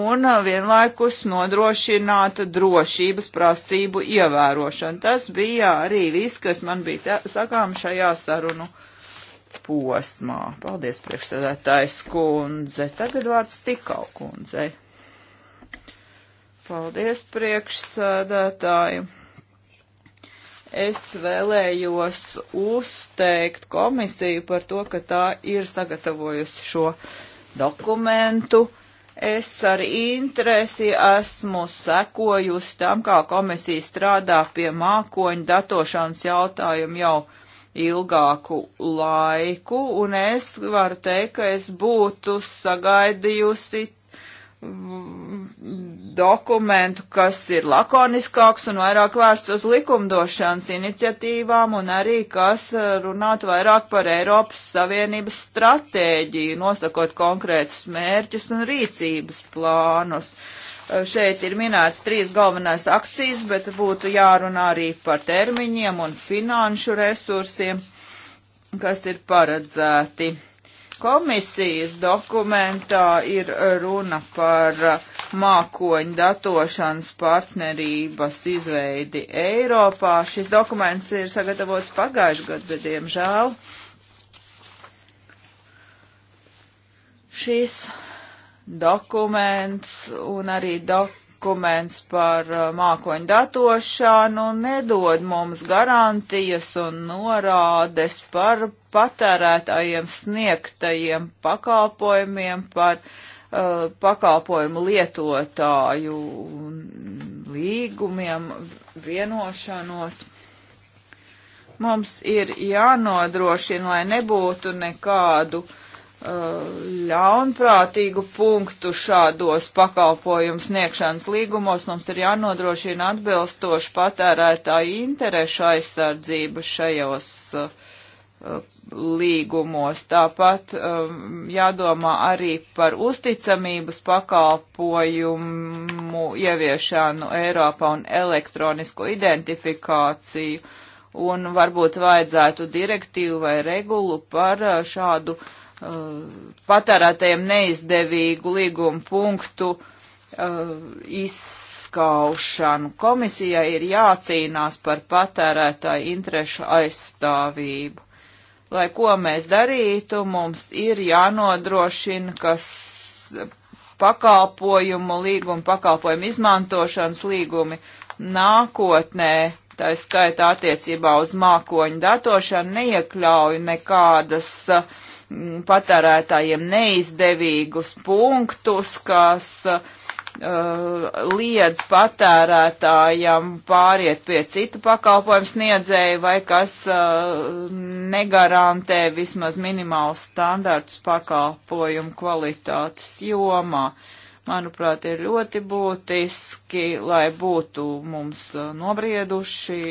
un vienlaikus nodrošināt drošības prasību ievērošanu. Tas bija arī viss, kas man bija sakām šajā sarunu posmā. Paldies, priekšstādātājs kundze. Tagad vārds tikau kundzei. Paldies, priekšsādātāji. Es vēlējos uzteikt komisiju par to, ka tā ir sagatavojusi šo uh, dokumentu. Es ar interesi esmu sekojusi tam, kā komisija strādā pie mākoņu datošanas jautājumu jau ilgāku laiku, un es varu teikt, ka es būtu sagaidījusi dokumentu, kas ir lakoniskāks un vairāk vērsts uz likumdošanas iniciatīvām un arī kas eh, runātu vairāk par Eiropas Savienības stratēģiju, nosakot konkrētus mērķus un rīcības plānus. Eh, šeit ir minēts trīs galvenais akcijas, bet būtu jārunā arī par termiņiem un finanšu resursiem, kas ir paredzēti Komisijas dokumentā ir runa par mākoņu datošanas partnerības izveidi Eiropā. Šis dokuments ir sagatavots pagājušajā gadā, bet diemžēl šis dokuments un arī dokumentā dokuments par uh, mākoņu datošanu nedod mums garantijas un norādes par patērētājiem sniegtajiem pakalpojumiem, par uh, pakalpojumu lietotāju līgumiem, vienošanos. Mums ir jānodrošina, lai nebūtu nekādu uh, ļaunprātīgu punktu šādos pakalpojumu sniegšanas līgumos mums ir jānodrošina atbilstoši patērētāju interešu aizsardzību šajos uh, līgumos. Tāpat um, jādomā arī par uzticamības pakalpojumu ieviešanu Eiropā un elektronisko identifikāciju. Un varbūt vajadzētu direktīvu vai regulu par uh, šādu uh, Uh, patērētājiem neizdevīgu līgumu punktu uh, izskaušanu. Komisijai ir jācīnās par patērētāju interešu aizstāvību. Lai ko mēs darītu, mums ir jānodrošina, kas pakalpojumu līgumi, pakalpojumu izmantošanas līgumi nākotnē, tā skaitā attiecībā uz mākoņu datošanu, neiekļauj nekādas uh, Mm, patērētājiem neizdevīgus punktus, kas uh, liedz patērētājam pāriet pie citu pakalpojumu sniedzēju vai kas uh, negarantē vismaz minimālus standartus pakalpojumu kvalitātes jomā. Manuprāt, ir ļoti būtiski, lai būtu mums uh, nobrieduši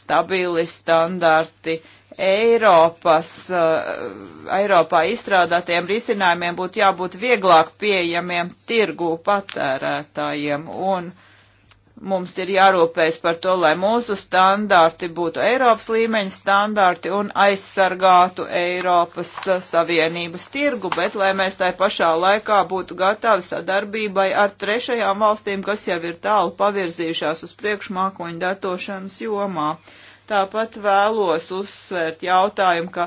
stabili standarti, uh, Eiropas, eh, Eiropā izstrādātiem risinājumiem būtu jābūt vieglāk pieejamiem tirgu patērētājiem, un mums ir jārūpējas par to, lai mūsu standarti būtu Eiropas līmeņa standarti un aizsargātu Eiropas eh, Savienības tirgu, bet lai mēs tai pašā laikā būtu gatavi sadarbībai ar trešajām valstīm, kas jau ir tālu pavirzījušās uz priekšmākoņu datošanas jomā. Uh, Tāpat vēlos uzsvērt jautājumu, ka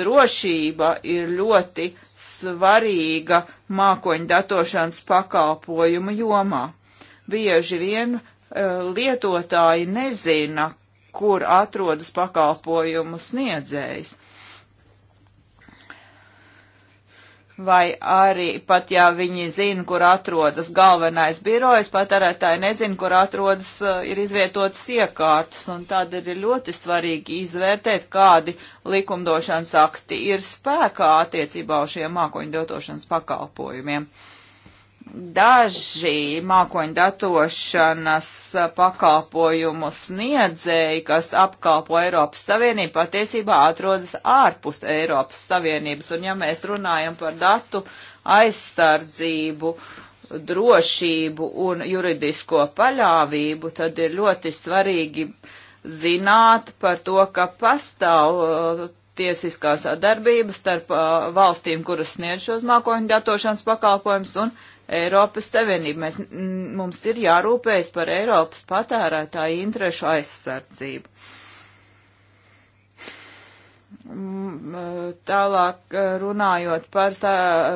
drošība ir ļoti svarīga mākoņu datošanas pakalpojumu jomā. Bieži vien e, lietotāji nezina, kur atrodas pakalpojumu sniedzējs. vai arī pat ja viņi zina, kur atrodas galvenais birojs, patērētāji nezina, kur atrodas, eh, ir izvietotas iekārtas, un tādēļ ir ļoti svarīgi izvērtēt, kādi likumdošanas akti ir spēkā attiecībā uz šiem mākoņu dotošanas pakalpojumiem. Uh, daži mākoņu datošanas pakalpojumu sniedzēji, kas apkalpo Eiropas Savienību, patiesībā atrodas ārpus Eiropas Savienības. Un ja mēs runājam par datu aizsardzību, drošību un juridisko paļāvību, tad ir ļoti svarīgi zināt par to, ka pastāv uh, tiesiskā sadarbība starp uh, valstīm, kuras sniedz šos mākoņu datošanas pakalpojumus un Eiropas Savienību. Mēs, mums ir jārūpējas par Eiropas patērētāju interešu aizsardzību. Mm, tālāk e, runājot par sā,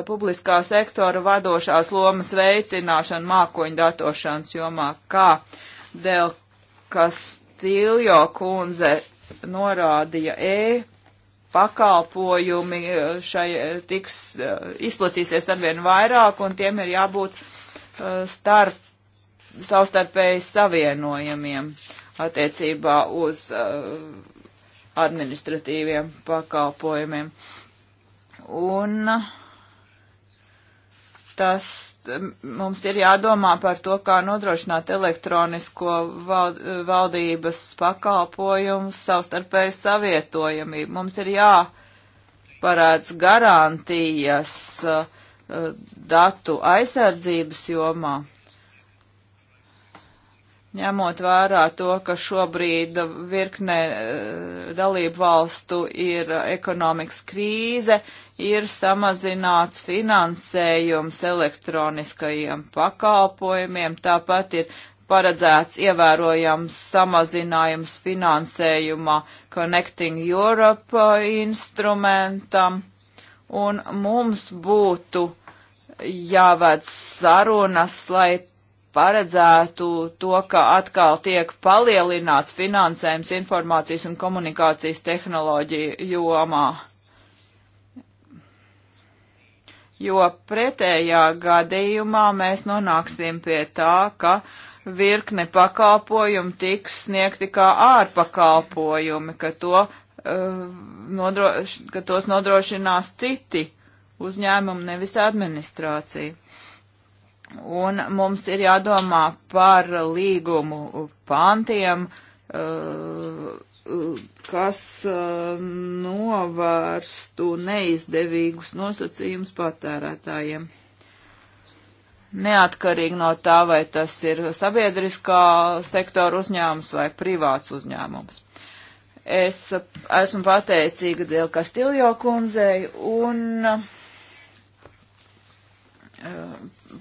publiskā sektora vadošās lomas veicināšanu mākoņu datošanas jomā, kā Del Castillo kundze norādīja E pakalpojumi eh, šai eh, tiks eh, izplatīsies arvien vairāk, un tiem ir jābūt starp, savstarpēji savienojamiem attiecībā uz administratīviem pakalpojumiem. Un tas mums ir jādomā par to, kā nodrošināt elektronisko valdības pakalpojumu savstarpēju savietojamību. Mums ir jāparāds garantijas uh, datu aizsardzības jomā. Ņemot vērā to, ka šobrīd virknē uh, dalību valstu ir ekonomikas krīze, ir samazināts finansējums elektroniskajiem pakalpojumiem, tāpat ir paredzēts ievērojams samazinājums finansējumā Connecting Europe uh, instrumentam, un mums būtu jāved sarunas, lai paredzētu to, ka atkal tiek palielināts finansējums informācijas un komunikācijas tehnoloģiju jomā. jo pretējā gadījumā mēs nonāksim pie tā, ka virkne pakalpojumu tiks sniegti kā ārpakalpojumi, ka, to, uh, eh, nodroš, ka tos nodrošinās citi uzņēmumi, nevis administrācija. Un mums ir jādomā par līgumu pantiem, uh, kas eh, novērstu neizdevīgus nosacījumus patērētājiem. Neatkarīgi no tā, vai tas ir sabiedriskā sektora uzņēmums vai privāts uzņēmums. Es esmu pateicīga Dēl Kastiljo kundzei un eh,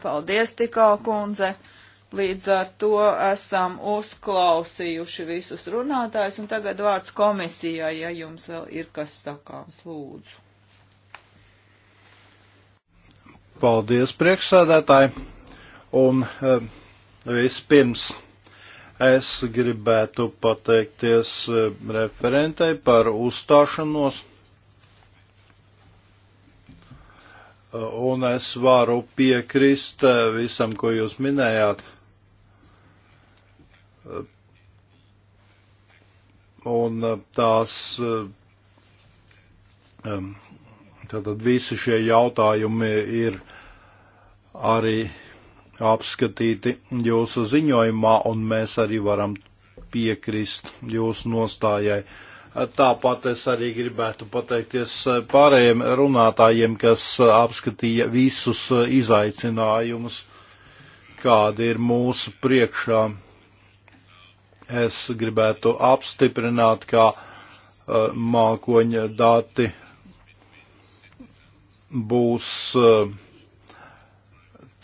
paldies tikā kundze. Uh, Līdz ar to esam uzklausījuši visus runātājus, un tagad vārds komisijai, ja jums vēl ir kas sakāms, lūdzu. Paldies, priekšsēdētāji! Un e, vispirms es gribētu pateikties eh, referentei par uzstāšanos. Eh, un es varu piekrist visam, ko jūs minējāt. Eh, un eh, tās, eh, tātad visi šie jautājumi ir arī apskatīti jūsu ziņojumā, un mēs arī varam piekrist jūsu nostājai. Tāpat es arī gribētu pateikties pārējiem runātājiem, kas apskatīja visus izaicinājumus, kādi ir mūsu priekšā es gribētu apstiprināt, ka uh, mākoņa dati būs uh,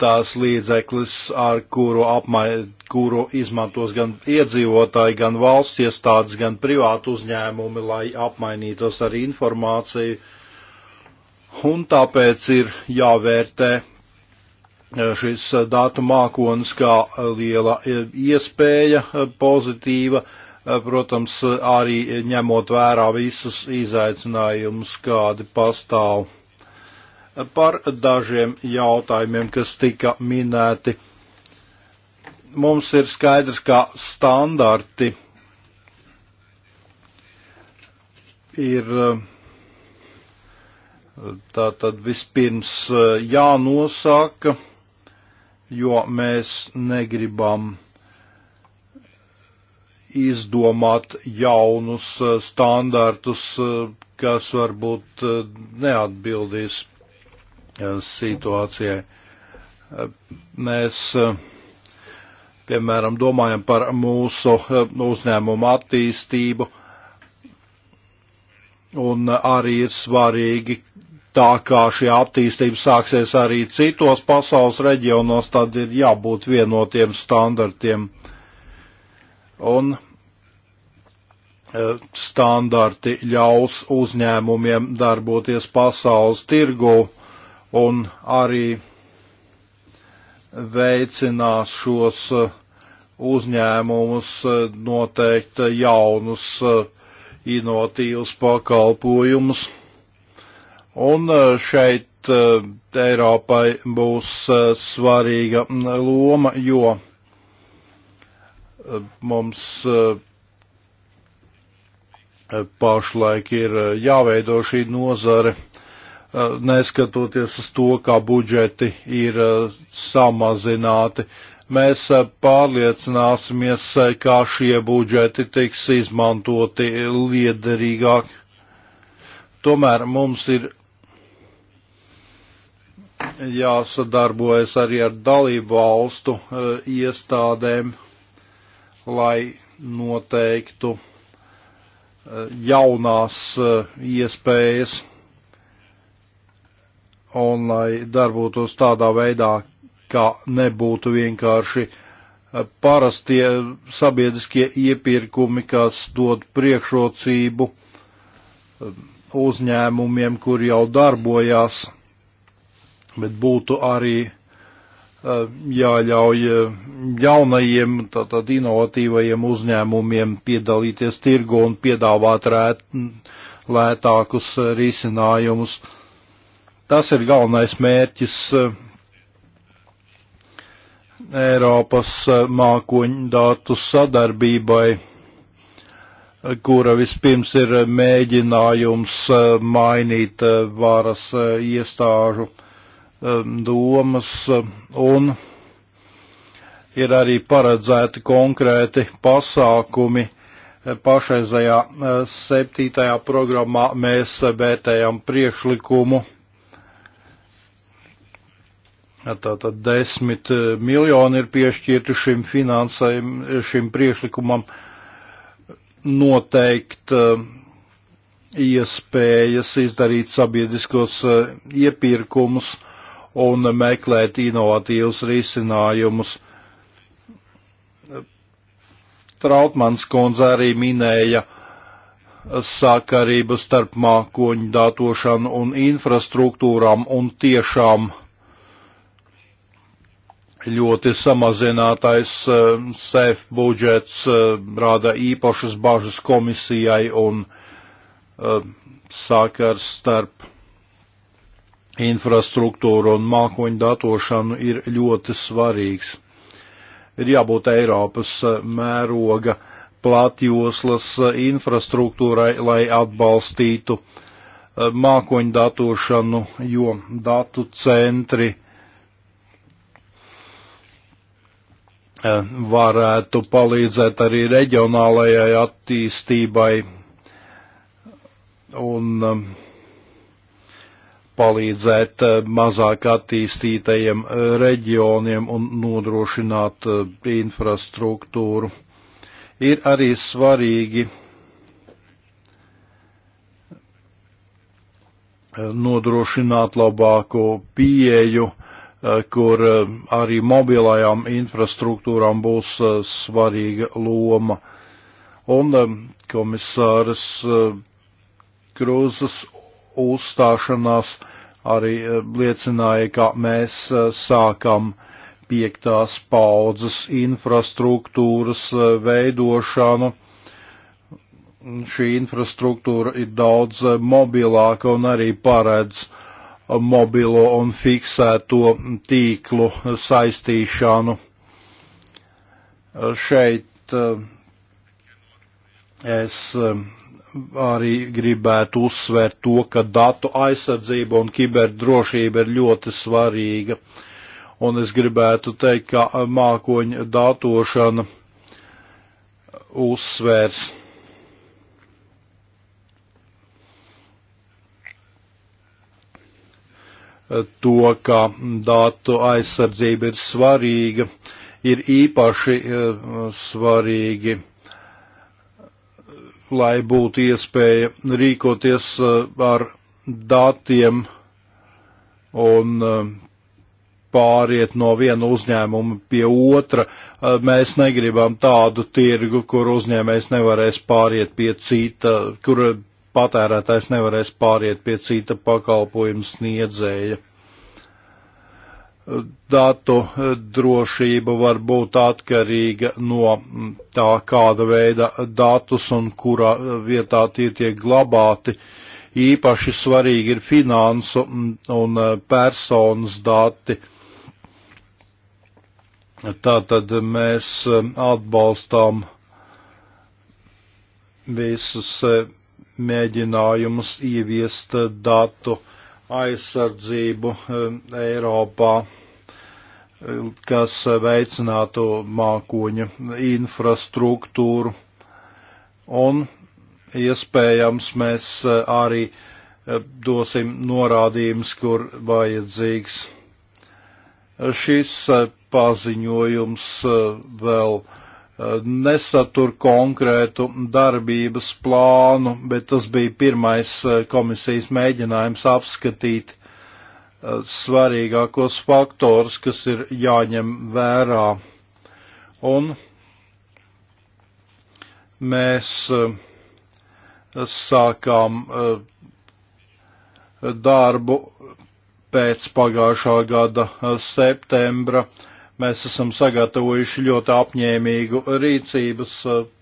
tās līdzeklis, ar kuru, apmai, kuru izmantos gan iedzīvotāji, gan valsts iestādes, gan privātu uzņēmumi, lai apmainītos ar informāciju. Un tāpēc ir jāvērtē Eh, šis eh, datu mākonis kā eh, liela iespēja pozitīva, protams, arī ņemot vērā visus izaicinājumus, kādi pastāv. Par dažiem jautājumiem, kas tika minēti, mums ir skaidrs, ka standarti ir tātad vispirms jānosaka jo mēs negribam izdomāt jaunus eh, standartus, eh, kas varbūt eh, neatbildīs situācijai. Mēs, piemēram, domājam par mūsu uzņēmumu attīstību, un arī ir svarīgi, tā kā šī attīstība sāksies arī citos pasaules reģionos, tad ir jābūt vienotiem standartiem. Un e, standarti ļaus uzņēmumiem darboties pasaules tirgu un arī veicinās šos e, uzņēmumus e, noteikt jaunus inovatīvus pakalpojumus. Un eh, šeit eh, Eiropai būs eh, svarīga mm, loma, jo mums pašlaik ir jāveido šī nozare, neskatoties uz to, kā budžeti ir samazināti. Mēs pārliecināsimies, kā šie budžeti tiks izmantoti liederīgāk. Tomēr mums ir jāsadarbojas arī ar dalību valstu e, iestādēm, lai noteiktu e, jaunās e, iespējas un lai darbotos tādā veidā, ka nebūtu vienkārši parastie sabiedriskie iepirkumi, kas dod priekšrocību uzņēmumiem, kur jau darbojās bet būtu arī eh, jāļauj eh, jaunajiem, tātad inovatīvajiem uzņēmumiem piedalīties tirgu un piedāvāt rēt, lētākus eh, risinājumus. Tas ir galvenais mērķis Eiropas mākoņu datu sadarbībai, kura vispirms ir mēģinājums mainīt varas iestāžu uh, Um, domas uh, un ir arī paredzēti konkrēti pasākumi. Uh, pašreizajā uh, septītajā programmā mēs vērtējam priekšlikumu Tātad desmit miljoni ir piešķirti šim finansējumam, šim priešlikumam noteikt iespējas izdarīt sabiedriskos iepirkumus un meklēt inovatīvus risinājumus. Trautmans kundze arī minēja sakarību starp mākoņu datošanu un infrastruktūrām un tiešām ļoti samazinātais uh, SEF budžets uh, rada īpašas bažas komisijai un uh, eh, sakars starp infrastruktūru un mākoņu datošanu ir ļoti svarīgs. Ir jābūt Eiropas eh, mēroga platjoslas eh, infrastruktūrai, lai atbalstītu eh, mākoņu datošanu, jo datu centri varētu palīdzēt arī reģionālajai attīstībai un um, palīdzēt eh, mazāk attīstītajiem eh, reģioniem un nodrošināt eh, infrastruktūru. Ir arī svarīgi nodrošināt labāku pieeju, kur arī mobilajām infrastruktūrām būs svarīga loma. Un komisārs Krūzes uzstāšanās arī eh, liecināja, ka mēs eh, sākam piektās paudzes infrastruktūras eh, veidošanu. Šī infrastruktūra ir daudz mobilāka un arī paredz mobilo un fiksēto tīklu saistīšanu. Šeit es arī gribētu uzsvērt to, ka datu aizsardzība un kiberdrošība ir ļoti svarīga. Un es gribētu teikt, ka mākoņa datošana uzsvērs. To, ka datu aizsardzība ir svarīga, ir īpaši eh, svarīgi lai būtu iespēja rīkoties eh, ar datiem un eh, pāriet no viena uzņēmuma pie otra. Eh, mēs negribam tādu tirgu, kur uzņēmējs nevarēs pāriet pie cita, kur patērētājs nevarēs pāriet pie cita pakalpojuma sniedzēja datu drošība var būt atkarīga no tā, kāda veida datus un kurā vietā tie tiek glabāti. Īpaši svarīgi ir finansu un e, personas dati. Tātad mēs e, atbalstām visus e, mēģinājumus ieviest datu aizsardzību Eiropā kas veicinātu mākoņa infrastruktūru. Un iespējams mēs arī eh, dosim norādījumus, kur vajadzīgs. Šis eh, paziņojums eh, vēl nesatur konkrētu darbības plānu, bet tas bija pirmais komisijas mēģinājums apskatīt svarīgākos faktors, kas ir jāņem vērā. Un mēs eh, sākām eh, darbu pēc pagājušā gada eh, septembra. Mēs esam sagatavojuši ļoti apņēmīgu rīcības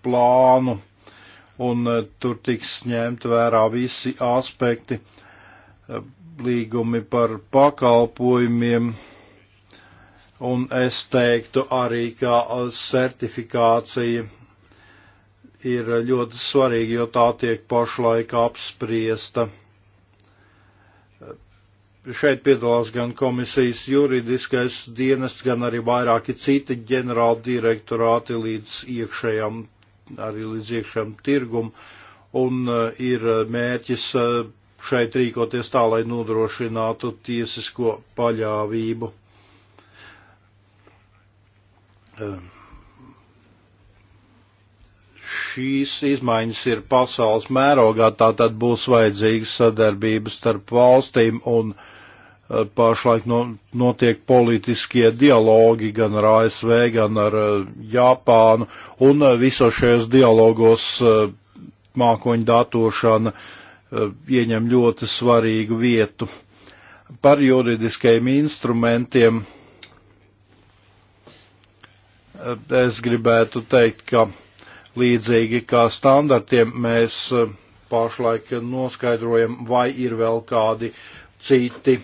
plānu, un tur tiks ņemt vērā visi aspekti līgumi par pakalpojumiem, un es teiktu arī, ka certifikācija ir ļoti svarīga, jo tā tiek pašlaik apspriesta. Šeit piedalās gan komisijas juridiskais dienests, gan arī vairāki citi ģenerāli direktorāti līdz iekšējam, arī līdz iekšējam tirgum, un eh, ir eh, mērķis eh, šeit rīkoties tā, lai nodrošinātu tiesisko paļāvību. Ehm. Šīs izmaiņas ir pasaules mērogā, tātad būs vajadzīga sadarbība starp valstīm un eh, pašlaik no, notiek politiskie dialogi gan ar ASV, gan ar eh, Japānu, un eh, visos šajos dialogos mākoņu datošana uh, Eh, ieņem ļoti svarīgu vietu. Par juridiskajiem instrumentiem eh, es gribētu teikt, ka līdzīgi kā standartiem mēs eh, pašlaik noskaidrojam, vai ir vēl kādi citi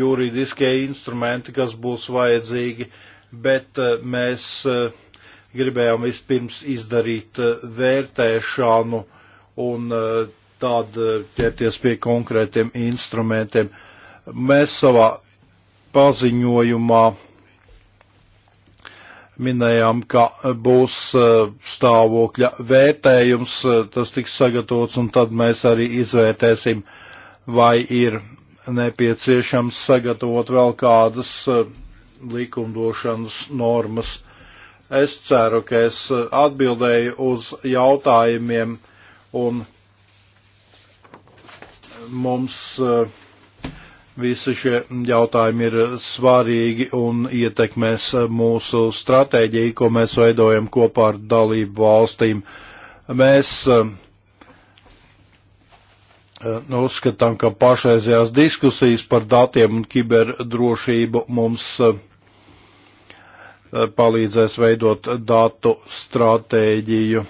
juridiskie instrumenti, kas būs vajadzīgi, bet mēs gribējām vispirms izdarīt vērtēšanu un tad eh, ķerties pie konkrētiem instrumentiem. Mēs savā paziņojumā minējām, ka būs eh, stāvokļa vērtējums, eh, tas tiks sagatavots, un tad mēs arī izvērtēsim, vai ir nepieciešams sagatavot vēl kādas likumdošanas normas. Es ceru, ka es atbildēju uz jautājumiem un mums e, visi šie jautājumi ir svarīgi un ietekmēs e, mūsu stratēģiju, ko mēs veidojam kopā ar dalību valstīm. Mēs e, nu, uzskatām, ka pašreizējās diskusijas par datiem un kiberdrošību mums palīdzēs veidot datu stratēģiju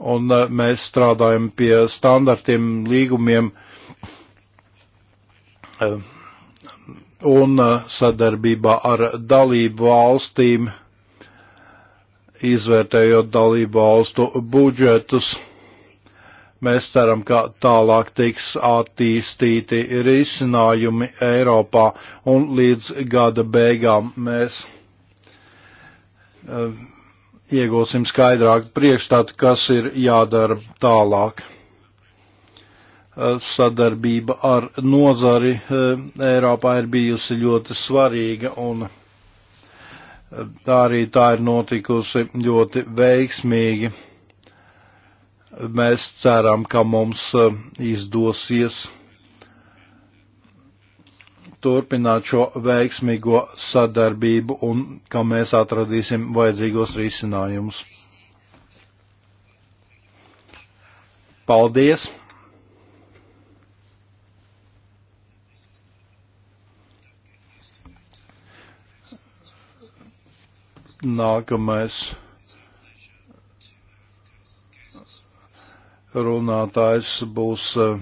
un eh, mēs strādājam pie standartiem, līgumiem eh, un eh, sadarbībā ar dalību valstīm, izvērtējot dalību valstu budžetus. Mēs ceram, ka tālāk tiks attīstīti risinājumi Eiropā un līdz gada beigām mēs iegūsim skaidrāku priekšstatu, kas ir jādara tālāk. Sadarbība ar nozari Eiropā ir bijusi ļoti svarīga un tā arī tā ir notikusi ļoti veiksmīgi. Mēs ceram, ka mums izdosies turpināt šo veiksmīgo sadarbību un ka mēs atradīsim vajadzīgos risinājumus. Paldies! Nākamais runātājs būs uh,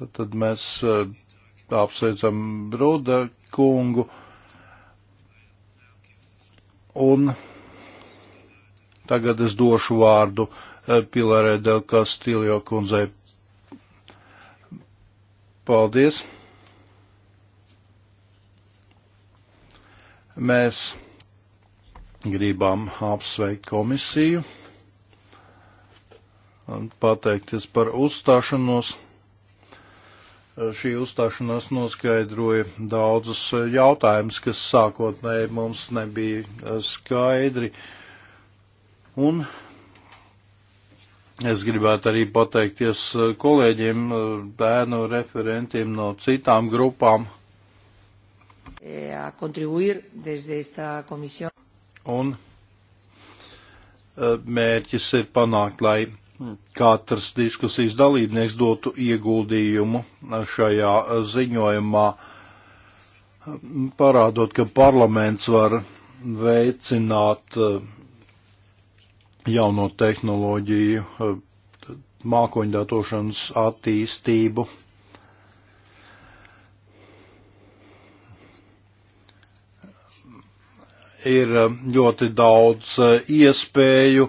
Tad, tad mēs eh, apsveicam Bruda kungu. Un tagad es došu vārdu eh, Pilārē Del Kastīlio kundzei. Paldies! Mēs gribam apsveikt komisiju un pateikties par uzstāšanos. Šī uzstāšanās noskaidroja daudzus jautājumus, kas sākotnēji mums nebija eh, skaidri. Un es gribētu arī pateikties eh, kolēģiem, eh, bērnu referentiem no citām grupām. E, Un mērķis ir panākt, lai katrs diskusijas dalībnieks dotu ieguldījumu šajā ziņojumā, parādot, ka parlaments var veicināt eh, jauno tehnoloģiju eh, mākoņdatošanas attīstību. Ir eh, ļoti daudz iespēju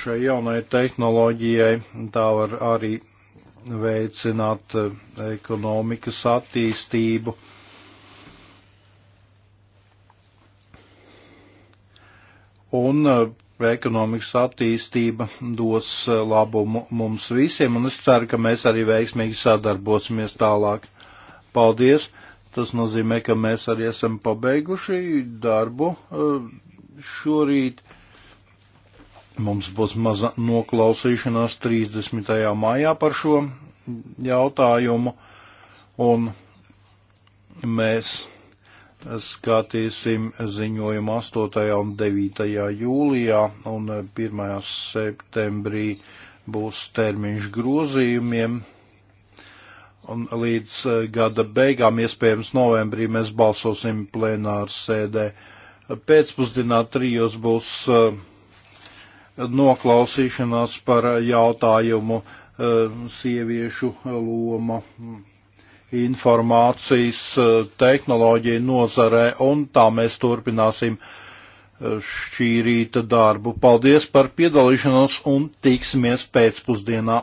šai jaunai tehnoloģijai. Tā var arī veicināt eh, ekonomikas attīstību. Un eh, ekonomikas attīstība dos eh, labumu mums visiem, un es ceru, ka mēs arī veiksmīgi sadarbosimies tālāk. Paldies! Tas nozīmē, ka mēs arī esam pabeiguši darbu šorīt. Mums būs maza noklausīšanās 30. maijā par šo jautājumu, un mēs skatīsim ziņojumu 8. un 9. jūlijā, un 1. septembrī būs termiņš grozījumiem. Un līdz eh, gada beigām, iespējams, novembrī mēs balsosim plenāru sēdē. Pēcpusdienā trijos būs uh, noklausīšanās par jautājumu eh, sieviešu loma informācijas eh, tehnoloģija nozarē, un tā mēs turpināsim eh, šī rīta darbu. Paldies par piedalīšanos un tiksimies pēcpusdienā.